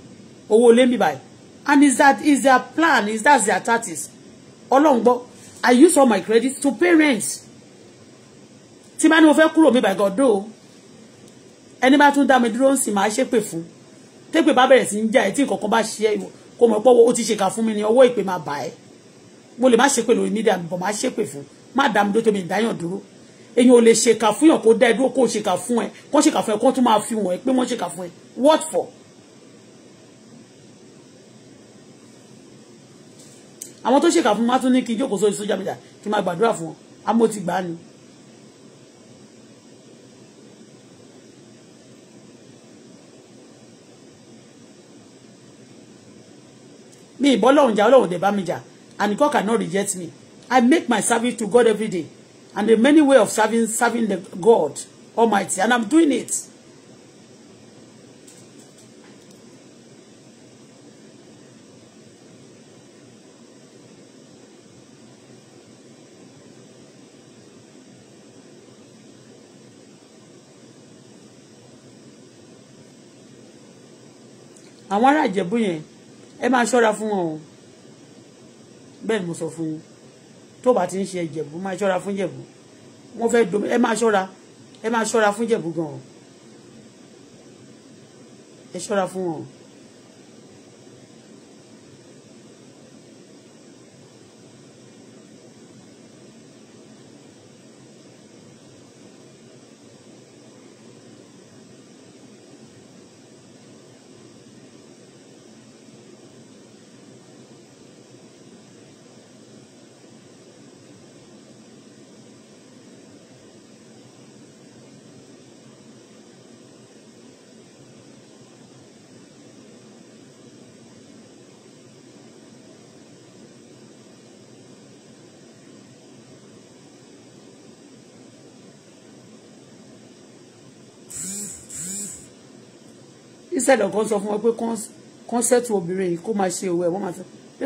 owó ilé mi báyìí and is that is their plan is that their tactics ọlọ́run gbọ́ i use all my credit to pay rent tí bá ní mo fẹ́ kúrò mi by god though ẹni bá tún dá mi dúró ń sìn máa ṣépè fún tépè bá bẹ̀rẹ̀ sí ń jà ẹ́ tí nǹkan kan bá ṣe é kó mọ̀ pọ́wọ́ ó ti ṣèkà fún mi ní ọwọ́ ìpè máa bà ẹ́ mo lè má ṣépè lórí mídíà mi bọ̀ má ṣépè fún má dá mi dúró tó mi ìdáyàn dúró èyàn ò lè ṣèkà fún yàn kó dá ẹ dúró kó ṣèkà fún ẹ kó ṣèkà fún ẹ kó tún máa fi wọ̀n ẹ pé wọ́n ṣèkà fún ẹ what for. àwọn tó ṣèkà fún mi má tún ní kí n jókòó sórí sójà mídíà kí n máa gbàdúrà fún wọn àmọ́ ti gbà á ni Me, ìbọ́ lọ́hùn jà ọlọ́hùn dẹ̀ bá mi jà and God cannot reject me I make my service to God every day and the many way of serving serving the God Almighty and I'm doing it. àwọn ará Ìjẹ̀bú yẹn ẹ máa ṣọ́ra fún wọn o bẹ́ẹ̀ ni mo sọ fún yín tó bá ti ń ṣe ìjẹ̀bú máa ṣọ́ra fún ìjẹ̀bú wọ́n fẹ́ domi ẹ máa ṣọ́ra ẹ máa ṣọ́ra fún ìjẹ̀bú gan-an ẹ ṣọ́ra fún wọn o. sẹ́lọ̀ kan sọ fún wọn pé kọ́nsẹ́tù obìnrin yìí kó máa ṣe òwe wọ́n máa sọ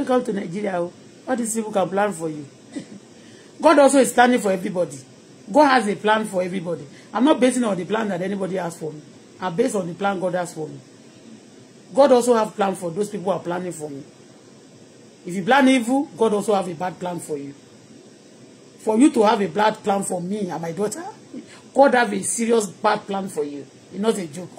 come to Nigeria o is these people can plan for you *laughs* God also is planning for everybody God has a plan for everybody I'm not basing on the plan that anybody has for me I'm based on the plan God has for me God also have plan for those people who are planning for me if you plan evil God also have a bad plan for you for you to have a bad plan for me and my daughter *laughs* God have a serious bad plan for you it's not a joke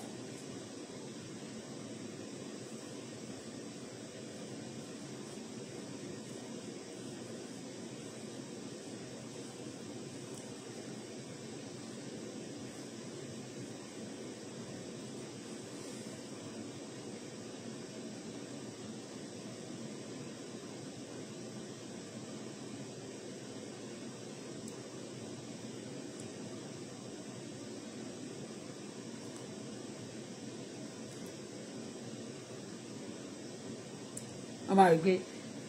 wọ́n máa rí pé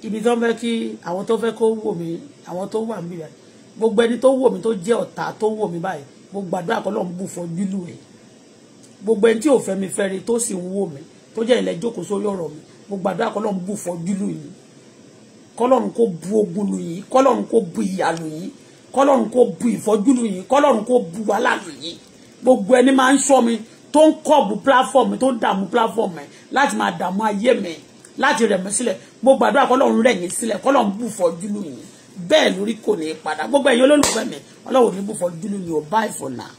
ibi tó ń fẹ́ kí àwọn tó fẹ́ kó wò mí àwọn tó wà mí báyìí gbogbo ẹni tó wò mí tó jẹ́ ọ̀tá tó wò mí báyìí mo gbàdúrà kọ́ lọ́n bù fọ́ júlù ẹ̀ gbogbo ẹni tí ò fẹ́ mi fẹ́ rí tó sì ń wò mí tó jẹ́ ilẹ̀ jókòó sórí ọ̀rọ̀ mi mo gbàdúrà kọ́ lọ́n bù fọ́ júlù yìí kọ́lọ́run kó bu ogun lù yìí kọ́lọ́run kó bu ìyà yìí kọ́lọ́run kó bu ìfọ́júlù yìí kọ́lọ́run kó bu wàhálà lù yìí gbogbo ẹni máa ń sọ mi tó ń kọ́ọ̀bù platform tó ń dààmú platform láti máa dààmú ayé mi láti rẹ̀ mí sílẹ̀ mo gbàdúrà kọ́lọ́run rẹ̀ yín sílẹ̀ kọ́lọ́run bù fọ́jú lù yín bẹ́ẹ̀ lórí kò ní í padà gbogbo ẹ̀yin olólùfẹ́ mi ọlọ́run ní bù fọ́jú lù yín ò báyìí for now.